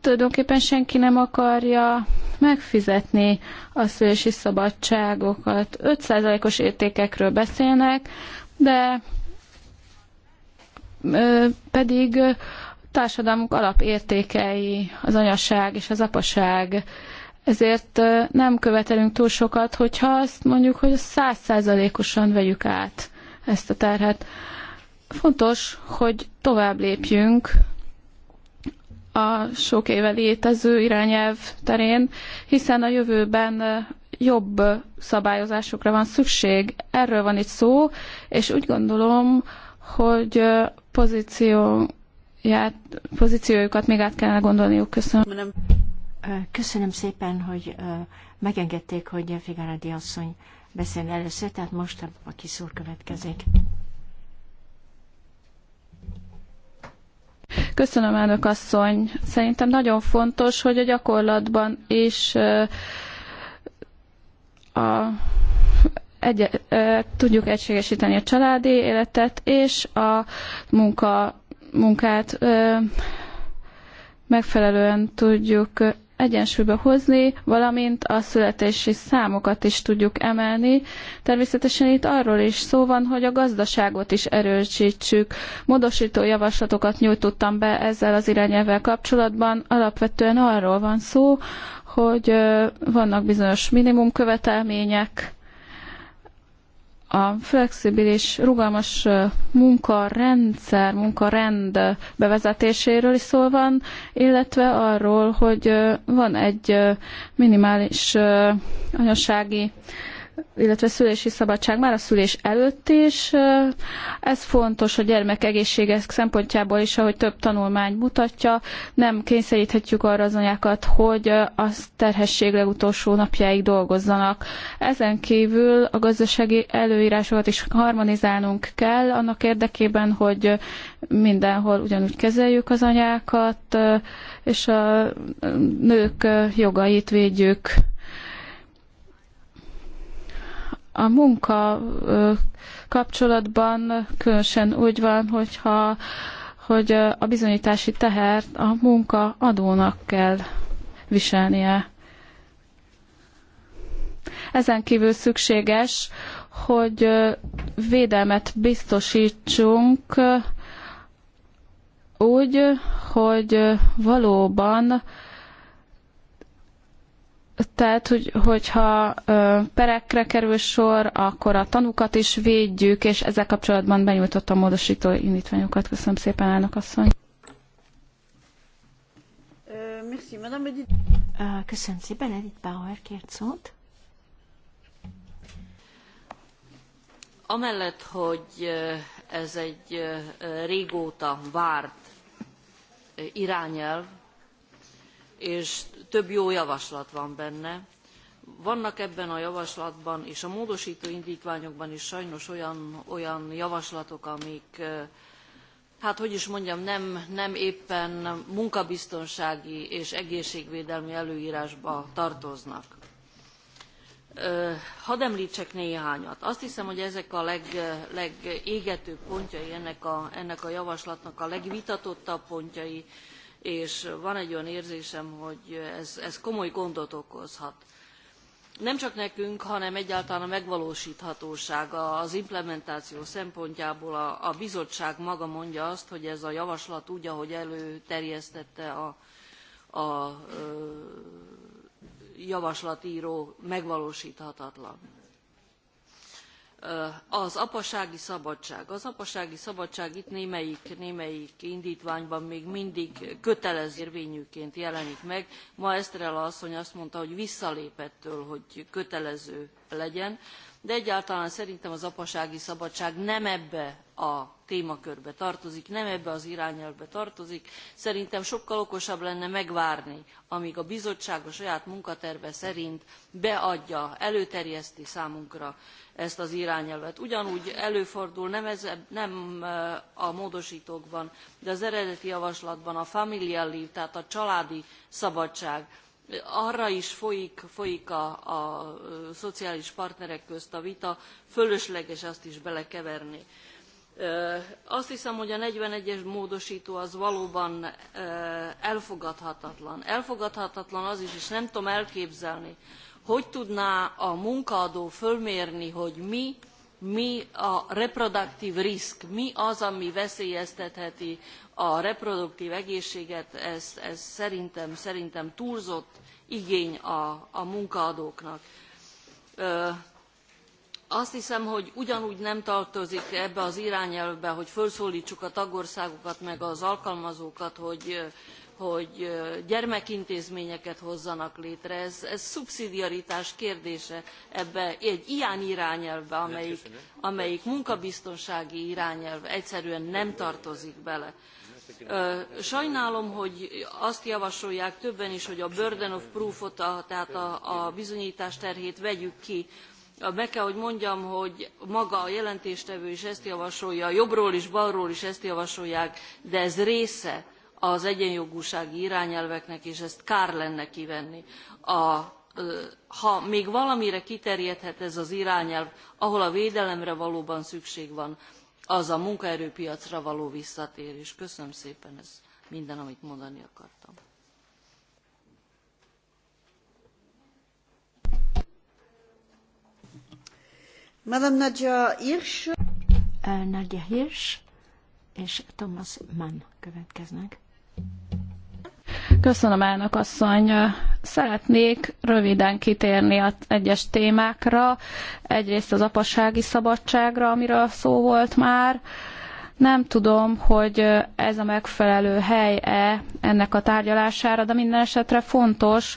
tulajdonképpen senki nem akarja megfizetni a szülési szabadságokat. 5%-os értékekről beszélnek, de pedig társadalmunk alapértékei az anyaság és az apaság ezért nem követelünk túl sokat, hogyha azt mondjuk, hogy százszázalékosan vegyük át ezt a terhet. Fontos, hogy tovább lépjünk a sok éve létező irányelv terén, hiszen a jövőben jobb szabályozásokra van szükség. Erről van itt szó, és úgy gondolom, hogy pozíciójukat még át kellene gondolniuk. Köszönöm. Köszönöm szépen,
hogy megengedték, hogy Figáradi asszony beszél először, tehát most a kiszúr következik.
Köszönöm, elnök asszony. Szerintem nagyon fontos, hogy a gyakorlatban is a, egy, tudjuk egységesíteni a családi életet és a munka, munkát megfelelően tudjuk egyensúlyba hozni, valamint a születési számokat is tudjuk emelni. Természetesen itt arról is szó van, hogy a gazdaságot is erősítsük. Módosító javaslatokat nyújtottam be ezzel az irányelvvel kapcsolatban. Alapvetően arról van szó, hogy vannak bizonyos minimumkövetelmények, a flexibilis, rugalmas munkarendszer, munkarend bevezetéséről is szó van, illetve arról, hogy van egy minimális anyasági illetve szülési szabadság már a szülés előtt is. Ez fontos a gyermek egészsége szempontjából is, ahogy több tanulmány mutatja. Nem kényszeríthetjük arra az anyákat, hogy a terhesség legutolsó napjáig dolgozzanak. Ezen kívül a gazdasági előírásokat is harmonizálnunk kell annak érdekében, hogy mindenhol ugyanúgy kezeljük az anyákat, és a nők jogait védjük a munka kapcsolatban különösen úgy van, hogyha hogy a bizonyítási tehert a munka adónak kell viselnie. Ezen kívül szükséges, hogy védelmet biztosítsunk úgy, hogy valóban tehát, hogy, hogyha ö, perekre kerül sor, akkor a tanukat is védjük, és ezzel kapcsolatban benyújtottam módosító indítványokat. Köszönöm szépen, elnök asszony.
Köszönöm szépen, Edith Bauer kért szót.
Amellett, hogy ez egy régóta várt irányelv, és több jó javaslat van benne. Vannak ebben a javaslatban és a módosító indítványokban is sajnos olyan, olyan javaslatok, amik, hát hogy is mondjam, nem, nem éppen munkabiztonsági és egészségvédelmi előírásba tartoznak. Hadd említsek néhányat. Azt hiszem, hogy ezek a leg, legégetőbb pontjai ennek a, ennek a javaslatnak, a legvitatottabb pontjai, és van egy olyan érzésem, hogy ez, ez komoly gondot okozhat. Nem csak nekünk, hanem egyáltalán a megvalósíthatósága az implementáció szempontjából a, a bizottság maga mondja azt, hogy ez a javaslat úgy, ahogy előterjesztette a, a ö, javaslatíró megvalósíthatatlan az apasági szabadság. Az apasági szabadság itt némelyik, némelyik indítványban még mindig kötelező érvényűként jelenik meg. Ma Eszterela asszony azt mondta, hogy visszalépettől, hogy kötelező legyen, de egyáltalán szerintem az apasági szabadság nem ebbe a témakörbe tartozik, nem ebbe az irányelvbe tartozik. Szerintem sokkal okosabb lenne megvárni, amíg a bizottság a saját munkaterve szerint beadja, előterjeszti számunkra ezt az irányelvet. Ugyanúgy előfordul nem, ez, nem eh, a módosítókban, de az eredeti javaslatban a familial leave, tehát a családi szabadság, arra is folyik, folyik a, a, a eh, szociális partnerek közt a vita, fölösleges azt is belekeverni. Azt hiszem, hogy a 41-es módosító az valóban elfogadhatatlan. Elfogadhatatlan az is, és nem tudom elképzelni, hogy tudná a munkaadó fölmérni, hogy mi, mi a reproduktív risk, mi az, ami veszélyeztetheti a reproduktív egészséget, ez, ez szerintem, szerintem túlzott igény a, a munkaadóknak azt hiszem, hogy ugyanúgy nem tartozik ebbe az irányelvbe, hogy felszólítsuk a tagországokat meg az alkalmazókat, hogy, hogy gyermekintézményeket hozzanak létre. Ez, ez szubszidiaritás kérdése ebbe egy ilyen irányelvbe, amelyik, amelyik munkabiztonsági irányelv egyszerűen nem tartozik bele. Sajnálom, hogy azt javasolják többen is, hogy a burden of proofot, tehát a, a bizonyítás terhét vegyük ki meg kell, hogy mondjam, hogy maga a jelentéstevő is ezt javasolja, jobbról is, balról is ezt javasolják, de ez része az egyenjogúsági irányelveknek, és ezt kár lenne kivenni. A, ha még valamire kiterjedhet ez az irányelv, ahol a védelemre valóban szükség van, az a munkaerőpiacra való visszatérés. Köszönöm szépen, ez minden, amit mondani akartam.
Madame Nadja Hirsch. Nadja Hirsch és Thomas Mann következnek.
Köszönöm, elnök asszony. Szeretnék röviden kitérni az egyes témákra. Egyrészt az apasági szabadságra, amiről szó volt már. Nem tudom, hogy ez a megfelelő hely-e ennek a tárgyalására, de minden esetre fontos,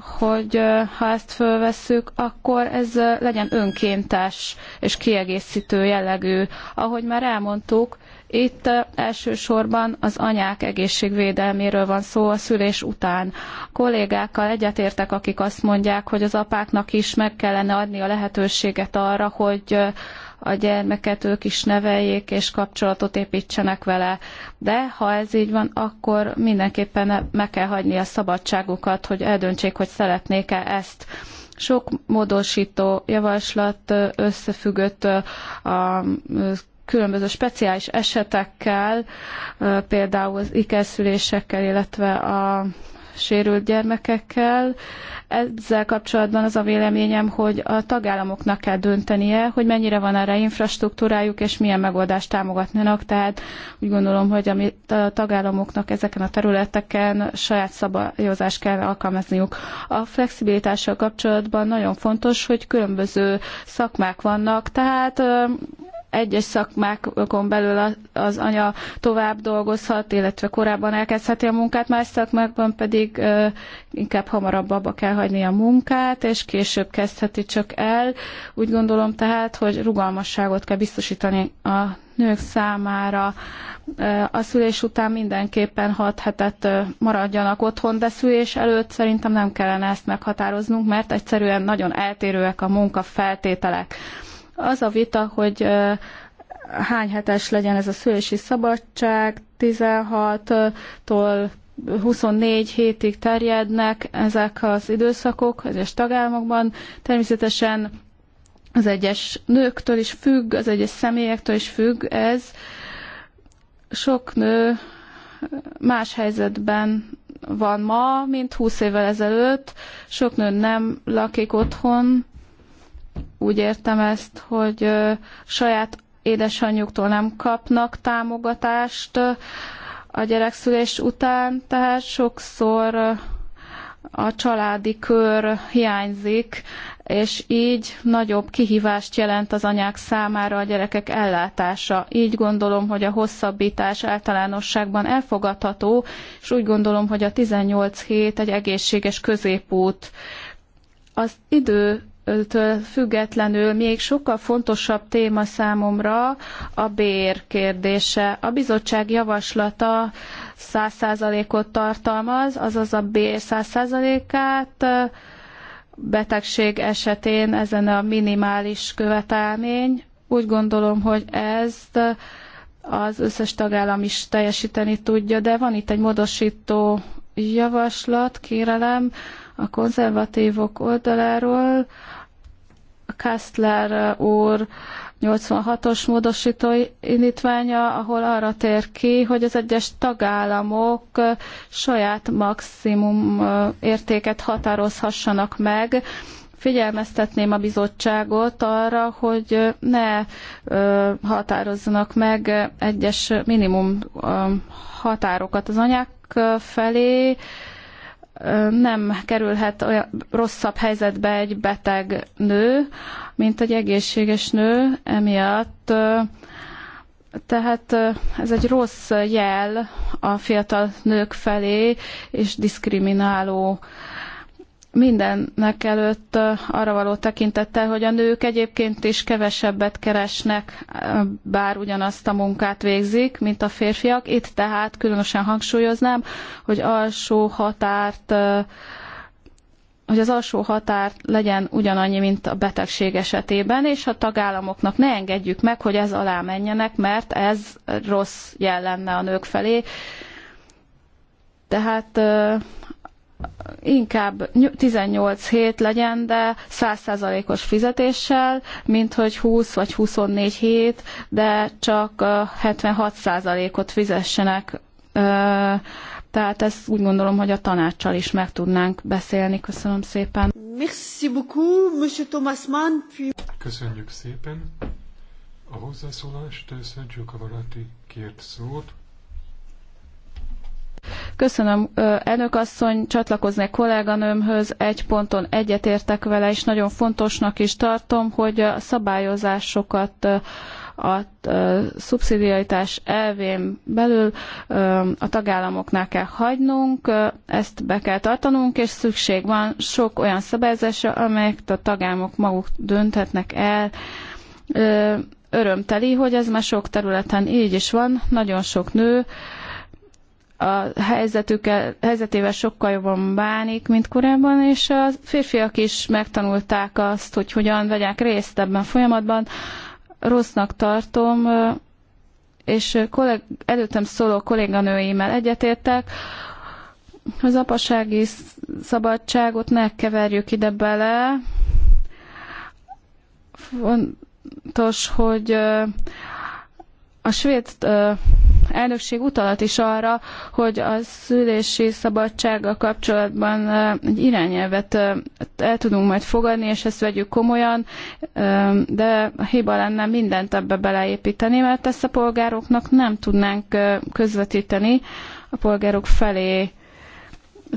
hogy ha ezt fölvesszük, akkor ez legyen önkéntes és kiegészítő jellegű. Ahogy már elmondtuk, itt elsősorban az anyák egészségvédelméről van szó a szülés után. Kollégákkal egyetértek, akik azt mondják, hogy az apáknak is meg kellene adni a lehetőséget arra, hogy a gyermeket ők is neveljék és kapcsolatot építsenek vele. De ha ez így van, akkor mindenképpen meg kell hagyni a szabadságukat, hogy eldöntsék, hogy szeretnék-e ezt. Sok módosító javaslat összefüggött a különböző speciális esetekkel, például az ikerszülésekkel, illetve a sérült gyermekekkel. Ezzel kapcsolatban az a véleményem, hogy a tagállamoknak kell döntenie, hogy mennyire van erre infrastruktúrájuk, és milyen megoldást támogatnának. Tehát úgy gondolom, hogy amit a tagállamoknak ezeken a területeken saját szabályozást kell alkalmazniuk. A flexibilitással kapcsolatban nagyon fontos, hogy különböző szakmák vannak, tehát egyes szakmákon belül az anya tovább dolgozhat, illetve korábban elkezdheti a munkát, más szakmákban pedig inkább hamarabb abba kell hagyni a munkát, és később kezdheti csak el. Úgy gondolom tehát, hogy rugalmasságot kell biztosítani a nők számára a szülés után mindenképpen hat hetet maradjanak otthon, de szülés előtt szerintem nem kellene ezt meghatároznunk, mert egyszerűen nagyon eltérőek a munkafeltételek. feltételek az a vita, hogy hány hetes legyen ez a szülési szabadság, 16-tól 24 hétig terjednek ezek az időszakok az egyes tagállamokban. Természetesen az egyes nőktől is függ, az egyes személyektől is függ ez. Sok nő más helyzetben van ma, mint 20 évvel ezelőtt. Sok nő nem lakik otthon, úgy értem ezt, hogy saját édesanyjuktól nem kapnak támogatást a gyerekszülés után, tehát sokszor a családi kör hiányzik, és így nagyobb kihívást jelent az anyák számára a gyerekek ellátása. Így gondolom, hogy a hosszabbítás általánosságban elfogadható, és úgy gondolom, hogy a 18 hét egy egészséges középút. Az idő függetlenül még sokkal fontosabb téma számomra a bér kérdése. A bizottság javaslata 100%-ot tartalmaz, azaz a bér 100%-át betegség esetén ezen a minimális követelmény. Úgy gondolom, hogy ezt az összes tagállam is teljesíteni tudja, de van itt egy módosító javaslat, kérelem a konzervatívok oldaláról, Kastler úr 86-os módosító indítványa, ahol arra tér ki, hogy az egyes tagállamok saját maximum értéket határozhassanak meg. Figyelmeztetném a bizottságot arra, hogy ne határozzanak meg egyes minimum határokat az anyák felé, nem kerülhet olyan rosszabb helyzetbe egy beteg nő, mint egy egészséges nő emiatt. Tehát ez egy rossz jel a fiatal nők felé, és diszkrimináló mindennek előtt arra való tekintettel, hogy a nők egyébként is kevesebbet keresnek, bár ugyanazt a munkát végzik, mint a férfiak. Itt tehát különösen hangsúlyoznám, hogy alsó határt hogy az alsó határ legyen ugyanannyi, mint a betegség esetében, és a tagállamoknak ne engedjük meg, hogy ez alá menjenek, mert ez rossz jel lenne a nők felé. Tehát inkább 18 hét legyen, de 100%-os fizetéssel, mint hogy 20 vagy 24 hét, de csak 76%-ot fizessenek. Tehát ezt úgy gondolom, hogy a tanácssal is meg tudnánk beszélni. Köszönöm szépen.
Merci beaucoup,
Köszönjük szépen. A hozzászólást Sergio Cavalati kért szót.
Köszönöm, elnök asszony, csatlakoznék kolléganőmhöz, egy ponton egyetértek vele, és nagyon fontosnak is tartom, hogy a szabályozásokat a szubszidiaritás elvén belül a tagállamoknál kell hagynunk, ezt be kell tartanunk, és szükség van sok olyan szabályozásra, amelyet a tagállamok maguk dönthetnek el. Örömteli, hogy ez már sok területen így is van, nagyon sok nő a helyzetükkel, helyzetével sokkal jobban bánik, mint korábban, és a férfiak is megtanulták azt, hogy hogyan vegyek részt ebben a folyamatban. Rossznak tartom, és kolleg, előttem szóló kolléganőimmel egyetértek, az apasági szabadságot ne keverjük ide bele. Fontos, hogy a svéd elnökség utalat is arra, hogy a szülési szabadsággal kapcsolatban egy irányelvet el tudunk majd fogadni, és ezt vegyük komolyan, de hiba lenne mindent ebbe beleépíteni, mert ezt a polgároknak nem tudnánk közvetíteni a polgárok felé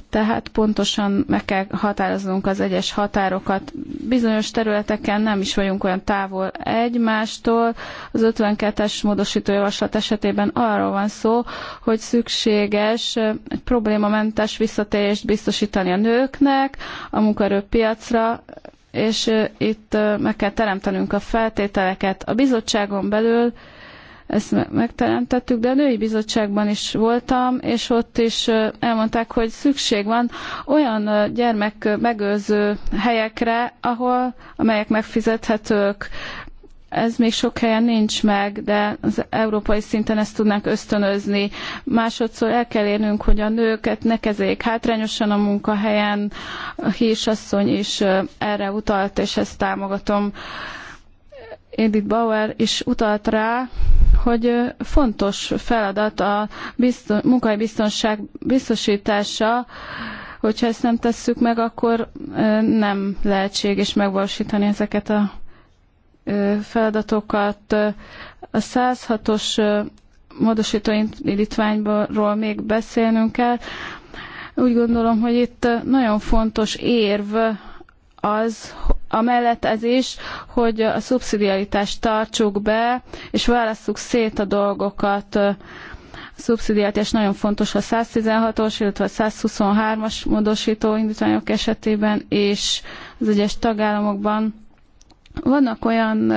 tehát pontosan meg kell határoznunk az egyes határokat. Bizonyos területeken nem is vagyunk olyan távol egymástól. Az 52-es módosító javaslat esetében arról van szó, hogy szükséges egy problémamentes visszatérést biztosítani a nőknek a munkaerőpiacra, és itt meg kell teremtenünk a feltételeket. A bizottságon belül ezt megteremtettük, de a női bizottságban is voltam, és ott is elmondták, hogy szükség van olyan gyermek megőrző helyekre, ahol, amelyek megfizethetők. Ez még sok helyen nincs meg, de az európai szinten ezt tudnánk ösztönözni. Másodszor el kell érnünk, hogy a nőket ne kezeljék hátrányosan a munkahelyen. A hírsasszony is erre utalt, és ezt támogatom. Edith Bauer is utalt rá, hogy fontos feladat a bizton, munkai biztonság biztosítása, hogyha ezt nem tesszük meg, akkor nem lehetséges megvalósítani ezeket a feladatokat. A 106-os módosító indítványról még beszélnünk kell. Úgy gondolom, hogy itt nagyon fontos érv az, amellett ez is, hogy a szubszidiaritást tartsuk be, és válasszuk szét a dolgokat. A szubszidiaritás nagyon fontos a 116-os, illetve a 123-as módosító indítványok esetében, és az egyes tagállamokban vannak olyan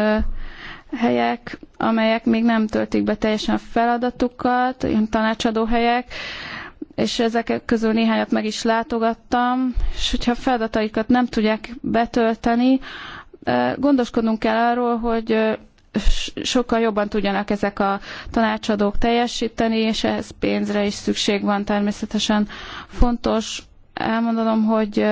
helyek, amelyek még nem töltik be teljesen feladatukat, ilyen tanácsadó helyek, és ezek közül néhányat meg is látogattam, és hogyha feladataikat nem tudják betölteni, gondoskodnunk kell arról, hogy sokkal jobban tudjanak ezek a tanácsadók teljesíteni, és ehhez pénzre is szükség van természetesen. Fontos elmondanom, hogy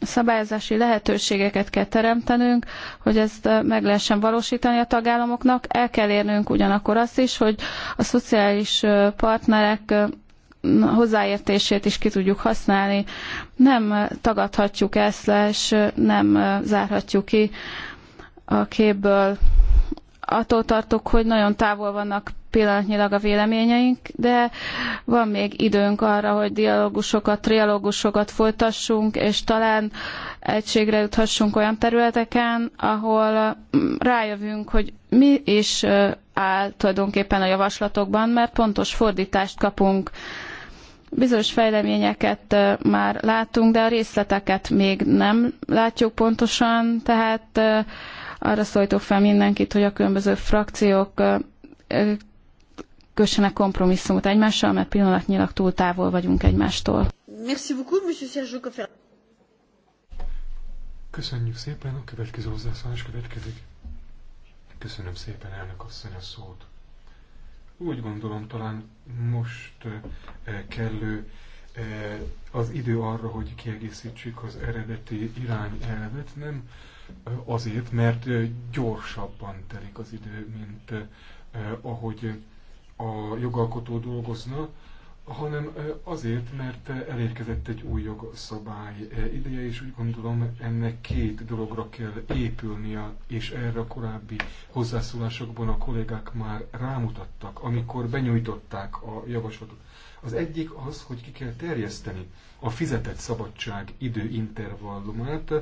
szabályozási lehetőségeket kell teremtenünk, hogy ezt meg lehessen valósítani a tagállamoknak. El kell érnünk ugyanakkor azt is, hogy a szociális partnerek hozzáértését is ki tudjuk használni. Nem tagadhatjuk ezt le, és nem zárhatjuk ki a képből. Attól tartok, hogy nagyon távol vannak pillanatnyilag a véleményeink, de van még időnk arra, hogy dialógusokat, trialógusokat folytassunk, és talán egységre juthassunk olyan területeken, ahol mm, rájövünk, hogy mi is áll tulajdonképpen a javaslatokban, mert pontos fordítást kapunk Bizonyos fejleményeket már látunk, de a részleteket még nem látjuk pontosan, tehát arra szólítok fel mindenkit, hogy a különböző frakciók kössenek kompromisszumot egymással, mert pillanatnyilag túl távol vagyunk egymástól.
Merci beaucoup, monsieur Serge Coffer.
Köszönjük szépen, a következő hozzászólás következik. Köszönöm szépen, elnök asszony, a szót. Úgy gondolom, talán most eh, kellő eh, az idő arra, hogy kiegészítsük az eredeti irányelvet, nem eh, azért, mert gyorsabban telik az idő, mint ahogy a jogalkotó dolgozna, hanem azért, mert elérkezett egy új jogszabály ideje, és úgy gondolom ennek két dologra kell épülnie, és erre a korábbi hozzászólásokban a kollégák már rámutattak, amikor benyújtották a javaslatot. Az egyik az, hogy ki kell terjeszteni a fizetett szabadság időintervallumát.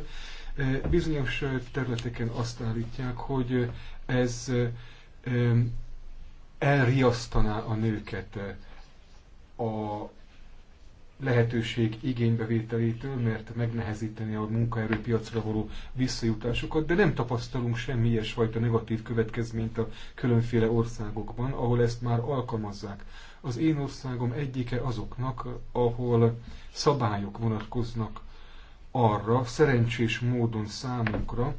Bizonyos területeken azt állítják, hogy ez elriasztaná a nőket a lehetőség igénybevételétől, mert megnehezíteni a munkaerőpiacra való visszajutásokat, de nem tapasztalunk semmi ilyesfajta negatív következményt a különféle országokban, ahol ezt már alkalmazzák. Az én országom egyike azoknak, ahol szabályok vonatkoznak arra, szerencsés módon számunkra,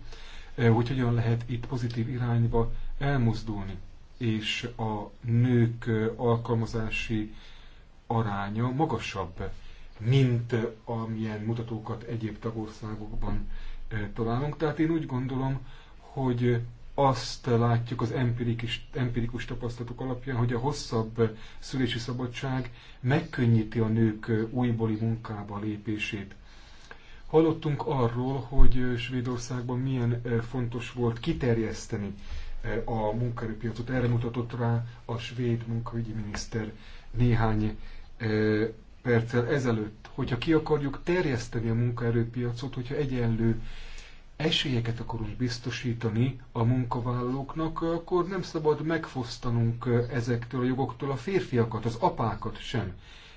eh, hogy hogyan lehet itt pozitív irányba elmozdulni, és a nők eh, alkalmazási aránya magasabb, mint eh, amilyen mutatókat egyéb tagországokban eh, találunk. Tehát én úgy gondolom, hogy azt látjuk az empirikus, empirikus tapasztalatok alapján, hogy a hosszabb eh, szülési szabadság megkönnyíti a nők újbóli munkába lépését. Hallottunk arról, hogy Svédországban milyen fontos volt kiterjeszteni a munkaerőpiacot. Erre mutatott rá a svéd munkaügyi miniszter néhány perccel ezelőtt, hogyha ki akarjuk terjeszteni a munkaerőpiacot, hogyha egyenlő esélyeket akarunk biztosítani a munkavállalóknak, akkor nem szabad megfosztanunk ezektől a jogoktól a férfiakat, az apákat sem.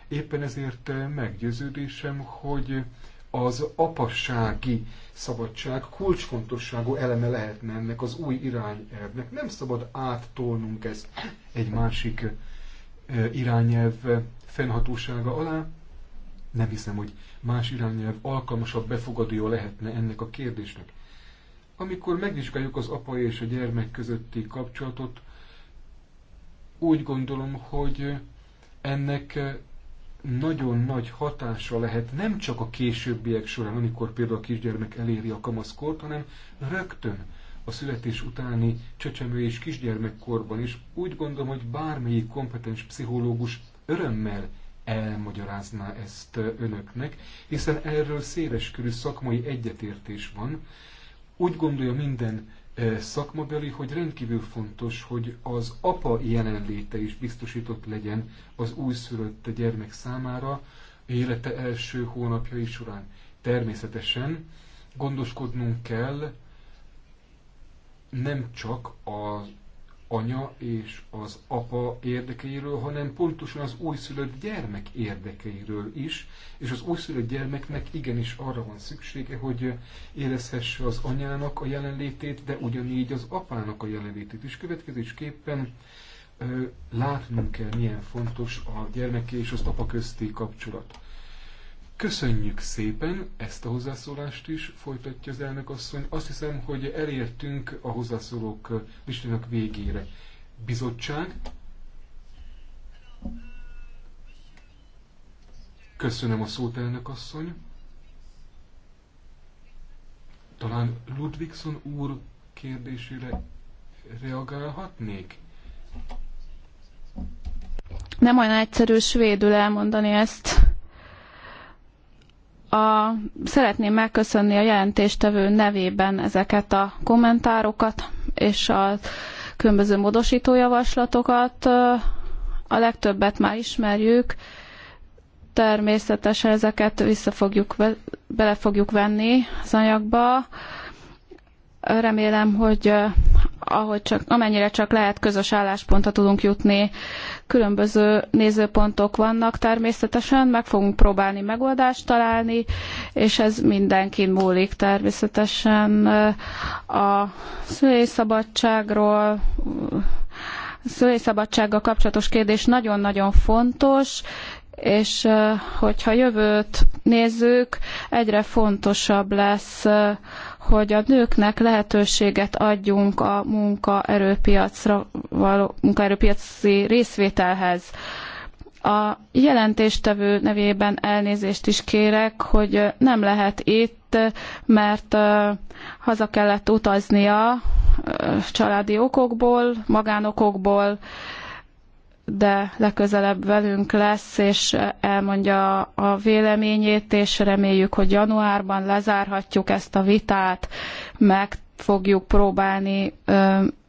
Éppen ezért meggyőződésem, hogy az apassági szabadság kulcsfontosságú eleme lehetne ennek az új irányelvnek. Nem szabad áttolnunk ezt egy másik irányelv fennhatósága alá. Nem hiszem, hogy más irányelv alkalmasabb befogadója lehetne ennek a kérdésnek. Amikor megvizsgáljuk az apa és a gyermek közötti kapcsolatot, úgy gondolom, hogy ennek nagyon nagy hatása lehet nem csak a későbbiek során, amikor például a kisgyermek eléri a kamaszkort, hanem rögtön a születés utáni csecsemő és kisgyermekkorban is. Úgy gondolom, hogy bármelyik kompetens pszichológus örömmel elmagyarázná ezt önöknek, hiszen erről széleskörű szakmai egyetértés van. Úgy gondolja minden e, szakmabeli, hogy rendkívül fontos, hogy az apa jelenléte is biztosított legyen az újszülött gyermek számára élete első hónapjai során. Természetesen gondoskodnunk kell nem csak az anya és az apa érdekeiről, hanem pontosan az újszülött gyermek érdekeiről is, és az újszülött gyermeknek igenis arra van szüksége, hogy érezhesse az anyának a jelenlétét, de ugyanígy az apának a jelenlétét is. Következésképpen látnunk kell, milyen fontos a gyermeké és az apa közti kapcsolat. Köszönjük szépen ezt a hozzászólást is, folytatja az elnök asszony. Azt hiszem, hogy elértünk a hozzászólók eh, listának végére. Bizottság. Köszönöm a szót, elnök asszony. Talán Ludvigson úr kérdésére reagálhatnék?
Nem olyan egyszerű svédül elmondani ezt. A, szeretném megköszönni a jelentéstevő nevében ezeket a kommentárokat és a különböző módosító javaslatokat. A legtöbbet már ismerjük, természetesen ezeket vissza fogjuk, bele fogjuk venni az anyagba. Remélem, hogy ahogy csak, amennyire csak lehet közös álláspontra tudunk jutni. Különböző nézőpontok vannak természetesen, meg fogunk próbálni megoldást találni, és ez mindenkin múlik természetesen a szülői szabadságról, szülői szabadsággal kapcsolatos kérdés nagyon-nagyon fontos, és hogyha jövőt nézzük, egyre fontosabb lesz hogy a nőknek lehetőséget adjunk a munkaerőpiacra való, munkaerőpiaci részvételhez. A jelentéstevő nevében elnézést is kérek, hogy nem lehet itt, mert haza kellett utaznia családi okokból, magánokokból, de legközelebb velünk lesz, és elmondja a véleményét, és reméljük, hogy januárban lezárhatjuk ezt a vitát, meg fogjuk próbálni,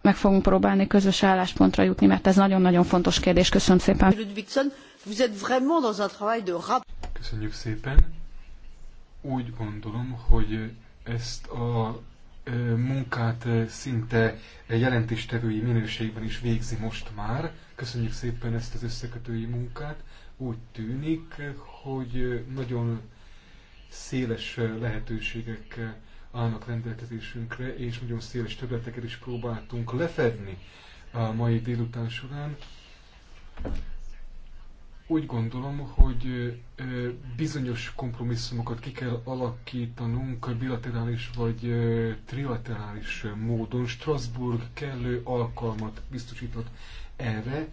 meg fogunk próbálni közös álláspontra jutni, mert ez nagyon-nagyon fontos kérdés. Köszönöm szépen.
Köszönjük szépen. Úgy gondolom, hogy ezt a munkát szinte jelentéstevői minőségben is végzi most már. Köszönjük szépen ezt az összekötői munkát. Úgy tűnik, hogy nagyon széles lehetőségek állnak rendelkezésünkre, és nagyon széles területeket is próbáltunk lefedni a mai délután során úgy gondolom, hogy bizonyos kompromisszumokat ki kell alakítanunk bilaterális vagy trilaterális módon. Strasbourg kellő alkalmat biztosított erre.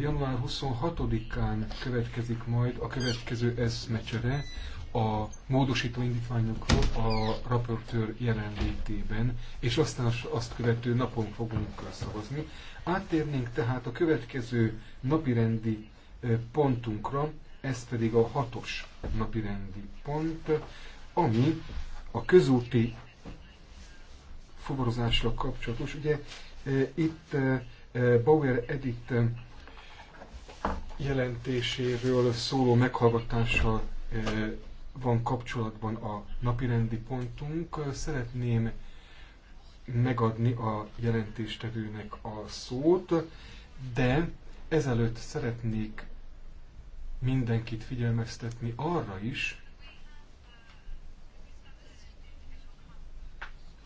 Január 26-án következik majd a következő eszmecsere a módosító indítványokról a raportőr jelenlétében, és aztán azt követő napon fogunk szavazni. Áttérnénk tehát a következő napirendi pontunkra, ez pedig a hatos napirendi pont, ami a közúti fuvarozásra kapcsolatos. Ugye itt Bauer Edith jelentéséről szóló meghallgatással van kapcsolatban a napirendi pontunk. Szeretném megadni a jelentéstevőnek a szót, de Ezelőtt szeretnék mindenkit figyelmeztetni arra is,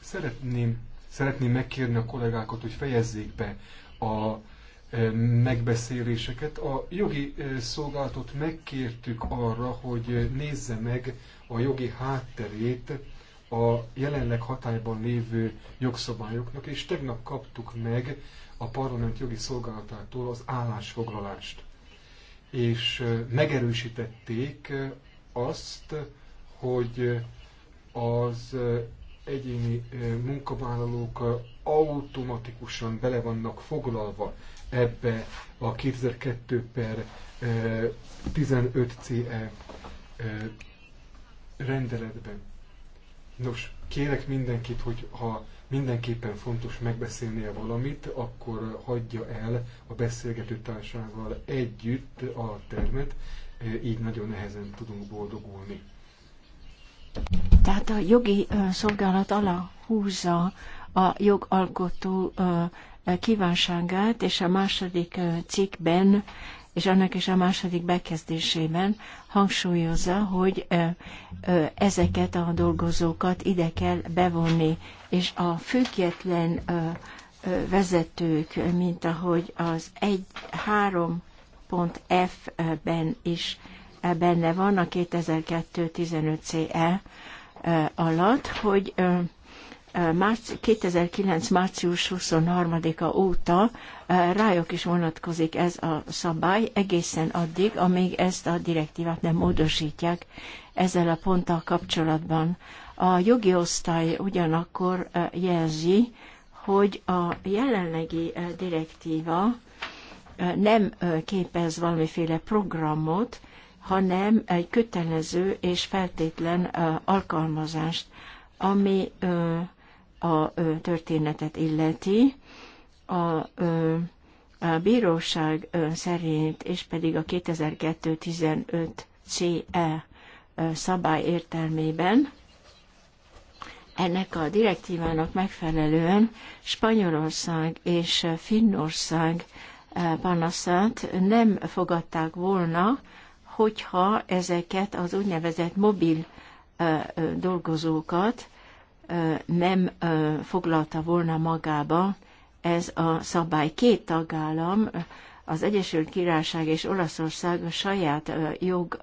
szeretném, szeretném megkérni a kollégákat, hogy fejezzék be a e, megbeszéléseket. A jogi e, szolgálatot megkértük arra, hogy nézze meg a jogi hátterét a jelenleg hatályban lévő jogszabályoknak, és tegnap kaptuk meg a parlament jogi szolgálatától az állásfoglalást, és megerősítették azt, hogy az egyéni munkavállalók automatikusan bele vannak foglalva ebbe a 2002 per 15 CE rendeletben. Nos, kérek mindenkit, hogy ha mindenképpen fontos megbeszélnie valamit, akkor hagyja el a beszélgető társával együtt a termet, e, így nagyon nehezen tudunk boldogulni.
Tehát a jogi e, szolgálat alá húzza a jogalkotó e, kívánságát, és a második cikkben és annak is a második bekezdésében hangsúlyozza, hogy ezeket a dolgozókat ide kell bevonni, és a független vezetők, mint ahogy az 1.3.f-ben is benne van a 2002-15 CE alatt, hogy márci, 2009. március 23-a óta eh, rájuk is vonatkozik ez a szabály, egészen addig, amíg ezt a direktívát nem módosítják ezzel a ponttal kapcsolatban. A jogi osztály ugyanakkor eh, jelzi, hogy a jelenlegi eh, direktíva nem képez valamiféle programot, hanem egy kötelező és feltétlen alkalmazást, ami a történetet illeti, a, a bíróság szerint, és pedig a 2002-15 CE szabály értelmében, ennek a direktívának megfelelően Spanyolország és Finnország panaszát nem fogadták volna, hogyha ezeket az úgynevezett mobil dolgozókat nem foglalta volna magába ez a szabály. Két tagállam, az Egyesült Királyság és Olaszország a saját jog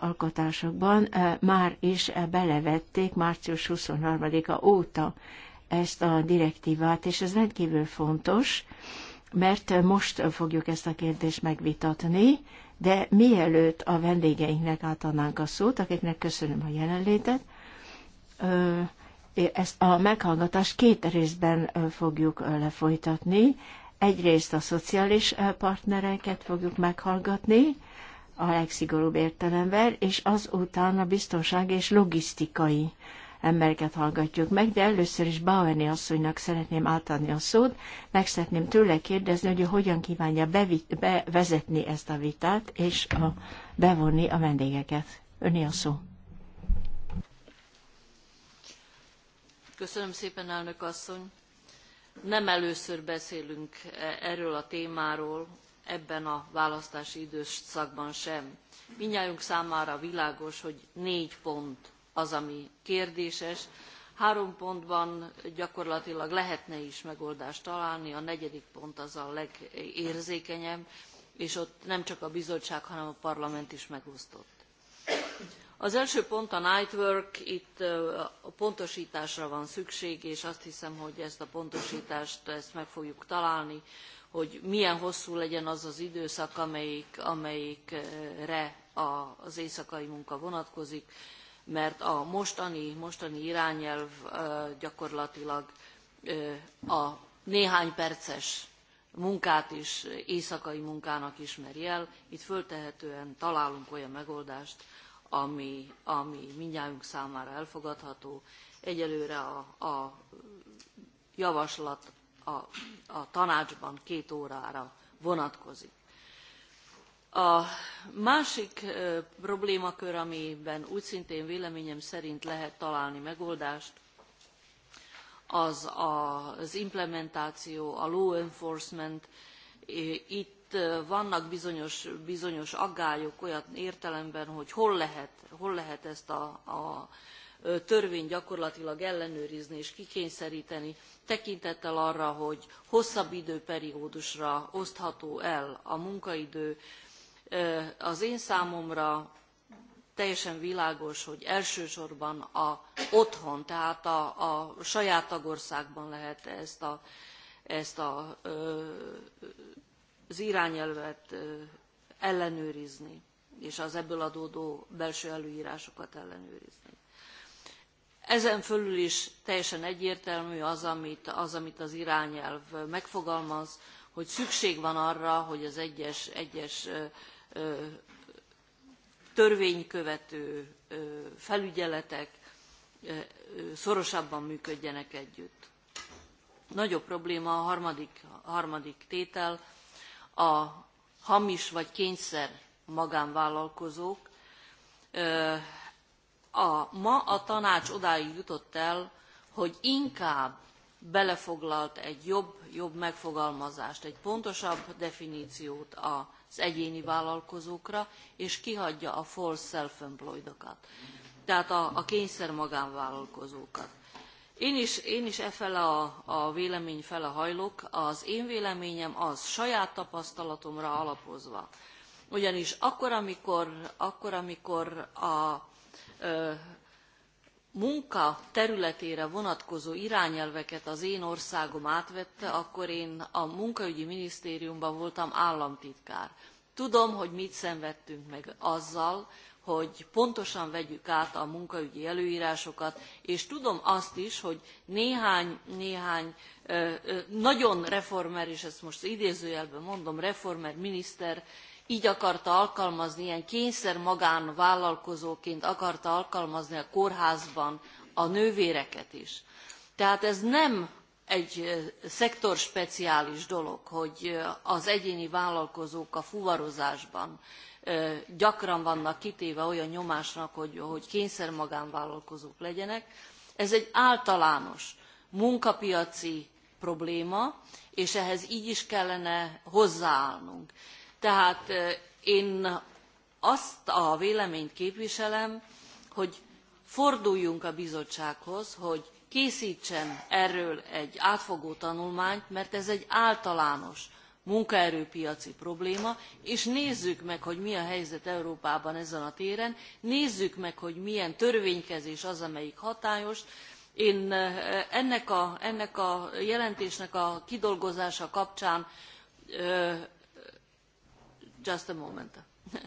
alkotásokban már is belevették március 23-a óta ezt a direktívát, és ez rendkívül fontos, mert most fogjuk ezt a kérdést megvitatni, de mielőtt a vendégeinknek átadnánk a szót, akiknek köszönöm a jelenlétet, ezt a meghallgatást két részben fogjuk lefolytatni. Egyrészt a szociális partnereket fogjuk meghallgatni, a legszigorúbb értelemben, és azután a biztonság és logisztikai embereket hallgatjuk meg, de először is Bauerni asszonynak szeretném átadni a szót, meg szeretném tőle kérdezni, hogy hogyan kívánja bevezetni ezt a vitát, és a, bevonni a vendégeket. Öni a szó.
Köszönöm szépen, elnök asszony. Nem először beszélünk e- erről a témáról, ebben a választási időszakban sem. Mindjárt számára világos, hogy négy pont az, ami kérdéses. Három pontban gyakorlatilag lehetne is megoldást találni, a negyedik pont az a legérzékenyebb, és ott nem csak a bizottság, hanem a parlament is megosztott. Az első pont a work, itt a pontosításra van szükség, és azt hiszem, hogy ezt a pontosítást ezt meg fogjuk találni, hogy milyen hosszú legyen az az időszak, amelyik, amelyikre az éjszakai munka vonatkozik, mert a mostani, mostani irányelv gyakorlatilag a néhány perces munkát is, éjszakai munkának ismeri el. Itt föltehetően találunk olyan megoldást, ami, ami mindjárt számára elfogadható. Egyelőre a, a javaslat a, a tanácsban két órára vonatkozik. A másik problémakör, amiben úgy szintén véleményem szerint lehet találni megoldást, az az implementáció, a law enforcement. Itt vannak bizonyos, bizonyos aggályok olyan értelemben, hogy hol lehet, hol lehet ezt a, a törvényt gyakorlatilag ellenőrizni és kikényszeríteni, tekintettel arra, hogy hosszabb időperiódusra osztható el a munkaidő. Az én számomra teljesen világos, hogy elsősorban a otthon, tehát a, a saját tagországban lehet ezt a, ezt a ö, az irányelvet ellenőrizni, és az ebből adódó belső előírásokat ellenőrizni. Ezen fölül is teljesen egyértelmű az, amit az, amit az irányelv megfogalmaz, hogy szükség van arra, hogy az egyes, egyes törvénykövető felügyeletek szorosabban működjenek együtt. Nagyobb probléma a harmadik, a harmadik tétel, a hamis vagy kényszer magánvállalkozók. A, ma a tanács odáig jutott el, hogy inkább belefoglalt egy jobb, jobb megfogalmazást, egy pontosabb definíciót az egyéni vállalkozókra, és kihagyja a false self-employed-okat, tehát a, a kényszer magánvállalkozókat. Én is, én is e fele a, a vélemény fele hajlok. Az én véleményem az saját tapasztalatomra alapozva. Ugyanis akkor, amikor, akkor, amikor a ö, munka területére vonatkozó irányelveket az én országom átvette, akkor én a munkaügyi minisztériumban voltam államtitkár. Tudom, hogy mit szenvedtünk meg azzal, hogy pontosan vegyük át a munkaügyi előírásokat, és tudom azt is, hogy néhány, néhány nagyon reformer, és ezt most idézőjelben mondom, reformer miniszter így akarta alkalmazni, ilyen kényszer magánvállalkozóként akarta alkalmazni a kórházban a nővéreket is. Tehát ez nem egy szektorspeciális dolog, hogy az egyéni vállalkozók a fuvarozásban gyakran vannak kitéve olyan nyomásnak, hogy, hogy kényszer magánvállalkozók legyenek. Ez egy általános munkapiaci probléma, és ehhez így is kellene hozzáállnunk. Tehát én azt a véleményt képviselem, hogy forduljunk a bizottsághoz, hogy készítsen erről egy átfogó tanulmányt, mert ez egy általános munkaerőpiaci probléma, és nézzük meg, hogy mi a helyzet Európában ezen a téren, nézzük meg, hogy milyen törvénykezés az, amelyik hatályos. Én eh, ennek a, ennek a jelentésnek a kidolgozása kapcsán eh, just a moment.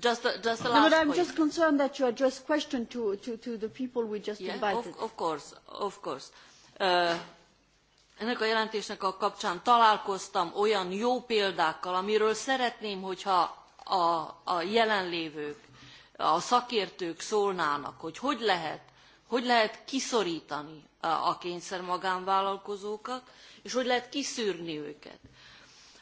Just, a, just a last no, but I'm point. just concerned that you address question to, to, to the people we just yeah, invited. Of, of course, of course. Uh, ennek a jelentésnek a kapcsán találkoztam olyan jó példákkal, amiről szeretném, hogyha a, a jelenlévők, a szakértők szólnának, hogy hogy lehet, hogy lehet kiszorítani a kényszer magánvállalkozókat, és hogy lehet kiszűrni őket.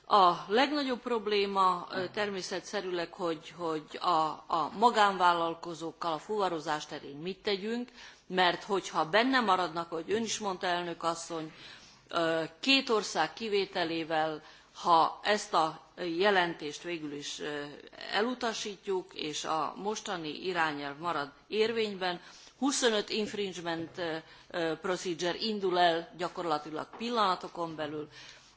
A legnagyobb probléma természetszerűleg, hogy, hogy a, a magánvállalkozókkal a fuvarozás terén mit tegyünk, mert hogyha benne maradnak, ahogy ön is mondta, elnök asszony, Két ország kivételével, ha ezt a jelentést végül is elutasítjuk, és a mostani irányelv marad érvényben, 25 infringement procedure indul el gyakorlatilag pillanatokon belül,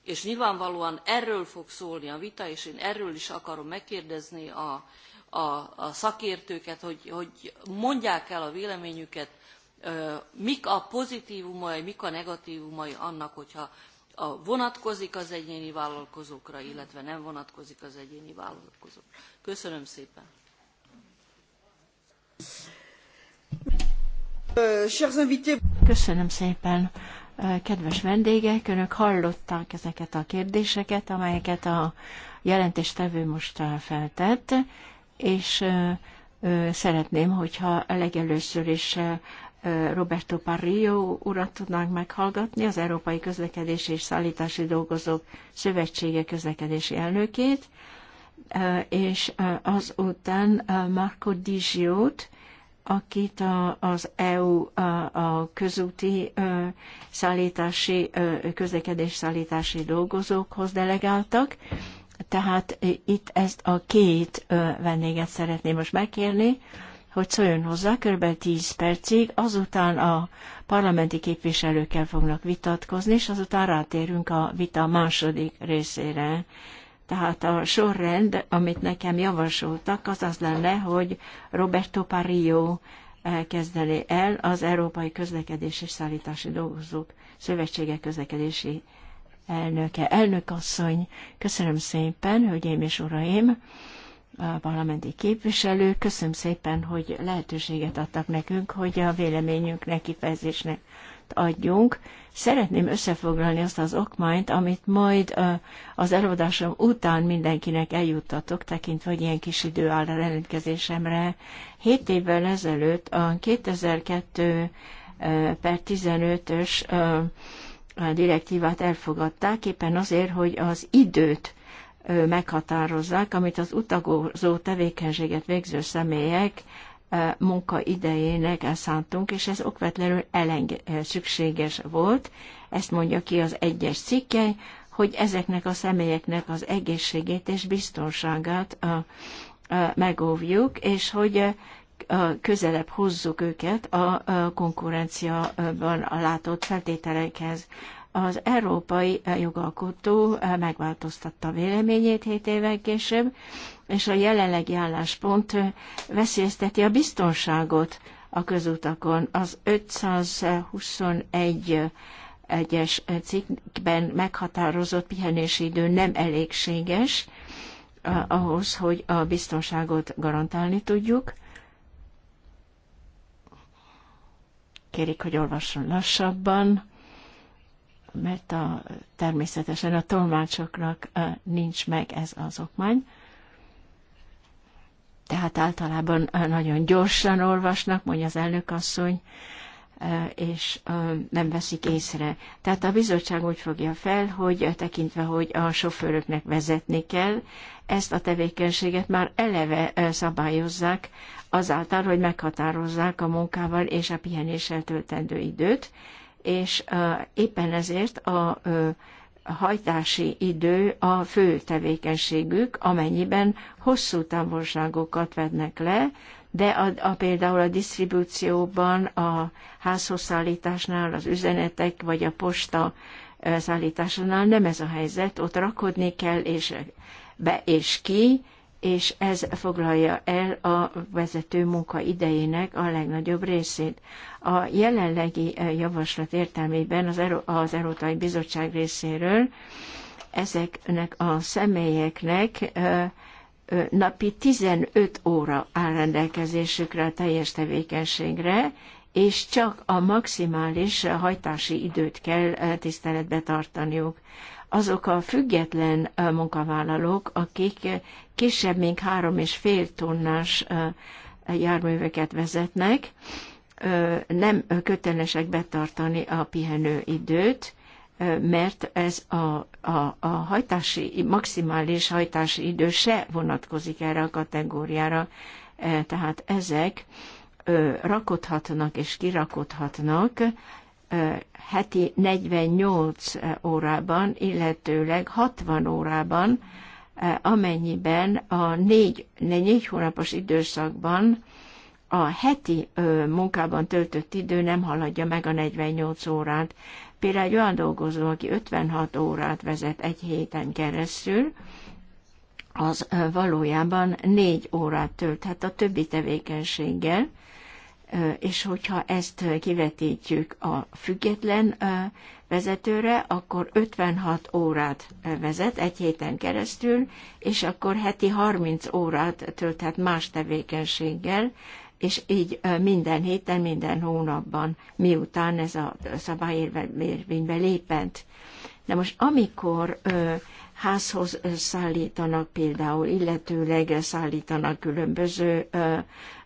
és nyilvánvalóan erről fog szólni a vita, és én erről is akarom megkérdezni a, a, a szakértőket, hogy, hogy mondják el a véleményüket, mik a pozitívumai, mik a negatívumai annak, hogyha a vonatkozik az egyéni vállalkozókra, illetve nem vonatkozik az egyéni vállalkozókra. Köszönöm szépen.
Köszönöm szépen. Kedves vendégek, önök hallották ezeket a kérdéseket, amelyeket a jelentéstevő most feltett, és szeretném, hogyha legelőször is Roberto Parrillo urat tudnánk meghallgatni, az Európai Közlekedési és Szállítási Dolgozók Szövetsége közlekedési elnökét, és azután Marco Digiót, akit a, az EU a, közúti szállítási, közlekedés szállítási dolgozókhoz delegáltak. Tehát itt ezt a két vendéget szeretném most megkérni, hogy szóljon hozzá, kb. 10 percig, azután a parlamenti képviselőkkel fognak vitatkozni, és azután rátérünk a vita második részére. Tehát a sorrend, amit nekem javasoltak, az az lenne, hogy Roberto Parillo eh, kezdeli el az Európai közlekedési és Szállítási Dolgozók Szövetsége közlekedési elnöke. Elnök asszony, köszönöm szépen, hölgyeim és uraim! parlamenti képviselő Köszönöm szépen, hogy lehetőséget adtak nekünk, hogy a véleményünknek kifejezésnek adjunk. Szeretném összefoglalni azt az okmányt, amit majd az előadásom után mindenkinek eljuttatok, tekintve, hogy ilyen kis idő áll a rendelkezésemre. Hét évvel ezelőtt a 2002 per 15-ös direktívát elfogadták, éppen azért, hogy az időt meghatározzák, amit az utagozó tevékenységet végző személyek idejének elszántunk, és ez okvetlenül eleng szükséges volt. Ezt mondja ki az egyes cikke, hogy ezeknek a személyeknek az egészségét és biztonságát megóvjuk, és hogy közelebb hozzuk őket a konkurenciában látott feltételekhez az európai eh, jogalkotó eh, megváltoztatta véleményét hét évvel később, és a jelenlegi álláspont eh, veszélyezteti a biztonságot a közutakon. Az 521 egyes cikkben meghatározott pihenési idő nem elégséges ahhoz, hogy a biztonságot garantálni tudjuk. Kérik, hogy olvasson lassabban mert a, természetesen a tolmácsoknak nincs meg ez az okmány. Tehát általában nagyon gyorsan olvasnak, mondja az elnökasszony, és nem veszik észre. Tehát a bizottság úgy fogja fel, hogy tekintve, hogy a sofőröknek vezetni kell, ezt a tevékenységet már eleve szabályozzák azáltal, hogy meghatározzák a munkával és a pihenéssel töltendő időt, és éppen ezért a hajtási idő a fő tevékenységük, amennyiben hosszú távolságokat vednek le, de a, a például a disztribúcióban, a házhozszállításnál, az üzenetek vagy a posta szállításánál nem ez a helyzet, ott rakodni kell, és be és ki, és ez foglalja el a vezető munka idejének a legnagyobb részét. A jelenlegi eh, javaslat értelmében az, Euró- az Európai Bizottság részéről ezeknek a személyeknek eh, napi 15 óra áll rendelkezésükre a teljes tevékenységre, és csak a maximális hajtási időt kell eh, tiszteletbe tartaniuk azok a független munkavállalók, akik kisebb, mint három és fél tonnás járműveket vezetnek, nem kötelesek betartani a pihenőidőt, mert ez a, a, a hajtási, maximális hajtási idő se vonatkozik erre a kategóriára, tehát ezek rakodhatnak és kirakodhatnak heti 48 órában, illetőleg 60 órában, amennyiben a négy, négy hónapos időszakban a heti munkában töltött idő nem haladja meg a 48 órát. Például egy olyan dolgozó, aki 56 órát vezet egy héten keresztül, az valójában négy órát tölthet a többi tevékenységgel, és hogyha ezt kivetítjük a független vezetőre, akkor 56 órát vezet egy héten keresztül, és akkor heti 30 órát tölthet más tevékenységgel, és így minden héten, minden hónapban, miután ez a szabály érvénybe lépett. De most amikor házhoz szállítanak például, illetőleg szállítanak különböző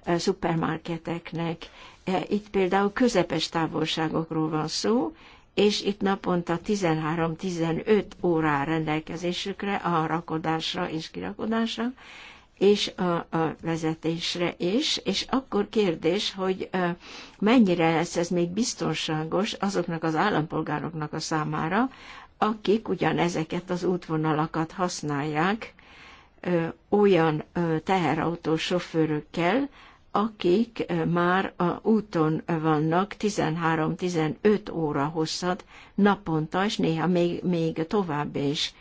szupermarketeknek. E, itt például közepes távolságokról van szó, és itt naponta 13-15 órá rendelkezésükre, a rakodásra és kirakodásra, és a, a vezetésre is, és akkor kérdés, hogy e, mennyire lesz ez még biztonságos azoknak az állampolgároknak a számára, akik ugyanezeket az útvonalakat használják olyan teherautó sofőrökkel, akik eh, már a úton vannak 13-15 óra hosszat naponta, és néha még, még tovább is.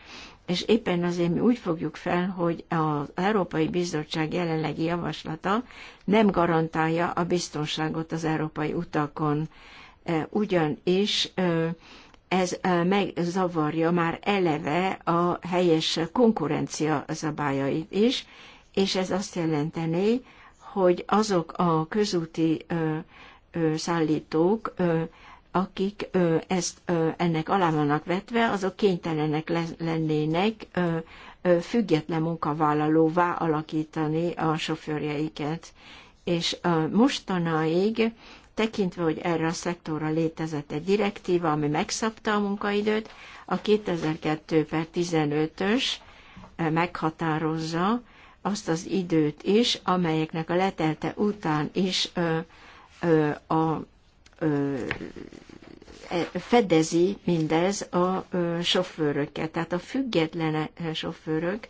És éppen azért mi úgy fogjuk fel, hogy az Európai Bizottság jelenlegi javaslata nem garantálja a biztonságot az európai utakon. Eh, ugyanis eh, ez megzavarja már eleve a helyes konkurencia szabályait is, és ez azt jelenteni, hogy azok a közúti szállítók, akik ezt ennek alá vannak vetve, azok kénytelenek lennének független munkavállalóvá alakítani a sofőrjeiket. És mostanáig, tekintve, hogy erre a szektorra létezett egy direktíva, ami megszabta a munkaidőt, a 2002 per 15-ös meghatározza, azt az időt is, amelyeknek a letelte után is ö, ö, a, ö, e, fedezi mindez a ö, sofőröket. Tehát a független sofőrök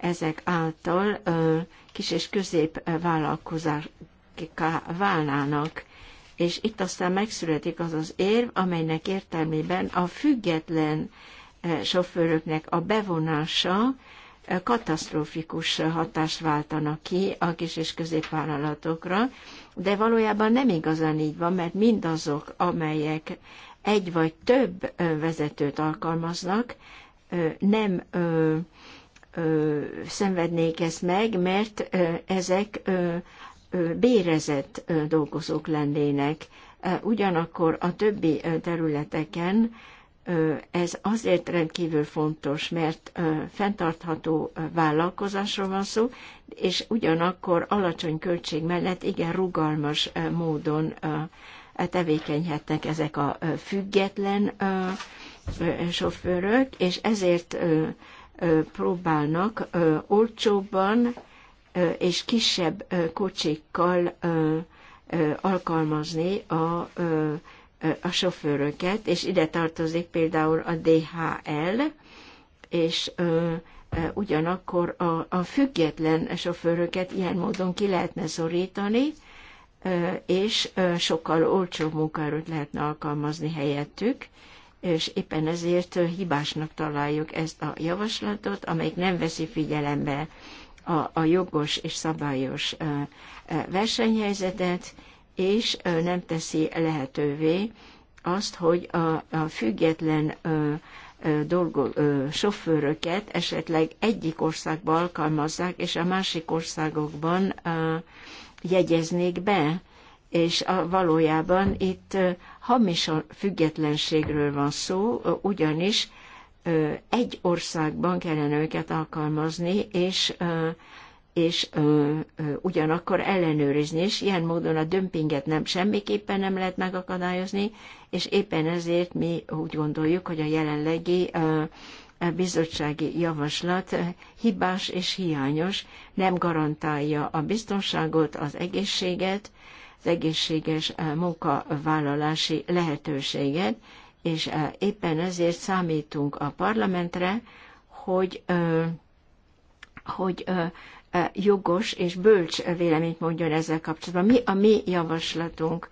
ezek által ö, kis és középvállalkozáská válnának. És itt aztán megszületik az az érv, amelynek értelmében a független sofőröknek a bevonása katasztrofikus hatást váltanak ki a kis és középvállalatokra, de valójában nem igazán így van, mert mindazok, amelyek egy vagy több vezetőt alkalmaznak, nem szenvednék ezt meg, mert ezek bérezett dolgozók lennének. Ugyanakkor a többi területeken ez azért rendkívül fontos, mert fenntartható vállalkozásról van szó, és ugyanakkor alacsony költség mellett igen rugalmas módon e, tevékenyhetnek ezek a független sofőrök, és ezért próbálnak olcsóbban és kisebb kocsikkal alkalmazni a a sofőröket, és ide tartozik például a DHL, és ugyanakkor a, a független sofőröket ilyen módon ki lehetne szorítani, és sokkal olcsóbb munkaerőt lehetne alkalmazni helyettük, és éppen ezért hibásnak találjuk ezt a javaslatot, amelyik nem veszi figyelembe a, a jogos és szabályos versenyhelyzetet, és nem teszi lehetővé azt, hogy a, a független ö, dolgo, sofőröket esetleg egyik országba alkalmazzák, és a másik országokban jegyeznék be, és a, valójában itt hamis függetlenségről van szó, ugyanis egy országban kellene őket alkalmazni, és és ö, ö, ugyanakkor ellenőrizni is. Ilyen módon a dömpinget nem semmiképpen nem lehet megakadályozni, és éppen ezért mi úgy gondoljuk, hogy a jelenlegi ö, a bizottsági javaslat hibás és hiányos, nem garantálja a biztonságot, az egészséget, az egészséges munkavállalási lehetőséget, és éppen ezért számítunk a parlamentre, hogy hogy E, jogos és bölcs véleményt mondjon ezzel kapcsolatban. Mi a mi javaslatunk?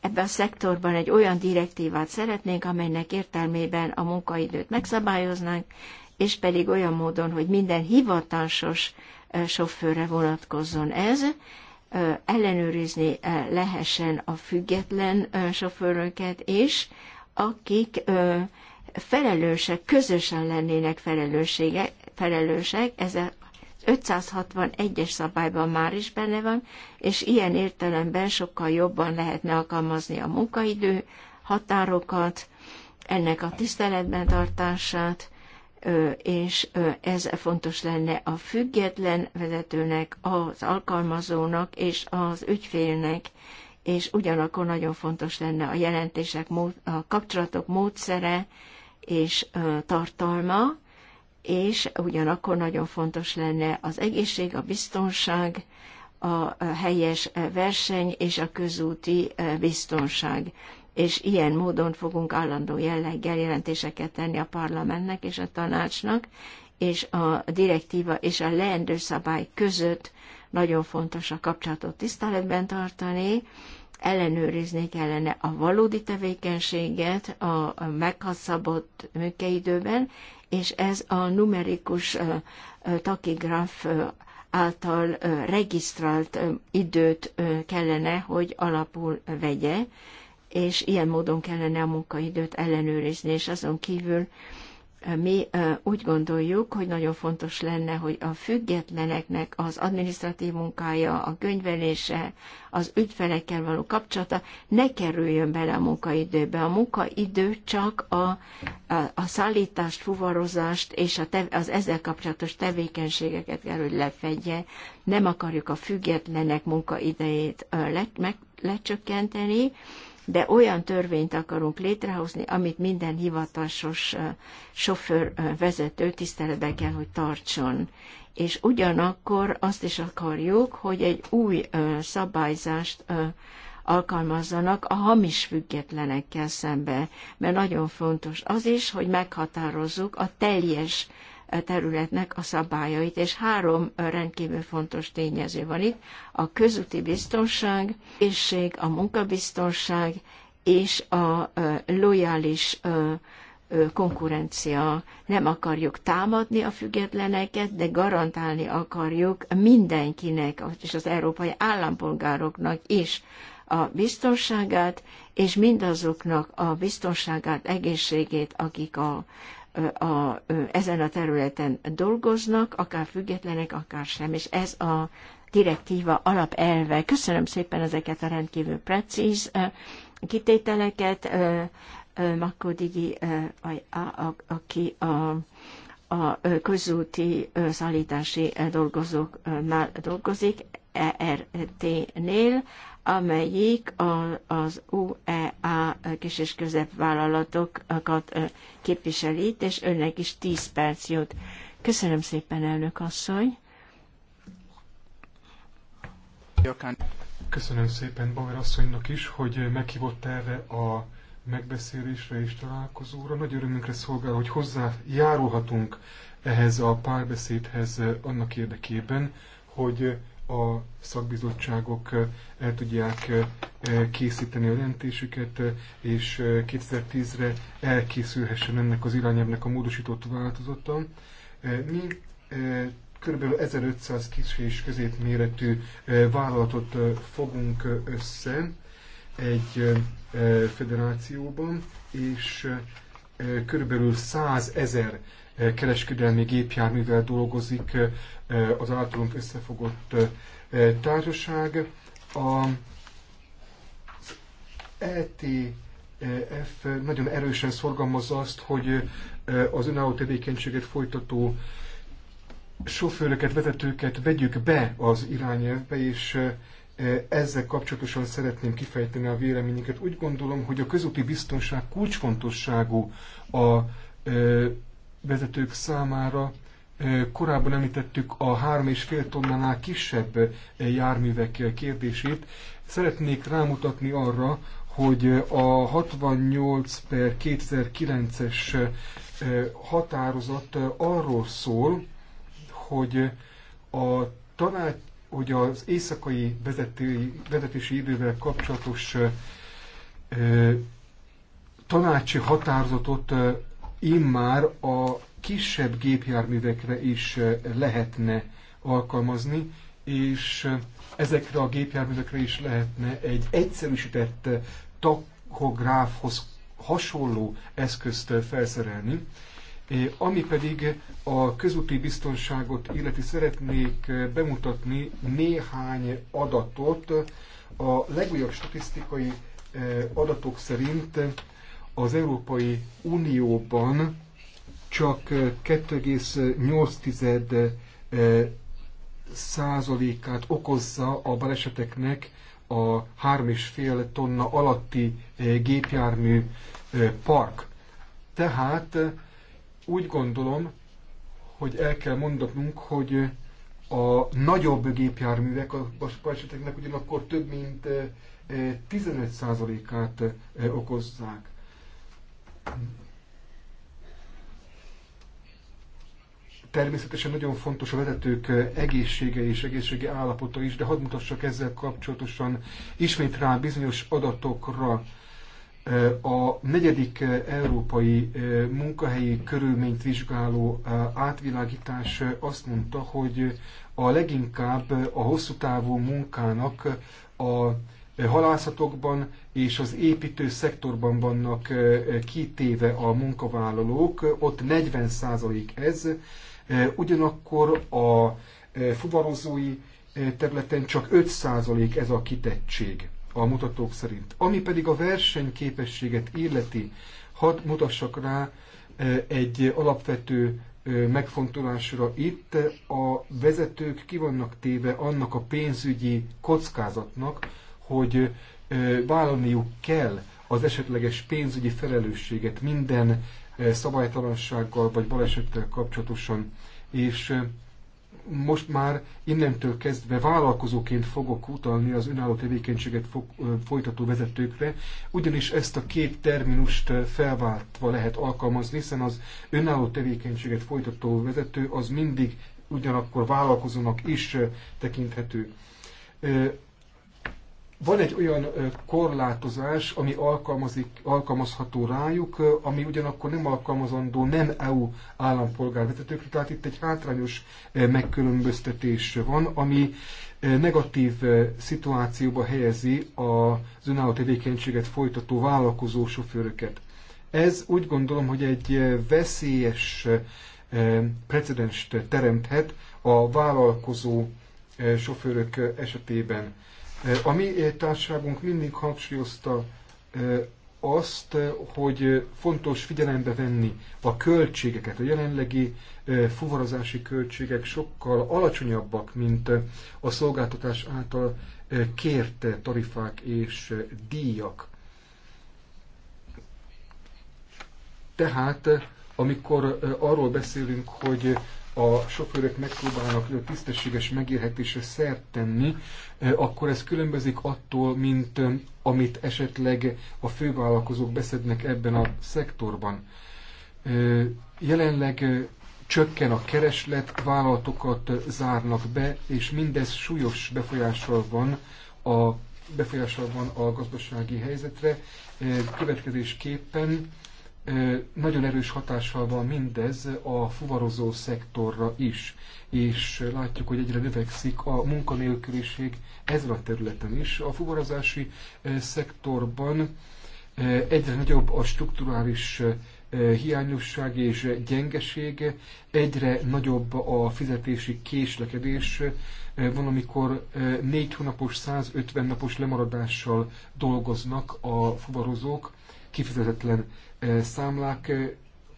Ebben a szektorban egy olyan direktívát szeretnénk, amelynek értelmében a munkaidőt megszabályoznánk, és pedig olyan módon, hogy minden hivatásos e, sofőrre vonatkozzon ez, e, ellenőrizni lehessen a független sofőröket, és akik felelősek, közösen lennének felelősek ez 561-es szabályban már is benne van, és ilyen értelemben sokkal jobban lehetne alkalmazni a munkaidő határokat, ennek a tiszteletben tartását, és ez fontos lenne a független vezetőnek, az alkalmazónak és az ügyfélnek, és ugyanakkor nagyon fontos lenne a jelentések, a kapcsolatok módszere és tartalma, és ugyanakkor nagyon fontos lenne az egészség, a biztonság, a helyes e, verseny és a közúti e, biztonság. És ilyen módon fogunk állandó jelleggel jelentéseket tenni a parlamentnek és a tanácsnak, és a direktíva és a leendő szabály között nagyon fontos a kapcsolatot tiszteletben tartani, ellenőrizni kellene a valódi tevékenységet a meghasszabott műkeidőben, és ez a numerikus takigraf által regisztrált időt kellene, hogy alapul vegye, és ilyen módon kellene a munkaidőt ellenőrizni, és azon kívül mi úgy gondoljuk, hogy nagyon fontos lenne, hogy a függetleneknek az adminisztratív munkája, a könyvelése, az ügyfelekkel való kapcsolata ne kerüljön bele a munkaidőbe. A munkaidő csak a, a, a szállítást, fuvarozást és a tev, az ezzel kapcsolatos tevékenységeket kell, hogy lefedje. Nem akarjuk a függetlenek munkaidejét le, meg, lecsökkenteni, de olyan törvényt akarunk létrehozni, amit minden hivatásos sofőr vezető tiszteletbe kell, hogy tartson. És ugyanakkor azt is akarjuk, hogy egy új szabályzást alkalmazzanak a hamis függetlenekkel szembe, mert nagyon fontos az is, hogy meghatározzuk a teljes területnek a szabályait, és három rendkívül fontos tényező van itt, a közúti biztonság, készség, a munkabiztonság és a lojális konkurencia. Nem akarjuk támadni a függetleneket, de garantálni akarjuk mindenkinek és az európai állampolgároknak is a biztonságát, és mindazoknak a biztonságát, egészségét, akik a a, ezen a területen dolgoznak, akár függetlenek, akár sem, és ez a direktíva alapelve. Köszönöm szépen ezeket a rendkívül precíz kitételeket. Makó Digi, aki a, a közúti szállítási dolgozóknál dolgozik, ERT-nél, amelyik az UEA kis és középvállalatokat képviselít és önnek is 10 perc jut. Köszönöm szépen, elnök asszony!
Köszönöm szépen Bauer asszonynak is, hogy meghívott erre a megbeszélésre és találkozóra. Nagy örömünkre szolgál, hogy hozzájárulhatunk ehhez a párbeszédhez annak érdekében, hogy a szakbizottságok eh, el tudják eh, eh, készíteni a jelentésüket, és 2010-re elkészülhessen ennek az irányelvnek a módosított változata. Mi kb. 1500 kis és középméretű vállalatot fogunk össze egy federációban, és körülbelül 100 ezer kereskedelmi gépjárművel dolgozik az általunk összefogott társaság. A ETF nagyon erősen szorgalmazza azt, hogy az önálló tevékenységet folytató sofőröket, vezetőket vegyük be az irányelvbe, és ezzel kapcsolatosan szeretném kifejteni a véleményeket. Úgy gondolom, hogy a közúti biztonság kulcsfontosságú a vezetők számára. Korábban említettük a 3,5 tonnánál kisebb járművek kérdését. Szeretnék rámutatni arra, hogy a 68 per 2009-es határozat arról szól, hogy a tanács hogy az éjszakai vezetői, vezetési idővel kapcsolatos ö, tanácsi határozatot ö, immár a kisebb gépjárművekre is lehetne alkalmazni, és ezekre a gépjárművekre is lehetne egy egyszerűsített tachográfhoz hasonló eszközt felszerelni, Eh, ami pedig a közúti biztonságot illeti, szeretnék eh, bemutatni néhány adatot. A legújabb statisztikai eh, adatok szerint az Európai Unióban csak 2,8 százalékát okozza a baleseteknek a 3,5 tonna alatti gépjármű park. Tehát úgy gondolom, hogy el kell mondanunk, hogy a nagyobb gépjárművek a baleseteknek ugyanakkor több mint 15%-át eh, eh, eh, okozzák. Természetesen nagyon fontos a vezetők egészsége és egészségi állapota is, de hadd mutassak ezzel kapcsolatosan ismét rá bizonyos adatokra. A negyedik európai munkahelyi körülményt vizsgáló átvilágítás azt mondta, hogy a leginkább a hosszú távú munkának a halászatokban és az építő szektorban vannak kitéve a munkavállalók, ott 40% ez, ugyanakkor a fuvarozói területen csak 5% ez a kitettség a mutatók szerint. Ami pedig a versenyképességet illeti, hadd mutassak rá egy alapvető megfontolásra itt, a vezetők ki vannak téve annak a pénzügyi kockázatnak, hogy vállalniuk kell az esetleges pénzügyi felelősséget minden szabálytalansággal vagy balesettel kapcsolatosan, és most már innentől kezdve vállalkozóként fogok utalni az önálló tevékenységet folytató vezetőkre, ugyanis ezt a két terminust felváltva lehet alkalmazni, hiszen az önálló tevékenységet folytató vezető az mindig ugyanakkor vállalkozónak is tekinthető van egy olyan korlátozás, ami alkalmazik, alkalmazható rájuk, ami ugyanakkor nem alkalmazandó nem EU állampolgárvezetőkre, tehát itt egy hátrányos megkülönböztetés van, ami negatív szituációba helyezi az önálló tevékenységet folytató vállalkozó sofőröket. Ez úgy gondolom, hogy egy veszélyes precedenst teremthet a vállalkozó sofőrök esetében a mi társágunk mindig hangsúlyozta azt, hogy fontos figyelembe venni a költségeket. A jelenlegi fuvarozási költségek sokkal alacsonyabbak, mint a szolgáltatás által kérte tarifák és díjak. Tehát, amikor arról beszélünk, hogy a sofőrök megpróbálnak tisztességes megélhetésre szert tenni, akkor ez különbözik attól, mint amit esetleg a fővállalkozók beszednek ebben a szektorban. Jelenleg csökken a kereslet, vállalatokat zárnak be, és mindez súlyos befolyással van a befolyással van a gazdasági helyzetre. Következésképpen nagyon erős hatással van mindez a fuvarozó szektorra is, és látjuk, hogy egyre növekszik a munkanélküliség ezzel a területen is. A fuvarozási szektorban egyre nagyobb a strukturális hiányosság és gyengeség, egyre nagyobb a fizetési késlekedés, van, amikor négy hónapos, 150 napos lemaradással dolgoznak a fuvarozók, kifizetetlen számlák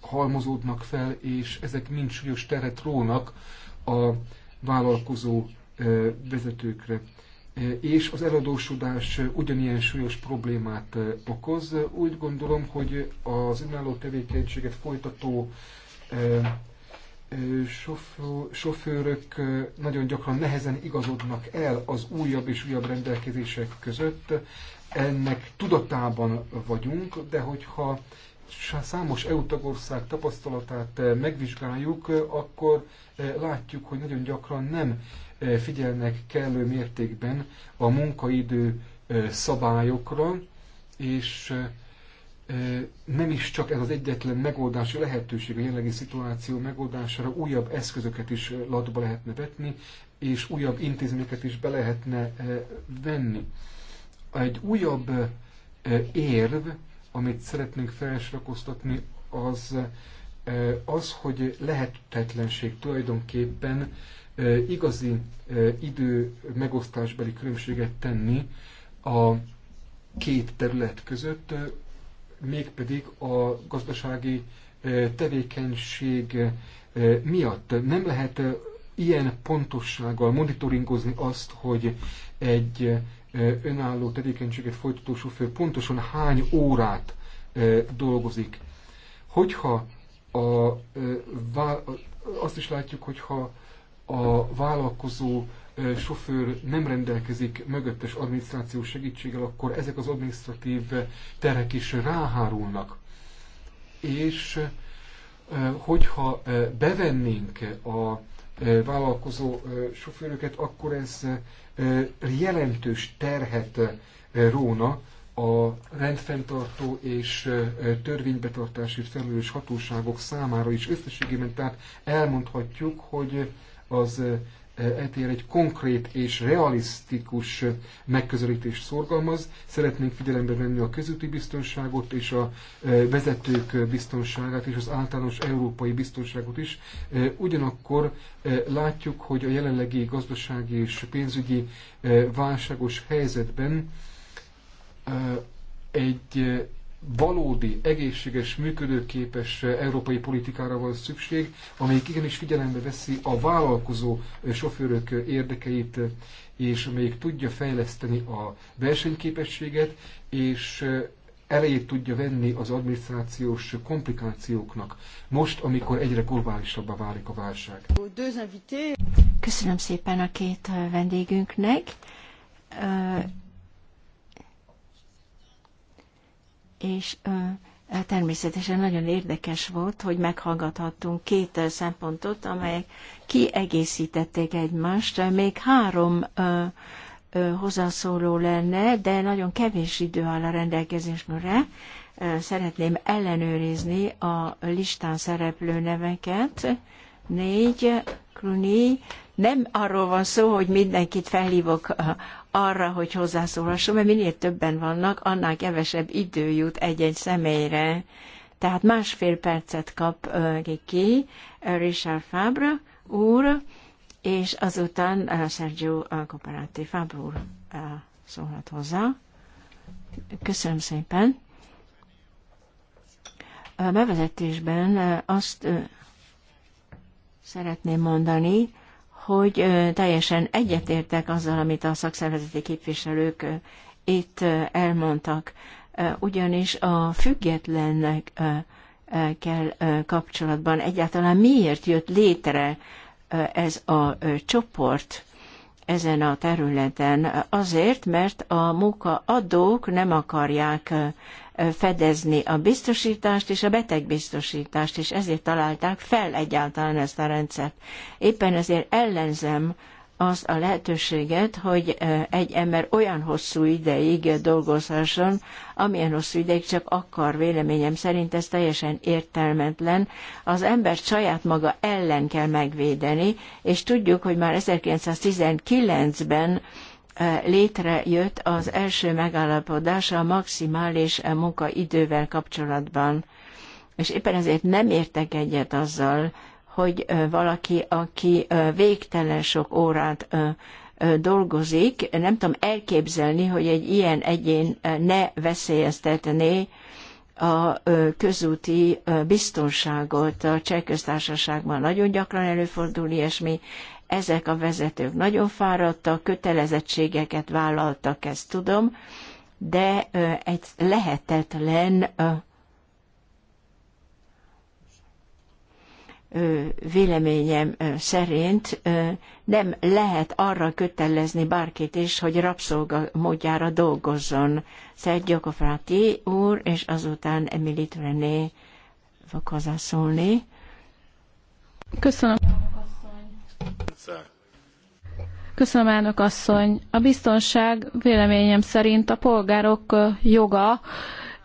halmozódnak fel, és ezek mind súlyos teret rónak a vállalkozó vezetőkre. És az eladósodás ugyanilyen súlyos problémát okoz. Úgy gondolom, hogy az önálló tevékenységet folytató sofőrök nagyon gyakran nehezen igazodnak el az újabb és újabb rendelkezések között. Ennek tudatában vagyunk, de hogyha számos EU tagország tapasztalatát eh, megvizsgáljuk, eh, akkor eh, látjuk, hogy nagyon gyakran nem figyelnek kellő mértékben a munkaidő szabályokra, és nem is csak ez az egyetlen megoldási lehetőség a jelenlegi szituáció megoldására, újabb eszközöket is latba lehetne vetni, és újabb intézményeket is be lehetne venni. Egy újabb érv, amit szeretnénk felsorakoztatni, az az, hogy lehetetlenség tulajdonképpen igazi idő megosztásbeli különbséget tenni a két terület között, mégpedig a gazdasági tevékenység miatt. Nem lehet ilyen pontossággal monitoringozni azt, hogy egy önálló tevékenységet folytató sofőr pontosan hány órát dolgozik. Hogyha a, azt is látjuk, hogyha a vállalkozó sofőr nem rendelkezik mögöttes adminisztrációs segítséggel, akkor ezek az adminisztratív terek is ráhárulnak. És hogyha bevennénk a vállalkozó sofőröket, akkor ez jelentős terhet róna a rendfenntartó és törvénybetartási felelős hatóságok számára is összességében. Tehát elmondhatjuk, hogy az etér egy konkrét és realisztikus megközelítést szorgalmaz. Szeretnénk figyelembe venni a közúti biztonságot és a e, vezetők biztonságát és az általános európai biztonságot is. E, ugyanakkor e, látjuk, hogy a jelenlegi gazdasági és pénzügyi válságos helyzetben egy valódi, egészséges, működőképes európai politikára van szükség, amelyik igenis figyelembe veszi a vállalkozó sofőrök érdekeit, és amelyik tudja fejleszteni a versenyképességet, és elejét tudja venni az adminisztrációs komplikációknak, most, amikor egyre globálisabbá válik a válság.
Köszönöm szépen a két vendégünknek és természetesen nagyon érdekes volt, hogy meghallgathattunk két szempontot, amelyek kiegészítették egymást. Még három hozzászóló lenne, de nagyon kevés idő áll a rendelkezésre. Szeretném ellenőrizni a listán szereplő neveket. Négy, Kruni, nem arról van szó, hogy mindenkit felhívok arra, hogy hozzászólhasson, mert minél többen vannak, annál kevesebb idő jut egy-egy személyre. Tehát másfél percet kap ki Richard Fabre úr, és azután Sergio Cooperati Fabre úr szólhat hozzá. Köszönöm szépen. A bevezetésben azt szeretném mondani, hogy teljesen egyetértek azzal, amit a szakszervezeti képviselők itt elmondtak, ugyanis a függetlennek kell kapcsolatban egyáltalán miért jött létre ez a csoport ezen a területen? Azért, mert a munkaadók nem akarják fedezni a biztosítást és a betegbiztosítást, és ezért találták fel egyáltalán ezt a rendszert. Éppen ezért ellenzem az a lehetőséget, hogy egy ember olyan hosszú ideig dolgozhasson, amilyen hosszú ideig csak akar, véleményem szerint ez teljesen értelmetlen. Az ember saját maga ellen kell megvédeni, és tudjuk, hogy már 1919-ben E, létrejött az első megállapodás a maximális e, munkaidővel kapcsolatban. És éppen ezért nem értek egyet azzal, hogy e, valaki, aki végtelen sok órát dolgozik, nem tudom elképzelni, hogy egy ilyen egyén ne veszélyeztetné a közúti biztonságot a cseh köztársaságban. Nagyon gyakran előfordul ilyesmi, ezek a vezetők nagyon fáradtak, kötelezettségeket vállaltak, ezt tudom, de egy lehetetlen véleményem szerint nem lehet arra kötelezni bárkit is, hogy rabszolga módjára dolgozzon. Sergio Cofrati úr, és azután Emilit René fog hozzászólni. Köszönöm.
Köszönöm, elnök asszony. A biztonság véleményem szerint a polgárok joga,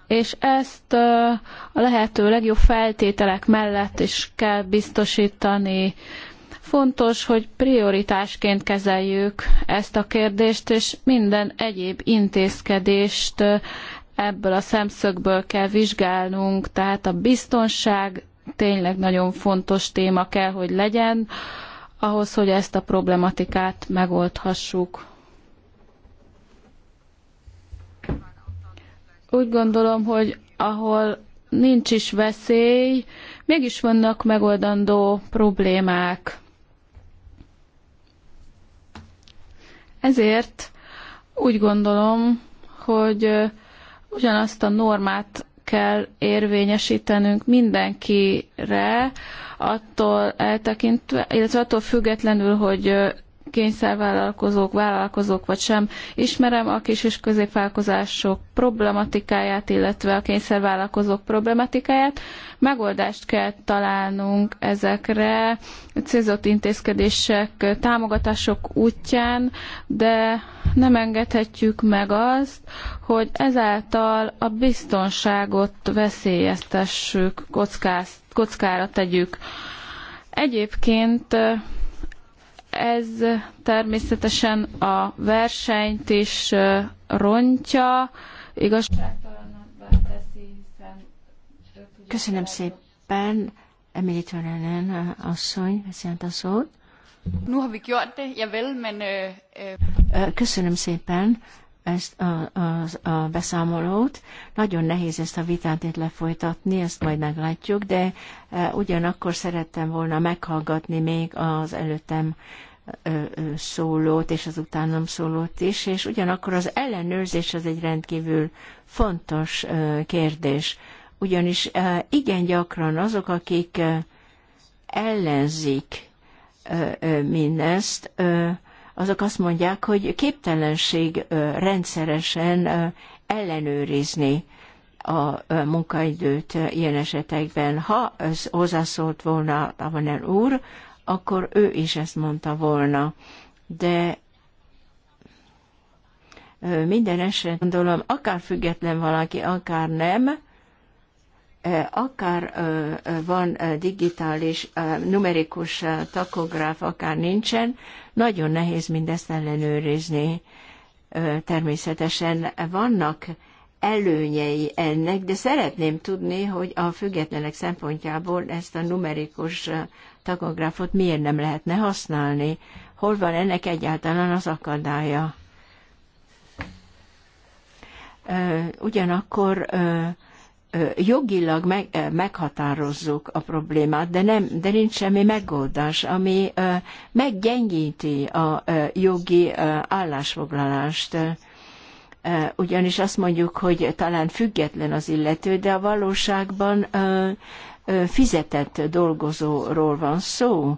és ezt a lehető legjobb feltételek mellett is kell biztosítani. Fontos, hogy prioritásként kezeljük ezt a kérdést, és minden egyéb intézkedést ebből a szemszögből kell vizsgálnunk, tehát a biztonság tényleg nagyon fontos téma kell, hogy legyen ahhoz, hogy ezt a problematikát megoldhassuk. Úgy gondolom, hogy ahol nincs is veszély, mégis vannak megoldandó problémák. Ezért úgy gondolom, hogy ugyanazt a normát kell érvényesítenünk mindenkire, attól eltekintve, illetve attól függetlenül, hogy kényszervállalkozók, vállalkozók vagy sem. Ismerem a kis és középvállalkozások problematikáját, illetve a kényszervállalkozók problematikáját. Megoldást kell találnunk ezekre célzott intézkedések, támogatások útján, de nem engedhetjük meg azt, hogy ezáltal a biztonságot veszélyeztessük, kockáztassuk kockára tegyük. Egyébként ez természetesen a versenyt is rontja, igazságtalanabbá teszi, hiszen...
Köszönöm szépen, Emilie Törönen asszony, viszont a szót.
Nu har vi gjort det, javel, men... Øh,
øh. Köszönöm szépen ezt a, a, a beszámolót. Nagyon nehéz ezt a vitát itt lefolytatni, ezt majd meglátjuk, de e, ugyanakkor szerettem volna meghallgatni még az előttem e, e, szólót és az utánam szólót is, és ugyanakkor az ellenőrzés az egy rendkívül fontos kérdés. Ugyanis igen gyakran azok, akik ellenzik mindezt, azok azt mondják, hogy képtelenség rendszeresen ellenőrizni a munkaidőt ilyen esetekben. Ha ez hozzászólt volna Avanen úr, akkor ő is ezt mondta volna. De minden esetben gondolom, akár független valaki, akár nem, akár van digitális, numerikus takográf, akár nincsen, nagyon nehéz mindezt ellenőrizni. Természetesen vannak előnyei ennek, de szeretném tudni, hogy a függetlenek szempontjából ezt a numerikus takográfot miért nem lehetne használni. Hol van ennek egyáltalán az akadálya? Ugyanakkor jogilag meg, meghatározzuk a problémát, de, nem, de nincs semmi megoldás, ami meggyengíti a jogi állásfoglalást. Ugyanis azt mondjuk, hogy talán független az illető, de a valóságban fizetett dolgozóról van szó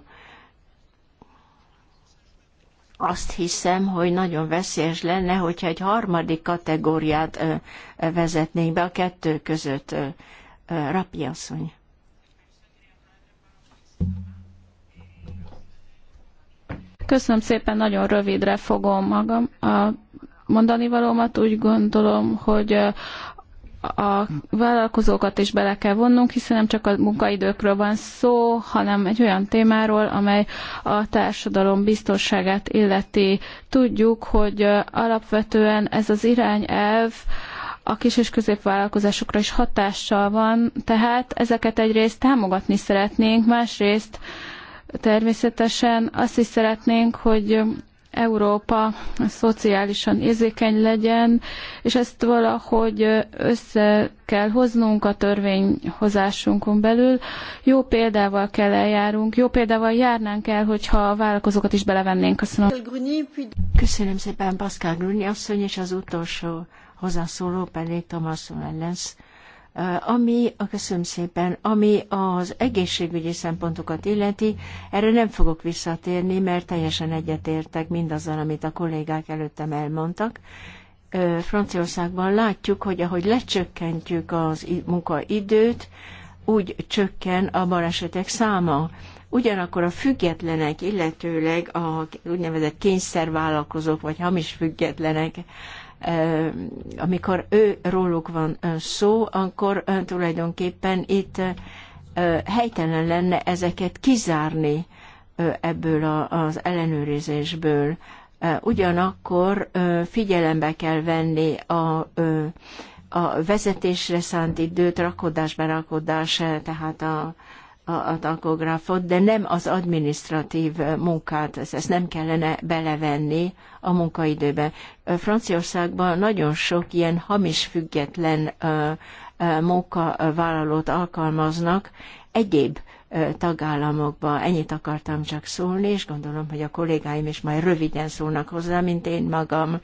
azt hiszem, hogy nagyon veszélyes lenne, hogyha egy harmadik kategóriát vezetnénk be a kettő között. Rapi asszony.
Köszönöm szépen, nagyon rövidre fogom magam. A mondani valómat úgy gondolom, hogy a vállalkozókat is bele kell vonnunk, hiszen nem csak a munkaidőkről van szó, hanem egy olyan témáról, amely a társadalom biztonságát illeti. Tudjuk, hogy alapvetően ez az irányelv a kis és középvállalkozásokra is hatással van, tehát ezeket egyrészt támogatni szeretnénk, másrészt természetesen azt is szeretnénk, hogy Európa szociálisan érzékeny legyen, és ezt valahogy össze kell hoznunk a törvényhozásunkon belül. Jó példával kell eljárunk, jó példával járnánk el, hogyha a vállalkozókat is belevennénk. Köszönöm.
Köszönöm szépen Pascal Gruni asszony, és az utolsó hozzászóló pedig Thomas Lenz Eh, ami, a köszönöm szépen, ami az egészségügyi szempontokat illeti, erre nem fogok visszatérni, mert teljesen egyetértek mindazzal, amit a kollégák előttem elmondtak. Eh, Franciaországban látjuk, hogy ahogy lecsökkentjük az munkaidőt, úgy csökken a balesetek száma. Ugyanakkor a függetlenek, illetőleg a úgynevezett kényszervállalkozók vagy hamis függetlenek Eh, amikor ő róluk van eh, szó, akkor eh, tulajdonképpen itt helytelen lenne ezeket kizárni ebből az ellenőrizésből. Ugyanakkor figyelembe kell venni a a vezetésre szánt időt, rakodás, berakodás, tehát a, a takográfot, de nem az administratív munkát, ezt nem kellene belevenni a munkaidőbe. Franciaországban nagyon sok ilyen hamis független munkavállalót alkalmaznak egyéb tagállamokba. Ennyit akartam csak szólni, és gondolom, hogy a kollégáim is majd röviden szólnak hozzá, mint én magam.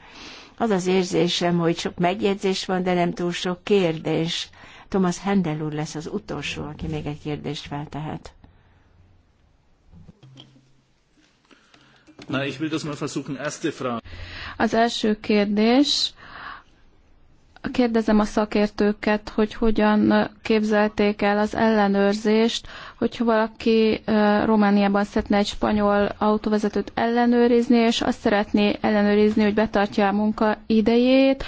Az az érzésem, hogy sok megjegyzés van, de nem túl sok kérdés Thomas Hendel úr lesz az utolsó, aki még egy kérdést feltehet.
Na, ich will das mal versuchen. Erste Frage.
Az első kérdés Kérdezem a szakértőket, hogy hogyan képzelték el az ellenőrzést, hogyha valaki Romániában szeretne egy spanyol autóvezetőt ellenőrizni, és azt szeretné ellenőrizni, hogy betartja a munka idejét,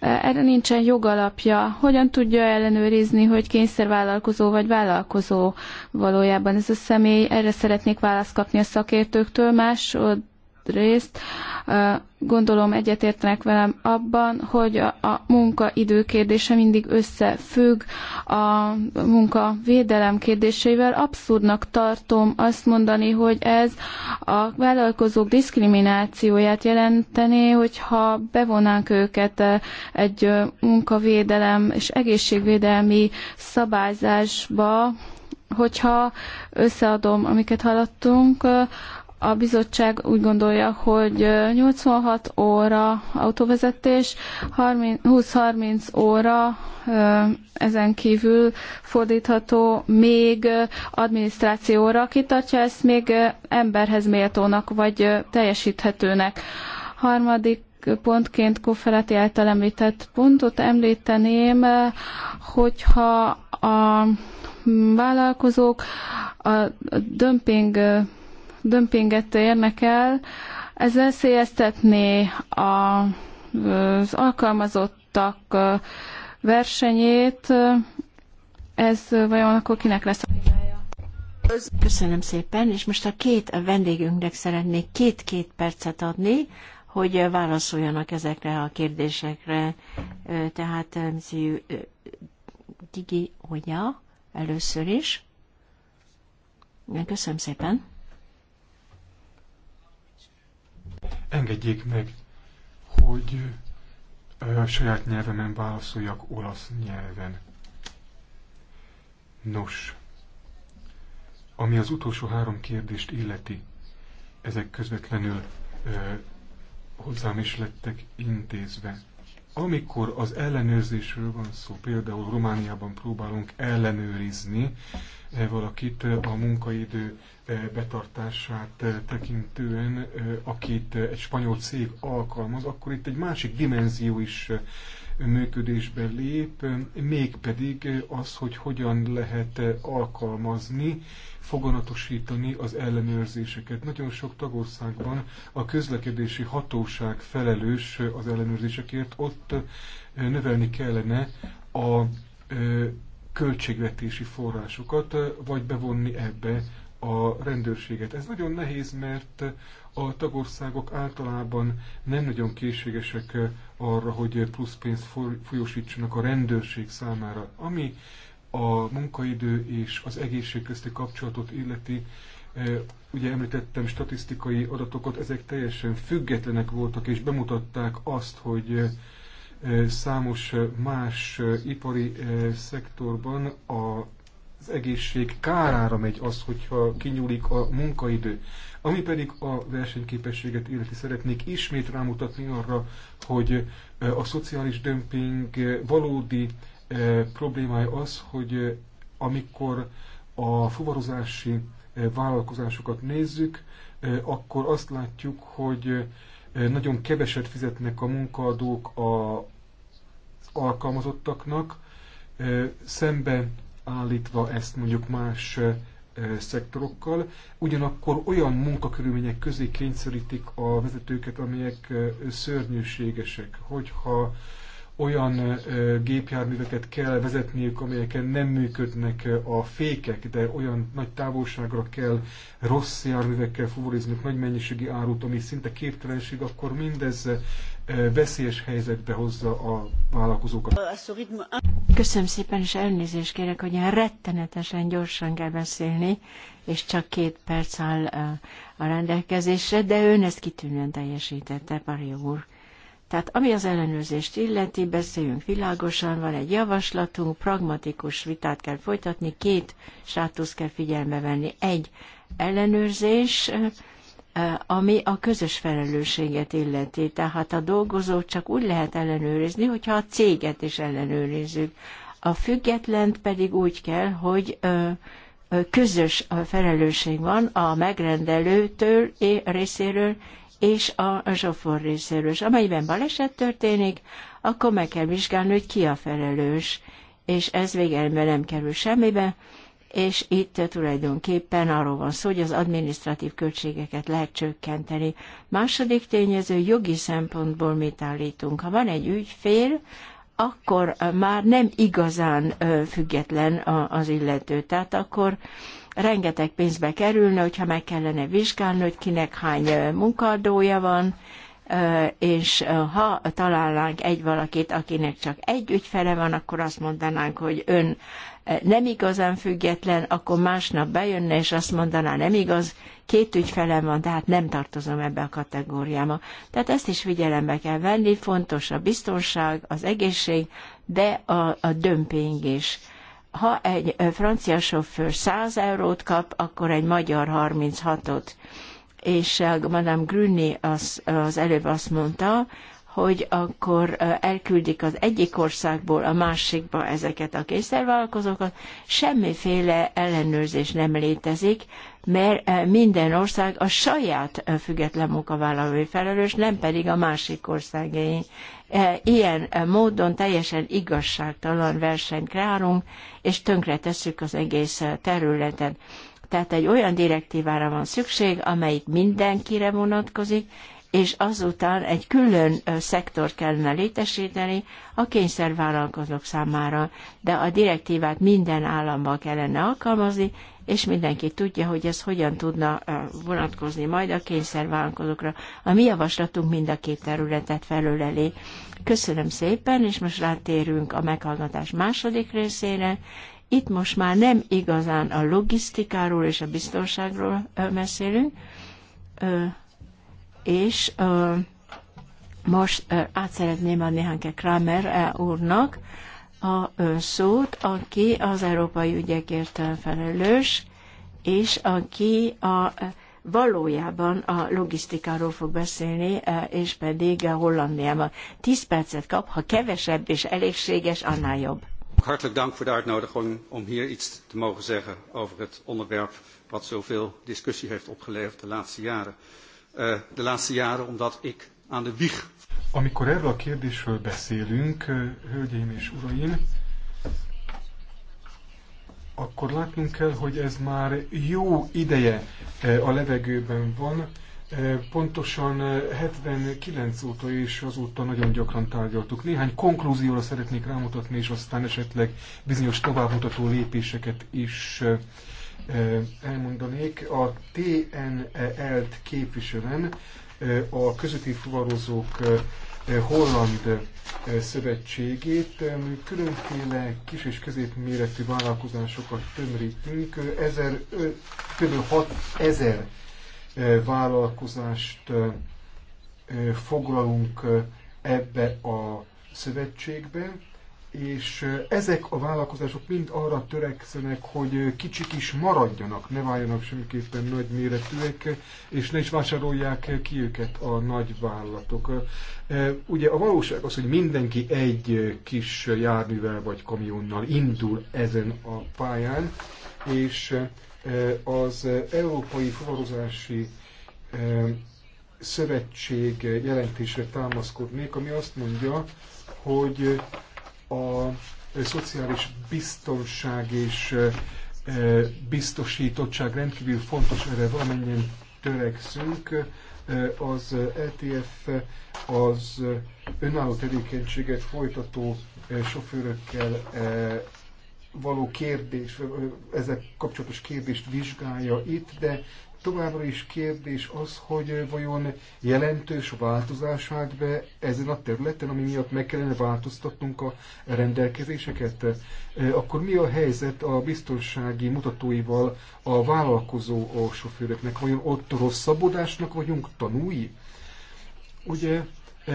erre nincsen jogalapja. Hogyan tudja ellenőrizni, hogy kényszervállalkozó vagy vállalkozó valójában ez a személy? Erre szeretnék választ kapni a szakértőktől, más részt. Gondolom egyetértenek velem abban, hogy a munkaidő kérdése mindig összefügg a munkavédelem kérdéseivel. Abszurdnak tartom azt mondani, hogy ez a vállalkozók diszkriminációját jelentené, hogyha bevonnánk őket egy munkavédelem és egészségvédelmi szabályzásba, hogyha összeadom, amiket hallottunk, a bizottság úgy gondolja, hogy 86 óra autóvezetés, 20-30 óra ezen kívül fordítható még adminisztrációra, tartja ezt még emberhez méltónak, vagy teljesíthetőnek. Harmadik pontként Kofferati által említett pontot említeném, hogyha a vállalkozók a dömping dömpinget érnek el, ez veszélyeztetné a, az alkalmazottak versenyét. Ez vajon akkor kinek lesz a Köszönöm szépen, és most a két
a vendégünknek szeretnék két-két percet adni, hogy válaszoljanak ezekre a kérdésekre. Tehát Digi Oya először is. Köszönöm szépen.
Engedjék meg, hogy a saját nyelvemen válaszoljak olasz nyelven. Nos, ami az utolsó három kérdést illeti, ezek közvetlenül ö, hozzám is lettek intézve. Amikor az ellenőrzésről van szó, például Romániában próbálunk ellenőrizni valakit a munkaidő betartását tekintően, akit egy spanyol cég alkalmaz, akkor itt egy másik dimenzió is működésbe lép, mégpedig az, hogy hogyan lehet alkalmazni, foganatosítani az ellenőrzéseket. Nagyon sok tagországban a közlekedési hatóság felelős az ellenőrzésekért, ott növelni kellene a költségvetési forrásokat, vagy bevonni ebbe a rendőrséget. Ez nagyon nehéz, mert a tagországok általában nem nagyon készségesek arra, hogy plusz pénzt folyósítsanak a rendőrség számára. Ami a munkaidő és az egészség közti kapcsolatot illeti, ugye említettem statisztikai adatokat, ezek teljesen függetlenek voltak, és bemutatták azt, hogy számos más ipari szektorban az egészség kárára megy az, hogyha kinyúlik a munkaidő. Ami pedig a versenyképességet illeti, szeretnék ismét rámutatni arra, hogy a szociális dömping valódi problémája az, hogy amikor a fuvarozási vállalkozásokat nézzük, akkor azt látjuk, hogy nagyon keveset fizetnek a munkaadók az alkalmazottaknak, szemben állítva ezt mondjuk más szektorokkal, ugyanakkor olyan munkakörülmények közé kényszerítik a vezetőket, amelyek szörnyűségesek. Hogyha olyan gépjárműveket kell vezetniük, amelyeken nem működnek a fékek, de olyan nagy távolságra kell rossz járművekkel fuvolizniuk nagy mennyiségi árut, ami szinte képtelenség, akkor mindez veszélyes helyzetbe hozza a vállalkozókat.
Köszönöm szépen, és elnézést kérek, hogy ilyen rettenetesen gyorsan kell beszélni, és csak két perc áll a rendelkezésre, de ön ezt kitűnően teljesítette, Pari úr. Tehát ami az ellenőrzést illeti, beszéljünk világosan, van egy javaslatunk, pragmatikus vitát kell folytatni, két státusz kell figyelme venni. Egy ellenőrzés, ami a közös felelősséget illeti. Tehát a dolgozót csak úgy lehet ellenőrizni, hogyha a céget is ellenőrizzük. A függetlent pedig úgy kell, hogy közös felelősség van a megrendelőtől részéről és a zsofor részéről. És amelyben baleset történik, akkor meg kell vizsgálni, hogy ki a felelős, és ez végelemben nem kerül semmibe, és itt tulajdonképpen arról van szó, hogy az adminisztratív költségeket lehet csökkenteni. Második tényező, jogi szempontból mit állítunk. Ha van egy ügyfél, akkor már nem igazán független az illető, tehát akkor rengeteg pénzbe kerülne, hogyha meg kellene vizsgálni, hogy kinek hány munkadója van, és ha találnánk egy valakit, akinek csak egy ügyfele van, akkor azt mondanánk, hogy ön nem igazán független, akkor másnap bejönne, és azt mondaná, nem igaz, két ügyfelem van, tehát nem tartozom ebbe a kategóriába. Tehát ezt is figyelembe kell venni, fontos a biztonság, az egészség, de a, a dömping is ha egy francia sofőr 100 eurót kap, akkor egy magyar 36-ot. És Madame Grüni az, az előbb azt mondta, hogy akkor elküldik az egyik országból a másikba ezeket a kényszervállalkozókat, semmiféle ellenőrzés nem létezik, mert eh, minden ország a saját eh, független munkavállalói felelős, nem pedig a másik országé. Eh, ilyen módon teljesen igazságtalan versenyt kreálunk, és tesszük az egész területen. Tehát egy olyan direktívára van szükség, amelyik mindenkire vonatkozik, és azután egy külön szektor kellene létesíteni a kényszervállalkozók számára, de a direktívát minden államba kellene alkalmazni, és mindenki tudja, hogy ez hogyan tudna vonatkozni majd a kényszervállalkozókra. A mi javaslatunk mind a két területet felöleli. Köszönöm szépen, és most rátérünk a meghallgatás második részére. Itt most már nem igazán a logisztikáról és a biztonságról beszélünk, és most át szeretném adni Hanke Kramer úrnak a szót, aki az európai ügyekért felelős, és aki a, valójában a logisztikáról fog beszélni, és pedig a Hollandiában. Tíz percet kap, ha kevesebb és elégséges, annál jobb.
Hartelijk dank voor de uitnodiging om hier iets te mogen zeggen over het onderwerp wat zoveel discussie heeft opgeleverd de laatste jaren. Uh, de laatste jaren omdat ik aan de wieg amikor erről a kérdésről beszélünk, hölgyeim és uraim, akkor látnunk kell, hogy ez már jó ideje a levegőben van. Pontosan 79 óta és azóta nagyon gyakran tárgyaltuk. Néhány konklúzióra szeretnék rámutatni, és aztán esetleg bizonyos továbbmutató lépéseket is elmondanék. A TNL-t e képviselem, a közötti fuvarozók Eh, holland eh, szövetségét. Eh, különféle kis és középméretű vállalkozásokat tömörítünk. Ezer, 6 6000 vállalkozást foglalunk ebbe a szövetségbe és ezek a vállalkozások mind arra törekszenek, hogy kicsik is maradjanak, ne váljanak semmiképpen nagy méretűek, és ne is vásárolják ki őket a nagy vállalatok. Ugye a valóság az, hogy mindenki egy kis járművel vagy kamionnal indul ezen a pályán, és az Európai Fuvarozási Szövetség jelentésre támaszkodnék, ami azt mondja, hogy a szociális biztonság és e, e, biztosítottság rendkívül fontos, erre valamennyien törekszünk. E, az ETF az önálló tevékenységet folytató sofőrökkel való kérdés, ezek kapcsolatos kérdést vizsgálja itt, de Továbbra is kérdés az, hogy vajon jelentős változás állt be ezen a területen, ami miatt meg kellene változtatnunk a rendelkezéseket. Akkor mi a helyzet a biztonsági mutatóival a vállalkozó sofőröknek? Vajon ott rosszabbodásnak vagyunk tanúi? Ugye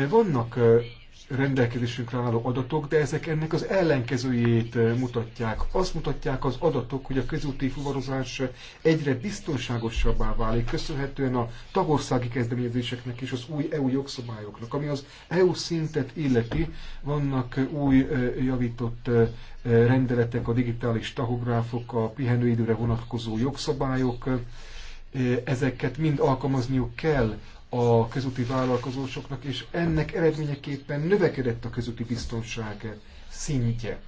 vannak rendelkezésünkre álló adatok, de ezek ennek az ellenkezőjét mutatják. Azt mutatják az adatok, hogy a közúti fuvarozás egyre biztonságosabbá válik, köszönhetően a tagországi kezdeményezéseknek és az új EU jogszabályoknak. Ami az EU szintet illeti, vannak új javított rendeletek, a digitális tahográfok, a pihenőidőre vonatkozó jogszabályok, ezeket mind alkalmazniuk kell a közúti vállalkozósoknak, és ennek eredményeképpen növekedett a közúti biztonság szintje.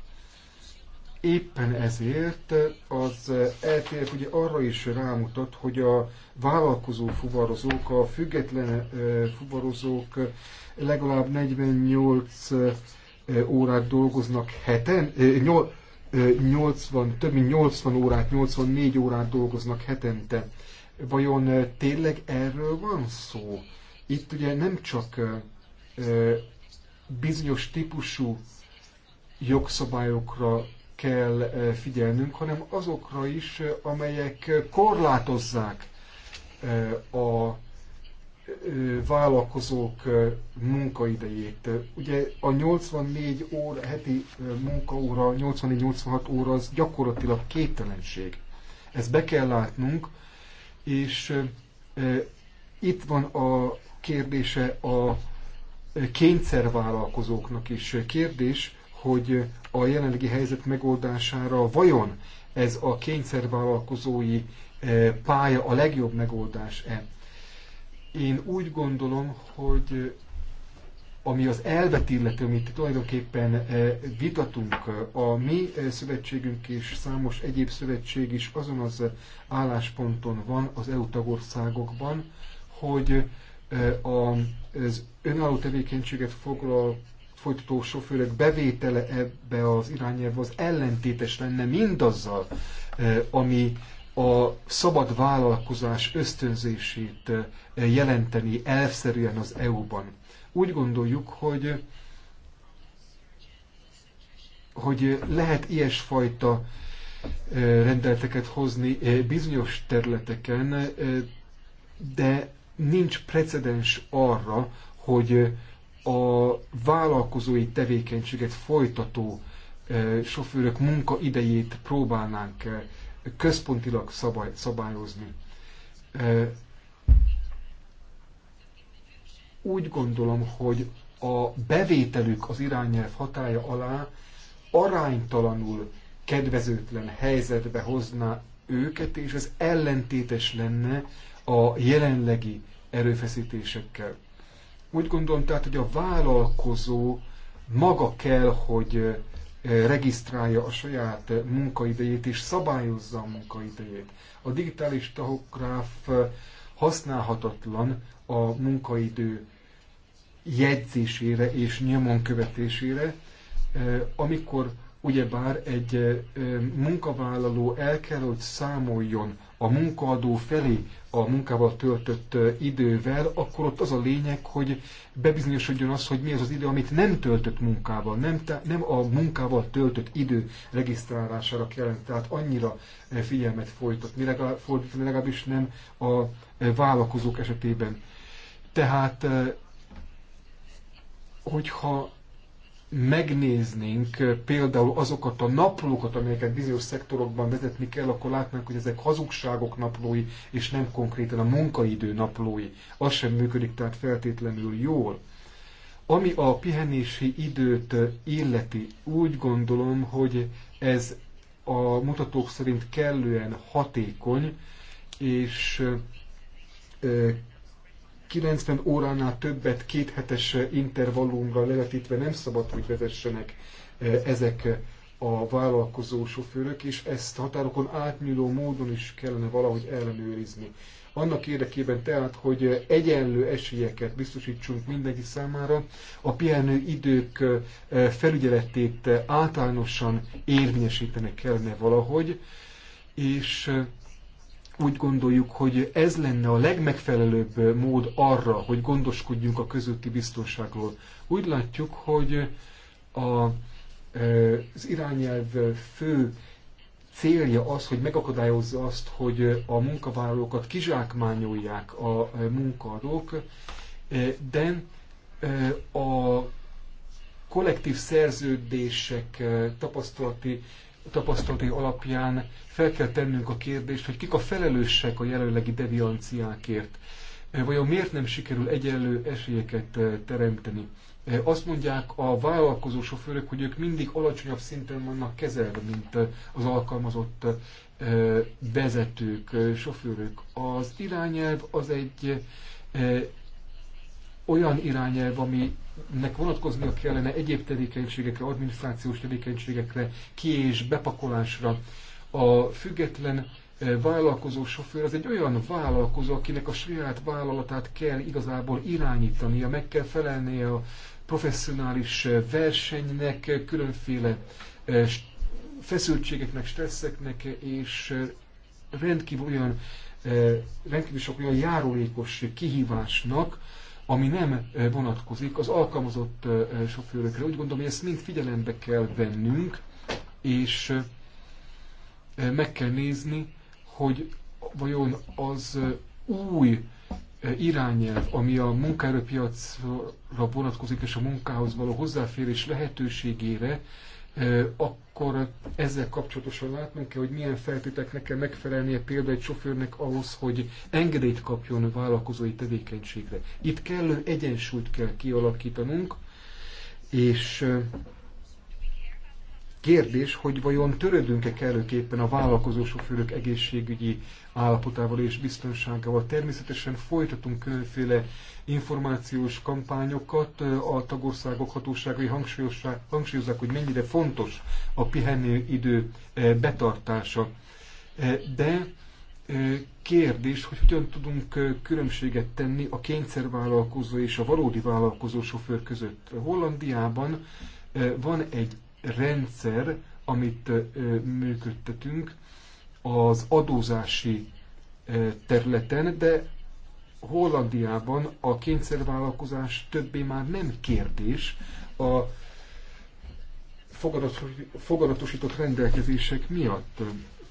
Éppen ezért az LTF ugye arra is rámutat, hogy a vállalkozó fuvarozók, a független fuvarozók legalább 48 órát dolgoznak heten, 80, több mint 80 órát, 84 órát dolgoznak hetente vajon tényleg erről van szó? Itt ugye nem csak bizonyos típusú jogszabályokra kell figyelnünk, hanem azokra is, amelyek korlátozzák a vállalkozók munkaidejét. Ugye a 84 óra, heti munkaóra, 84-86 óra az gyakorlatilag képtelenség. Ezt be kell látnunk, és itt van a kérdése a kényszervállalkozóknak is. Kérdés, hogy a jelenlegi helyzet megoldására vajon ez a kényszervállalkozói pálya a legjobb megoldás-e? Én úgy gondolom, hogy ami az elvet illető, amit tulajdonképpen eh, vitatunk, a mi eh, szövetségünk és számos egyéb szövetség is azon az eh, állásponton van az EU tagországokban, hogy az önálló tevékenységet foglal, folytató sofőrök bevétele ebbe az irányelvbe az ellentétes lenne mindazzal, ami a szabad vállalkozás ösztönzését jelenteni elszerűen az EU-ban. Úgy gondoljuk, hogy hogy lehet ilyesfajta rendeleteket hozni bizonyos területeken, de nincs precedens arra, hogy a vállalkozói tevékenységet folytató sofőrök munkaidejét próbálnánk központilag szabályozni úgy gondolom, hogy a bevételük az irányelv hatája alá aránytalanul kedvezőtlen helyzetbe hozná őket, és ez ellentétes lenne a jelenlegi erőfeszítésekkel. Úgy gondolom tehát, hogy a vállalkozó maga kell, hogy eh, regisztrálja a saját munkaidejét és szabályozza a munkaidejét. A digitális tahográf eh, használhatatlan a munkaidő jegyzésére és nyomon követésére, amikor ugyebár egy munkavállaló el kell, hogy számoljon a munkaadó felé a munkával töltött idővel, akkor ott az a lényeg, hogy bebizonyosodjon az, hogy mi az az idő, amit nem töltött munkával, nem, nem a munkával töltött idő regisztrálására kellene, tehát annyira figyelmet folytatni, legalább, fordítani legalábbis nem a vállalkozók esetében. Tehát hogyha megnéznénk eh, például azokat a naplókat, amelyeket bizonyos szektorokban vezetni kell, akkor látnánk, hogy ezek hazugságok naplói, és nem konkrétan a munkaidő naplói. Az sem működik tehát feltétlenül jól. Ami a pihenési időt eh, illeti, úgy gondolom, hogy ez a mutatók szerint kellően hatékony, és eh, 90 óránál többet két hetes intervallumra levetítve nem szabad, hogy vezessenek e, ezek a vállalkozó sofőrök, és ezt határokon átnyúló módon is kellene valahogy ellenőrizni. Annak érdekében tehát, hogy egyenlő esélyeket biztosítsunk mindenki számára, a pihenő idők e, felügyeletét általánosan érvényesítenek kellene valahogy, és úgy gondoljuk, hogy ez lenne a legmegfelelőbb mód arra, hogy gondoskodjunk a közötti biztonságról. Úgy látjuk, hogy a, e, az irányelv fő célja az, hogy megakadályozza azt, hogy a munkavállalókat kizsákmányolják a e, munkadók, e, de a kollektív szerződések tapasztalati tapasztalatai alapján fel kell tennünk a kérdést, hogy kik a felelősek a jelenlegi devianciákért. E, vajon miért nem sikerül egyenlő esélyeket e, teremteni? E, azt mondják a vállalkozó sofőrök, hogy ők mindig alacsonyabb szinten vannak kezelve, mint az alkalmazott vezetők, sofőrök. Az irányelv az egy olyan irányelv, ami nek vonatkoznia kellene egyéb tevékenységekre, adminisztrációs tevékenységekre, ki- és bepakolásra. A független e, vállalkozó sofőr az egy olyan vállalkozó, akinek a saját vállalatát kell igazából irányítania, meg kell felelnie a professzionális e, versenynek, különféle e, feszültségeknek, stresszeknek, és rendkívül olyan rendkívül sok olyan járulékos kihívásnak, ami nem vonatkozik az alkalmazott sofőrökre. Úgy gondolom, hogy ezt mind figyelembe kell vennünk, és meg kell nézni, hogy vajon az új irányelv, ami a munkaerőpiacra vonatkozik és a munkához való hozzáférés lehetőségére akkor ezzel kapcsolatosan látnunk kell, hogy milyen feltételeknek kell megfelelnie például egy sofőrnek ahhoz, hogy engedélyt kapjon a vállalkozói tevékenységre. Itt kellő egyensúlyt kell kialakítanunk, és kérdés, hogy vajon törődünk-e kellőképpen a vállalkozó sofőrök egészségügyi állapotával és biztonságával. Természetesen folytatunk különféle információs kampányokat, a tagországok hatóságai hangsúlyozzák, hogy mennyire fontos a pihenőidő eh, betartása. Eh, de eh, kérdés, hogy hogyan tudunk különbséget tenni a kényszervállalkozó és a valódi vállalkozó sofőr között. Hollandiában van egy rendszer, amit működtetünk az adózási területen, de Hollandiában a kényszervállalkozás többé már nem kérdés a fogadatosított rendelkezések miatt.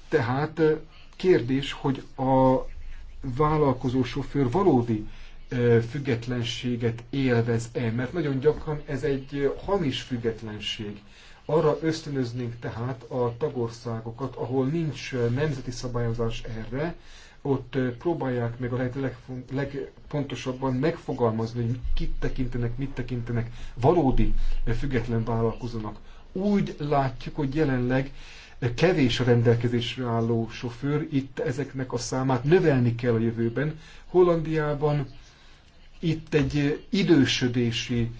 Tehát kérdés, hogy a vállalkozó sofőr valódi függetlenséget élvez-e, mert nagyon gyakran ez egy hamis függetlenség. Arra ösztönöznénk tehát a tagországokat, ahol nincs nemzeti szabályozás erre, ott próbálják meg a lehető legpontosabban megfogalmazni, hogy kit tekintenek, mit tekintenek valódi független vállalkozónak. Úgy látjuk, hogy jelenleg kevés a rendelkezésre álló sofőr, itt ezeknek a számát növelni kell a jövőben. Hollandiában itt egy idősödési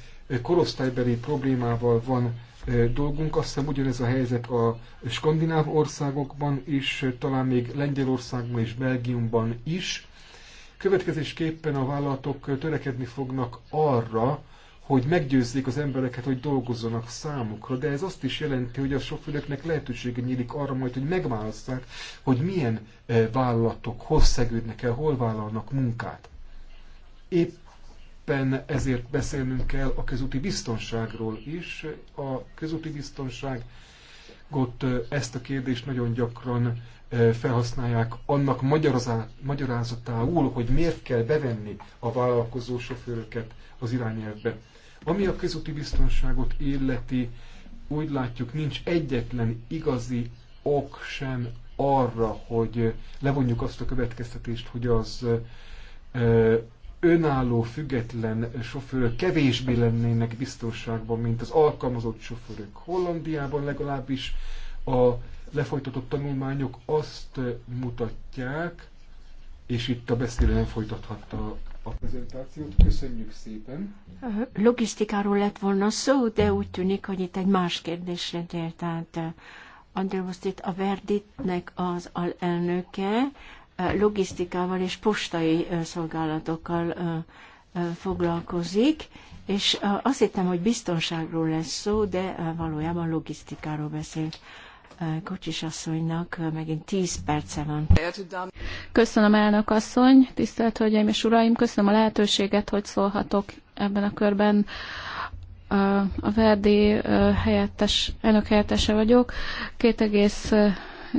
korosztálybeli problémával van dolgunk. Azt hiszem ugyanez a helyzet a skandináv országokban is, talán még Lengyelországban és Belgiumban is. Következésképpen a vállalatok törekedni fognak arra, hogy meggyőzzék az embereket, hogy dolgozzanak számukra, de ez azt is jelenti, hogy a sofőröknek lehetősége nyílik arra majd, hogy megválasszák, hogy milyen vállalatok hosszegődnek el, hol vállalnak munkát. Épp éppen ezért beszélnünk kell a közúti biztonságról is. A közúti biztonságot ezt a kérdést nagyon gyakran felhasználják annak magyarázatául, hogy miért kell bevenni a vállalkozó sofőröket az irányelvbe. Ami a közúti biztonságot illeti, úgy látjuk, nincs egyetlen igazi ok sem arra, hogy levonjuk azt a következtetést, hogy az önálló, független sofőrök kevésbé lennének biztonságban, mint az alkalmazott sofőrök. Hollandiában legalábbis a lefolytatott tanulmányok azt mutatják, és itt a beszélő nem folytathatta a prezentációt. Köszönjük szépen!
Logisztikáról lett volna szó, de úgy tűnik, hogy itt egy más kérdésre tért át. Andrew itt a Verditnek az alelnöke, logisztikával és postai szolgálatokkal foglalkozik, és azt hittem, hogy biztonságról lesz szó, de valójában logisztikáról beszélt. Kocsis asszonynak megint 10 perce van.
Köszönöm elnök asszony, tisztelt hölgyeim és uraim, köszönöm a lehetőséget, hogy szólhatok ebben a körben. A Verdi helyettes, elnök helyettese vagyok. 2,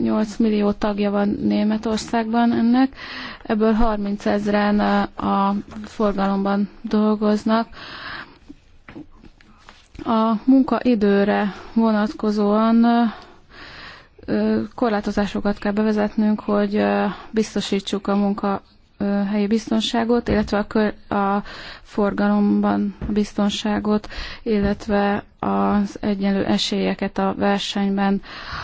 8 millió tagja van Németországban ennek, ebből 30 ezeren a forgalomban dolgoznak. A munkaidőre vonatkozóan korlátozásokat kell bevezetnünk, hogy biztosítsuk a munka helyi biztonságot, illetve a, kör, a forgalomban a biztonságot, illetve az egyenlő esélyeket a versenyben.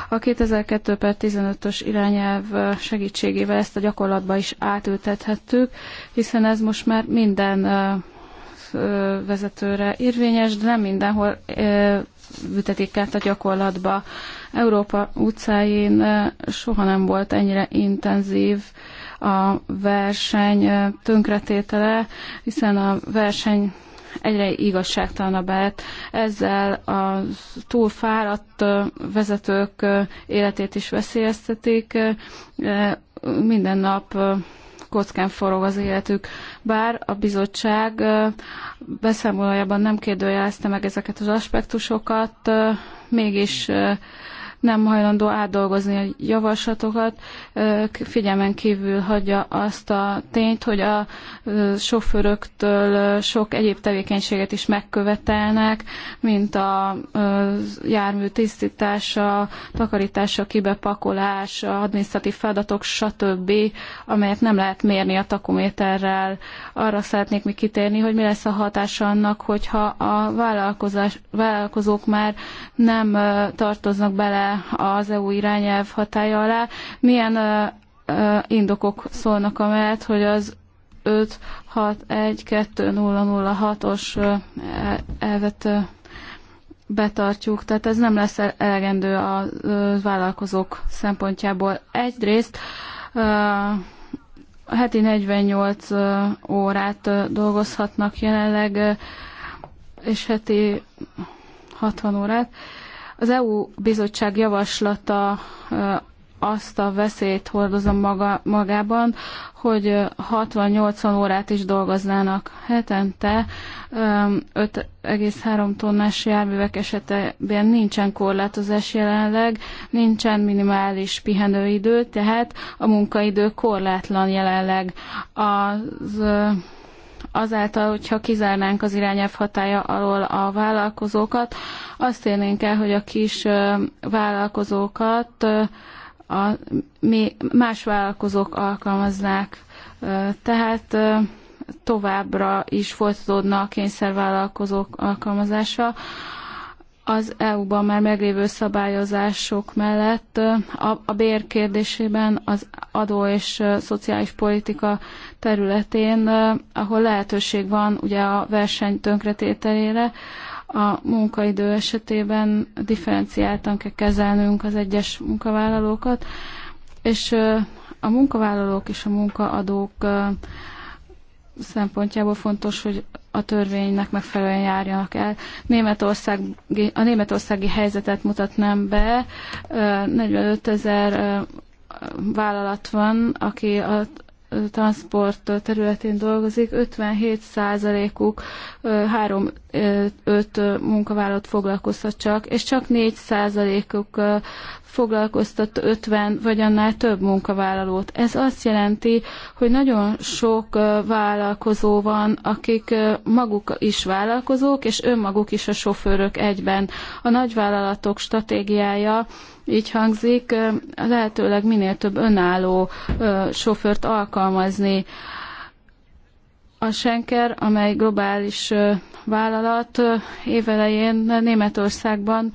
A 2002 per 15-ös irányelv segítségével ezt a gyakorlatba is átültethettük, hiszen ez most már minden vezetőre érvényes, de nem mindenhol ütetik át a gyakorlatba. Európa utcáin soha nem volt ennyire intenzív a verseny tönkretétele, hiszen a verseny egyre igazságtalanabb lett. Ezzel a fáradt vezetők életét is veszélyeztetik. Minden nap kockán forog az életük. Bár a bizottság beszámolójában nem kérdőjelezte meg ezeket az aspektusokat, mégis nem hajlandó átdolgozni a javaslatokat, figyelmen kívül hagyja azt a tényt, hogy a sofőröktől sok egyéb tevékenységet is megkövetelnek, mint a jármű tisztítása, takarítása, kibepakolás, adminisztratív feladatok, stb., amelyet nem lehet mérni a takométerrel. Arra szeretnék mi kitérni, hogy mi lesz a hatása annak, hogyha a vállalkozók már nem tartoznak bele alá, az EU irányelv hatája alá. Milyen indokok szólnak amellett, hogy az 5 6 561-2006-os elvet betartjuk, tehát ez nem lesz elegendő a vállalkozók szempontjából. Egyrészt a heti 48 órát dolgozhatnak jelenleg, és heti 60 órát. Az EU bizottság javaslata azt a veszélyt hordozom maga, magában, hogy 60-80 órát is dolgoznának hetente. 5,3 tonnás járművek esetében nincsen korlátozás jelenleg, nincsen minimális pihenőidő, tehát a munkaidő korlátlan jelenleg. Az azáltal, hogyha kizárnánk az irányelv hatája alól a vállalkozókat, azt érnénk el, hogy a kis vállalkozókat a más vállalkozók alkalmaznák. Tehát továbbra is folytatódna a kényszervállalkozók alkalmazása. Az EU-ban már meglévő szabályozások mellett a, a bér kérdésében az adó és szociális politika területén, ahol lehetőség van ugye a verseny tönkretételére, a munkaidő esetében differenciáltan kell kezelnünk az egyes munkavállalókat, és a munkavállalók és a munkaadók szempontjából fontos, hogy a törvénynek megfelelően járjanak el. Németország, a németországi helyzetet mutatnám be. 45 ezer vállalat van, aki a transport területén dolgozik, 57%-uk 3-5 munkavállalót foglalkoztat csak, és csak 4%-uk foglalkoztat 50 vagy annál több munkavállalót. Ez azt jelenti, hogy nagyon sok vállalkozó van, akik maguk is vállalkozók, és önmaguk is a sofőrök egyben. A nagyvállalatok stratégiája így hangzik, lehetőleg minél több önálló sofőrt alkalmazni. A Schenker, amely globális vállalat évelején Németországban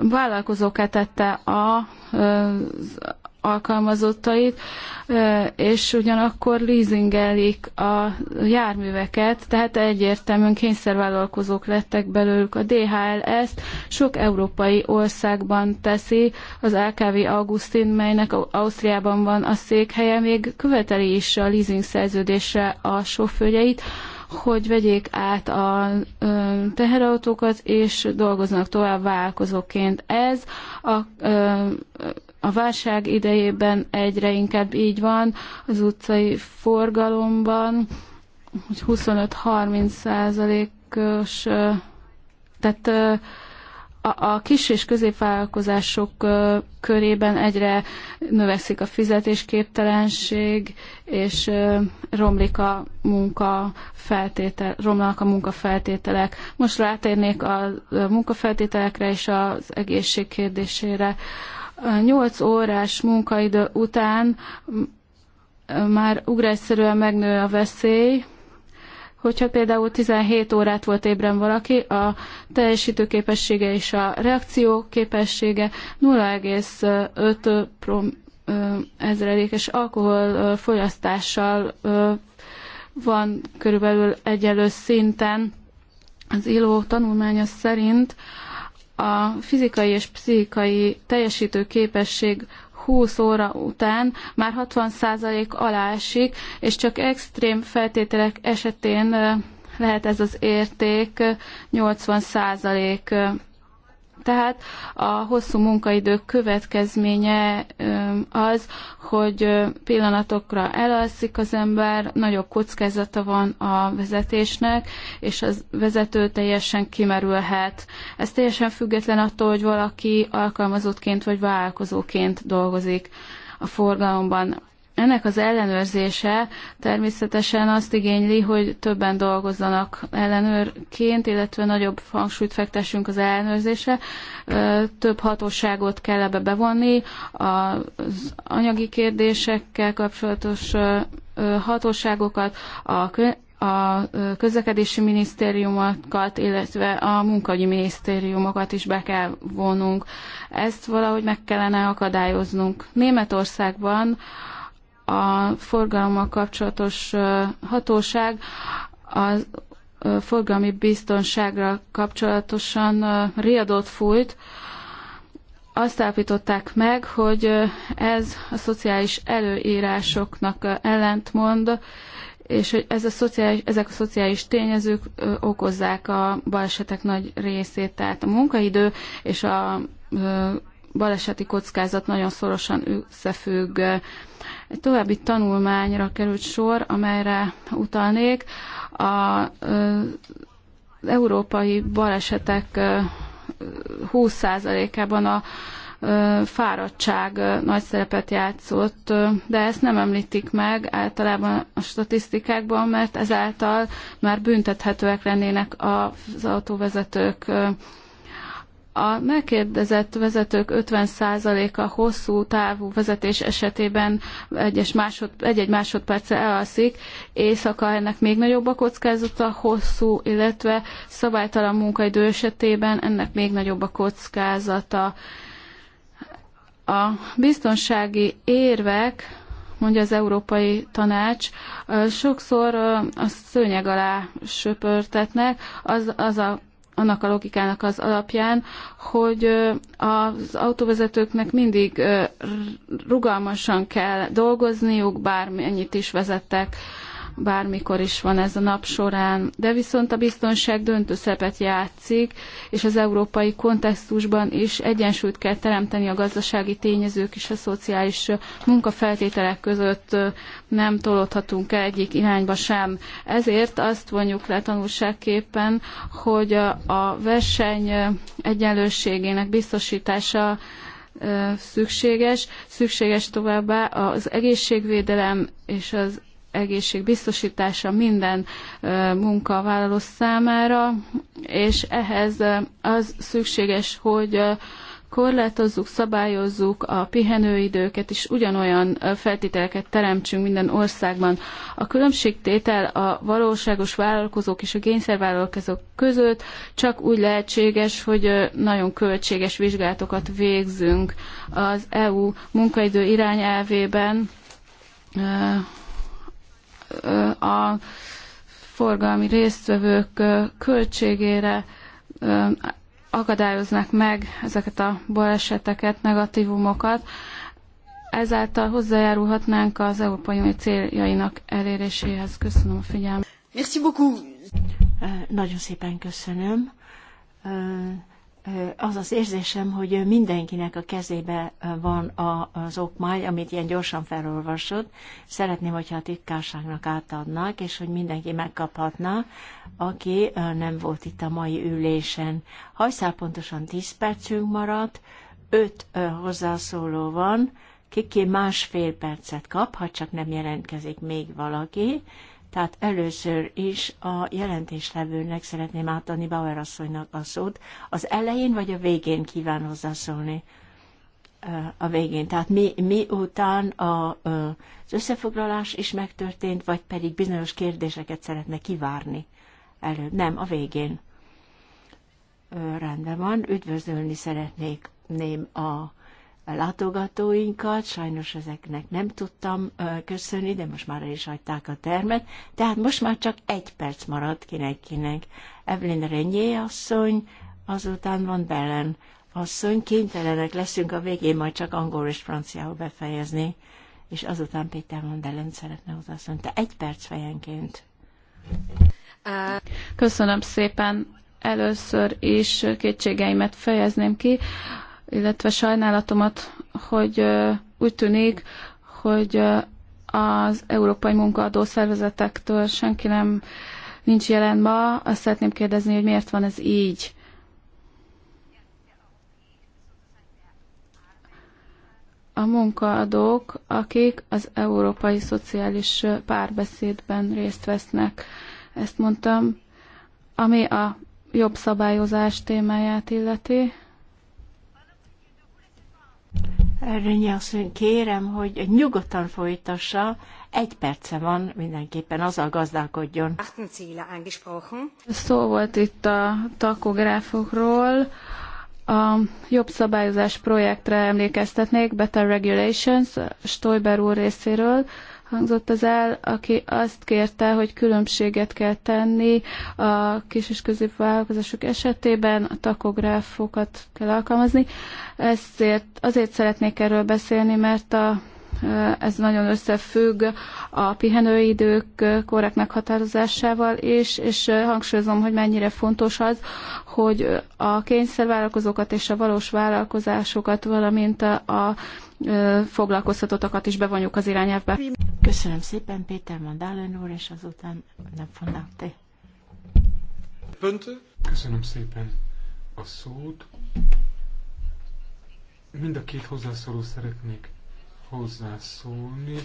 vállalkozóká tette a, az alkalmazottait, és ugyanakkor leasingelik a járműveket, tehát egyértelműen kényszervállalkozók lettek belőlük. A DHL ezt sok európai országban teszi, az LKV Augustin, melynek Ausztriában van a székhelye, még követeli is a leasing szerződésre a sofőrjeit, hogy vegyék át a teherautókat, és dolgoznak tovább vállalkozóként. Ez a a válság idejében egyre inkább így van, az utcai forgalomban, hogy 25-30 százalékos, tehát a kis és középvállalkozások körében egyre növekszik a fizetésképtelenség, és romlik a munka feltétel, romlanak a munkafeltételek. Most rátérnék a munkafeltételekre és az egészség kérdésére. 8 órás munkaidő után már ugrásszerűen megnő a veszély, hogyha például 17 órát volt ébren valaki, a teljesítőképessége és a reakcióképessége 0,5 prom ezrelékes fogyasztással van körülbelül egyelő szinten. Az ILO tanulmánya szerint a fizikai és pszichikai teljesítő képesség 20 óra után már 60% alá esik, és csak extrém feltételek esetén lehet ez az érték 80% tehát a hosszú munkaidők következménye az, hogy pillanatokra elalszik az ember, nagyobb kockázata van a vezetésnek, és az vezető teljesen kimerülhet. Ez teljesen független attól, hogy valaki alkalmazottként vagy vállalkozóként dolgozik a forgalomban. Ennek az ellenőrzése természetesen azt igényli, hogy többen dolgozzanak ellenőrként, illetve nagyobb hangsúlyt fektessünk az ellenőrzésre. Több hatóságot kell ebbe bevonni, az anyagi kérdésekkel kapcsolatos hatóságokat, a a közlekedési minisztériumokat, illetve a munkahogyi minisztériumokat is be kell vonnunk. Ezt valahogy meg kellene akadályoznunk. Németországban a forgalommal kapcsolatos hatóság a forgalmi biztonságra kapcsolatosan riadót fújt. Azt állapították meg, hogy ez a szociális előírásoknak ellentmond, és hogy ez a szociális, ezek a szociális tényezők okozzák a balesetek nagy részét, tehát a munkaidő és a baleseti kockázat nagyon szorosan összefügg. Egy további tanulmányra került sor, amelyre utalnék. A, az európai balesetek 20%-ában a fáradtság nagy szerepet játszott, de ezt nem említik meg általában a statisztikákban, mert ezáltal már büntethetőek lennének az autóvezetők a megkérdezett vezetők 50%-a hosszú távú vezetés esetében egyes másod, egy-egy másodperce elalszik, éjszaka ennek még nagyobb a kockázata, hosszú, illetve szabálytalan munkaidő esetében ennek még nagyobb a kockázata. A biztonsági érvek mondja az Európai Tanács, sokszor a szőnyeg alá söpörtetnek, az, az a annak a logikának az alapján, hogy az autóvezetőknek mindig rugalmasan kell dolgozniuk, bármennyit is vezettek bármikor is van ez a nap során. De viszont a biztonság döntő szerepet játszik, és az európai kontextusban is egyensúlyt kell teremteni a gazdasági tényezők és a szociális munkafeltételek között nem tolódhatunk el egyik irányba sem. Ezért azt vonjuk le tanulságképpen, hogy a verseny egyenlőségének biztosítása szükséges, szükséges továbbá az egészségvédelem és az egészségbiztosítása minden munkavállaló számára, és ehhez az szükséges, hogy korlátozzuk, szabályozzuk a pihenőidőket, és ugyanolyan feltételeket teremtsünk minden országban. A különbségtétel a valóságos vállalkozók és a kényszervállalkozók között csak úgy lehetséges, hogy nagyon költséges vizsgálatokat végzünk az EU munkaidő irányelvében a forgalmi résztvevők költségére akadályoznak meg ezeket a baleseteket, negatívumokat. Ezáltal hozzájárulhatnánk az Európai Unió céljainak eléréséhez. Köszönöm a figyelmet.
Merci beaucoup. Nagyon szépen köszönöm az az érzésem, hogy mindenkinek a kezébe van az okmány, amit ilyen gyorsan felolvasod. Szeretném, hogyha a titkárságnak átadnak, és hogy mindenki megkaphatna, aki nem volt itt a mai ülésen. Hajszál pontosan 10 percünk maradt, 5 hozzászóló van, kiki másfél percet kap, ha csak nem jelentkezik még valaki. Tehát először is a jelentéslevőnek szeretném átadni Bauer asszonynak a szót. Az elején vagy a végén kíván hozzászólni? A végén. Tehát mi, mi után a, az összefoglalás is megtörtént, vagy pedig bizonyos kérdéseket szeretne kivárni előbb? Nem, a végén. Rendben van. Üdvözölni szeretnék ném a látogatóinkat, sajnos ezeknek nem tudtam köszönni, de most már el is hagyták a termet, tehát most már csak egy perc maradt kinek-kinek. Evelyn Renyé asszony, azután van Belen asszony, kénytelenek leszünk a végén majd csak angol és franciául befejezni, és azután Péter van belen szeretne utazni. de egy perc fejenként.
Köszönöm szépen. Először is kétségeimet fejezném ki illetve sajnálatomat, hogy úgy tűnik, hogy az európai munkaadó szervezetektől senki nem nincs jelen ma. Azt szeretném kérdezni, hogy miért van ez így. a munkaadók, akik az európai szociális párbeszédben részt vesznek. Ezt mondtam, ami a jobb szabályozás témáját illeti
asszony, kérem, hogy nyugodtan folytassa, egy perce van, mindenképpen azzal gazdálkodjon.
Szó volt itt a takográfokról. A jobb szabályozás projektre emlékeztetnék, Better Regulations, Stoiber úr részéről hangzott az el, aki azt kérte, hogy különbséget kell tenni a kis és középvállalkozások esetében, a takográfokat kell alkalmazni. Ezért, azért szeretnék erről beszélni, mert a ez nagyon összefügg a pihenőidők korrekt meghatározásával is, és hangsúlyozom, hogy mennyire fontos az, hogy a kényszervállalkozókat és a valós vállalkozásokat, valamint a, a foglalkoztatottakat is bevonjuk az irányelvbe. Köszönöm szépen, Péter Mandálen úr, és azután nem fognak te.
Köszönöm szépen a szót. Mind a két hozzászóló szeretnék hozzászólni.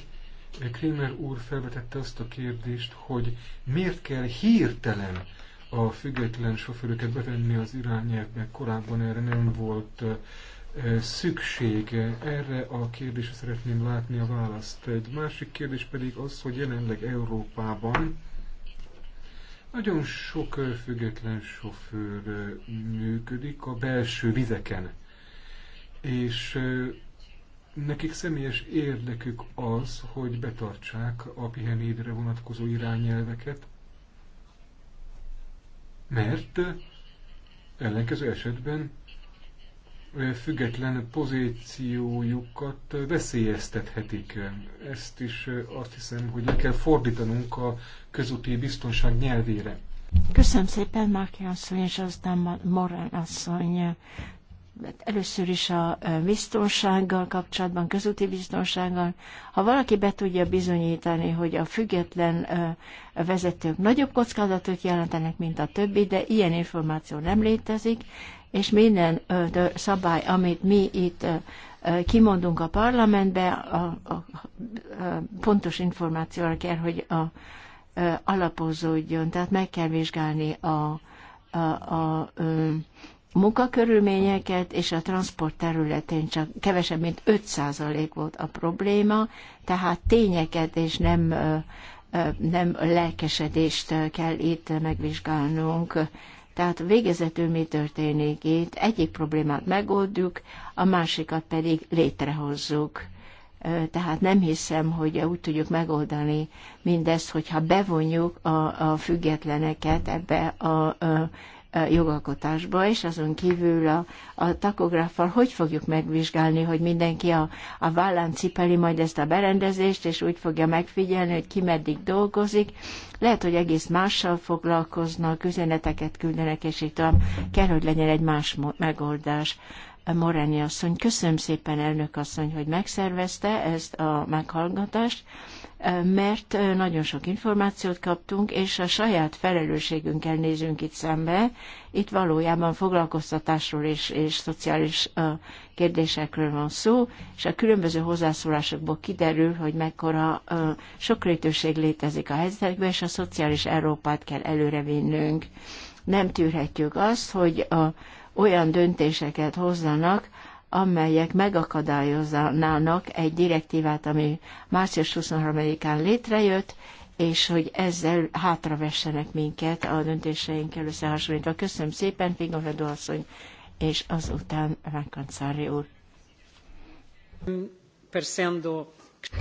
Krémer úr felvetette azt a kérdést, hogy miért kell hirtelen a független sofőröket bevenni az irányelvbe. Korábban erre nem volt szükség? Erre a kérdésre szeretném látni a választ. Egy másik kérdés pedig az, hogy jelenleg Európában nagyon sok független sofőr működik a belső vizeken, és nekik személyes érdekük az, hogy betartsák a pihenédre vonatkozó irányelveket, mert ellenkező esetben független pozíciójukat veszélyeztethetik. Ezt is azt hiszem, hogy le kell fordítanunk a közúti biztonság nyelvére.
Köszönöm szépen, Márki asszony, és aztán Morán asszony. Először is a biztonsággal kapcsolatban, közúti biztonsággal. Ha valaki be tudja bizonyítani, hogy a független vezetők nagyobb kockázatot jelentenek, mint a többi, de ilyen információ nem létezik, és minden szabály, amit mi itt kimondunk a parlamentbe, a, a, a, pontos információra kell, hogy a, a, alapozódjon. Tehát meg kell vizsgálni a, a, a, a munkakörülményeket, és a transport területén csak kevesebb, mint 5% volt a probléma, tehát tényeket és nem, nem lelkesedést kell itt megvizsgálnunk tehát végezetül mi történik itt? Egyik problémát megoldjuk, a másikat pedig létrehozzuk. Tehát nem hiszem, hogy úgy tudjuk megoldani mindezt, hogyha bevonjuk a, a függetleneket ebbe a, a E, jogalkotásba, és azon kívül a, a takográffal hogy fogjuk megvizsgálni, hogy mindenki a, a vállán cipeli majd ezt a berendezést, és úgy fogja megfigyelni, hogy ki meddig dolgozik. Lehet, hogy egész mással foglalkoznak, üzeneteket küldenek, és így tovább. Kell, hogy legyen egy más megoldás. E, Morányi asszony, köszönöm szépen, elnök asszony, hogy megszervezte ezt a meghallgatást mert nagyon sok információt kaptunk, és a saját felelősségünkkel nézünk itt szembe. Itt valójában foglalkoztatásról és, és szociális kérdésekről van szó, és a különböző hozzászólásokból kiderül, hogy mekkora sokrétőség létezik a helyzetekben, és a szociális Európát kell előrevinnünk. Nem tűrhetjük azt, hogy a, olyan döntéseket hozzanak, amelyek megakadályoznának egy direktívát, ami március 23-án létrejött, és hogy ezzel hátravessenek minket a döntéseinkkel összehasonlítva. Köszönöm szépen, Figovedó asszony, és azután Ránkancári úr.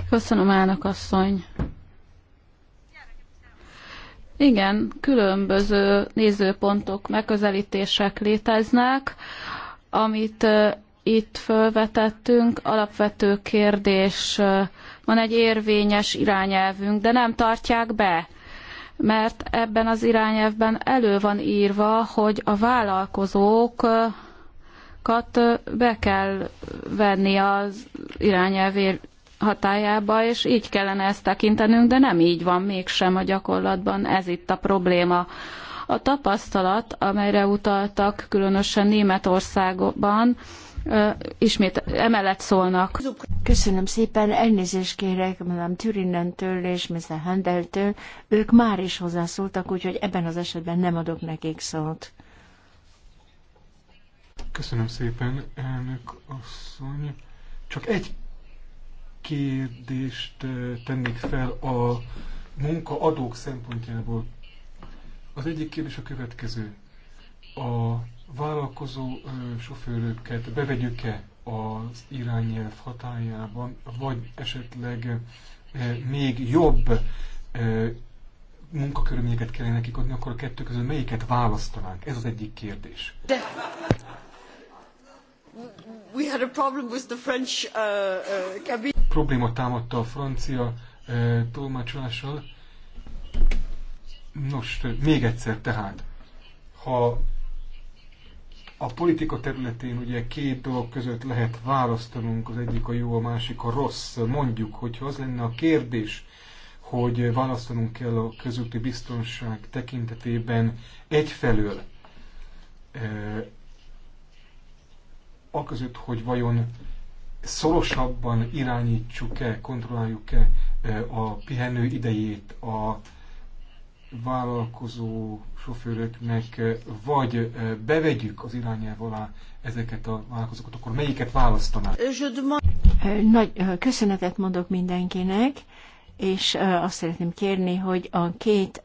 Köszönöm, elnök asszony. Igen, különböző nézőpontok, megközelítések léteznek, amit itt fölvetettünk, alapvető kérdés, van egy érvényes irányelvünk, de nem tartják be, mert ebben az irányelvben elő van írva, hogy a vállalkozókat be kell venni az irányelv hatájába, és így kellene ezt tekintenünk, de nem így van mégsem a gyakorlatban, ez itt a probléma. A tapasztalat, amelyre utaltak különösen Németországban, ismét emellett szólnak. Köszönöm szépen, elnézést kérek Madame Türinentől és Mr. Handeltől.
Ők már is hozzászóltak, úgyhogy ebben az esetben nem adok nekik szót.
Köszönöm szépen, elnök asszony. Csak egy kérdést tennék fel a munkaadók szempontjából. Az egyik kérdés a következő. A vállalkozó sofőröket bevegyük-e az irányelv hatájában, vagy esetleg még jobb munkakörülményeket kellene nekik adni, akkor a kettő közül melyiket választanánk? Ez az egyik kérdés.
De... We had a problem with the French
uh, uh, cabin.
Probléma támadta a francia uh, tolmácsolással. Nos, még egyszer tehát, ha a politika területén ugye két dolog között lehet választanunk, az egyik a jó, a másik a rossz. Mondjuk, hogyha az lenne a kérdés, hogy választanunk kell a közúti biztonság tekintetében egyfelől e, között, hogy vajon szorosabban irányítsuk-e, kontrolláljuk-e e, a pihenő idejét, a vállalkozó sofőröknek eh, vagy eh, bevegyük az irányelv alá ezeket a vállalkozókat, akkor melyiket választanák?
Eh, nagy köszönetet mondok mindenkinek, és azt szeretném kérni, hogy a két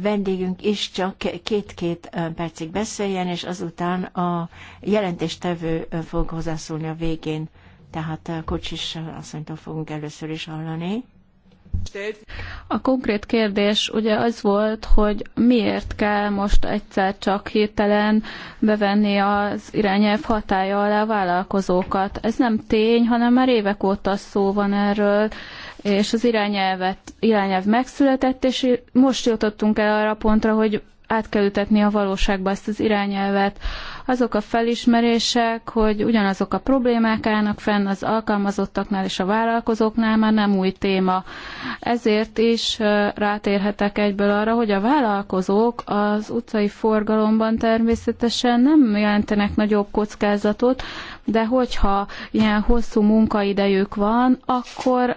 vendégünk is csak két-két percig beszéljen, és azután a jelentéstevő fog hozzászólni a végén. Tehát Kocsis asszonytól fogunk először is hallani.
A konkrét kérdés ugye az volt, hogy miért kell most egyszer csak hirtelen bevenni az irányelv hatája alá a vállalkozókat. Ez nem tény, hanem már évek óta szó van erről, és az irányelvet, irányelv megszületett, és most jutottunk el arra pontra, hogy át kell ütetni a valóságba ezt az irányelvet azok a felismerések, hogy ugyanazok a problémák állnak fenn az alkalmazottaknál és a vállalkozóknál már nem új téma. Ezért is rátérhetek egyből arra, hogy a vállalkozók az utcai forgalomban természetesen nem jelentenek nagyobb kockázatot, de hogyha ilyen hosszú munkaidejük van, akkor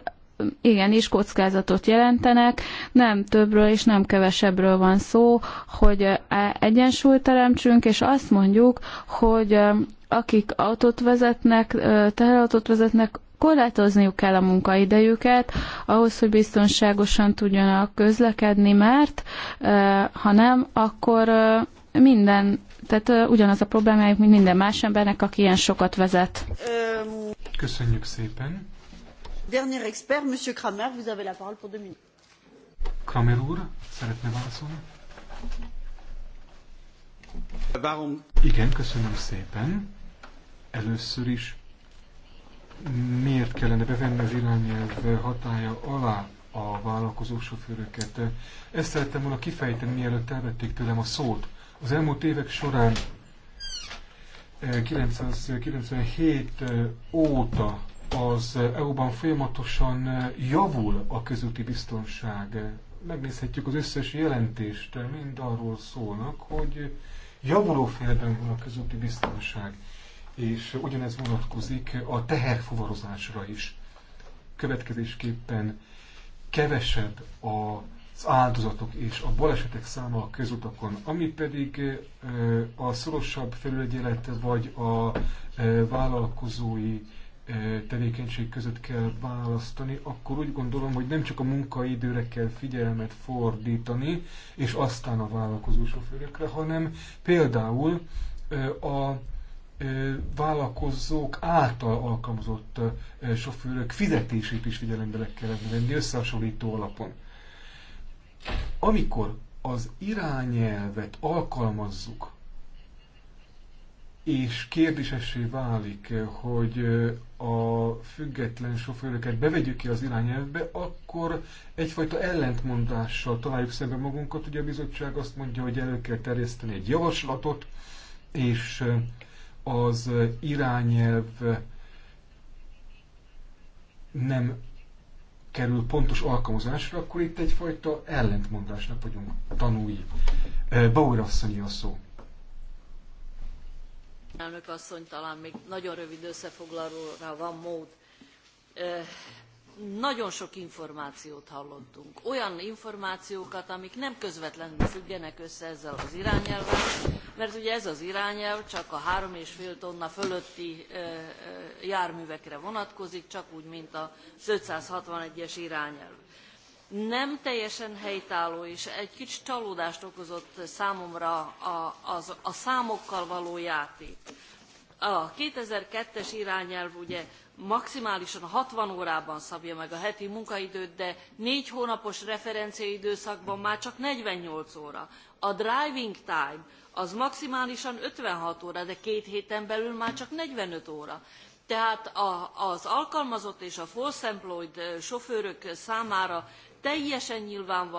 igenis kockázatot jelentenek, nem többről és nem kevesebbről van szó, hogy e, egyensúlyt teremtsünk, és azt mondjuk, hogy e, akik autót vezetnek, e, teherautót vezetnek, korlátozniuk kell a munkaidejüket, ahhoz, hogy biztonságosan tudjanak közlekedni, mert ha nem, akkor minden, tehát ugyanaz a problémájuk, mint minden más embernek, aki ilyen sokat vezet.
Köszönjük szépen!
dernier expert, Monsieur Kramer, vous avez la parole pour deux minutes.
Kramer úr, szeretne válaszolni? Várom. Igen, köszönöm szépen. Először is miért kellene bevenni az irányelv hatája alá a vállalkozó sofőröket? Ezt szerettem volna kifejteni, mielőtt elvették tőlem a szót. Az elmúlt évek során 997 eh, eh, óta az EU-ban folyamatosan javul a közúti biztonság. Megnézhetjük az összes jelentést, mind arról szólnak, hogy javuló félben van a közúti biztonság, és ugyanez vonatkozik a teherfuvarozásra is. Következésképpen kevesebb az áldozatok és a balesetek száma a közutakon, ami pedig a szorosabb felügyeletet vagy a vállalkozói tevékenység között kell választani, akkor úgy gondolom, hogy nem csak a munkaidőre kell figyelmet fordítani, és aztán a vállalkozó sofőrökre, hanem például a vállalkozók által alkalmazott sofőrök fizetését is figyelembe kell venni összehasonlító alapon. Amikor az irányelvet alkalmazzuk és kérdésessé válik, hogy a független sofőröket bevegyük ki az irányelvbe, akkor egyfajta ellentmondással találjuk szemben magunkat. Ugye a bizottság azt mondja, hogy elő kell terjeszteni egy javaslatot, és az irányelv nem kerül pontos alkalmazásra, akkor itt egyfajta ellentmondásnak vagyunk tanulni. Bauer asszonyi a szó.
Elnök asszony, talán még nagyon rövid összefoglalóra van mód. Nagyon sok információt hallottunk. Olyan információkat, amik nem közvetlenül függenek össze ezzel az irányelvvel, mert ugye ez az irányelv csak a és fél tonna fölötti járművekre vonatkozik, csak úgy, mint a 561-es irányelv nem teljesen helytálló és egy kicsit csalódást okozott számomra a, az, a számokkal való játék. A 2002-es irányelv ugye maximálisan 60 órában szabja meg a heti munkaidőt, de négy hónapos referenciaidőszakban már csak 48 óra. A driving time az maximálisan 56 óra, de két héten belül már csak 45 óra. Tehát a, az alkalmazott és a false employed sofőrök számára teljesen nyilvánvaló,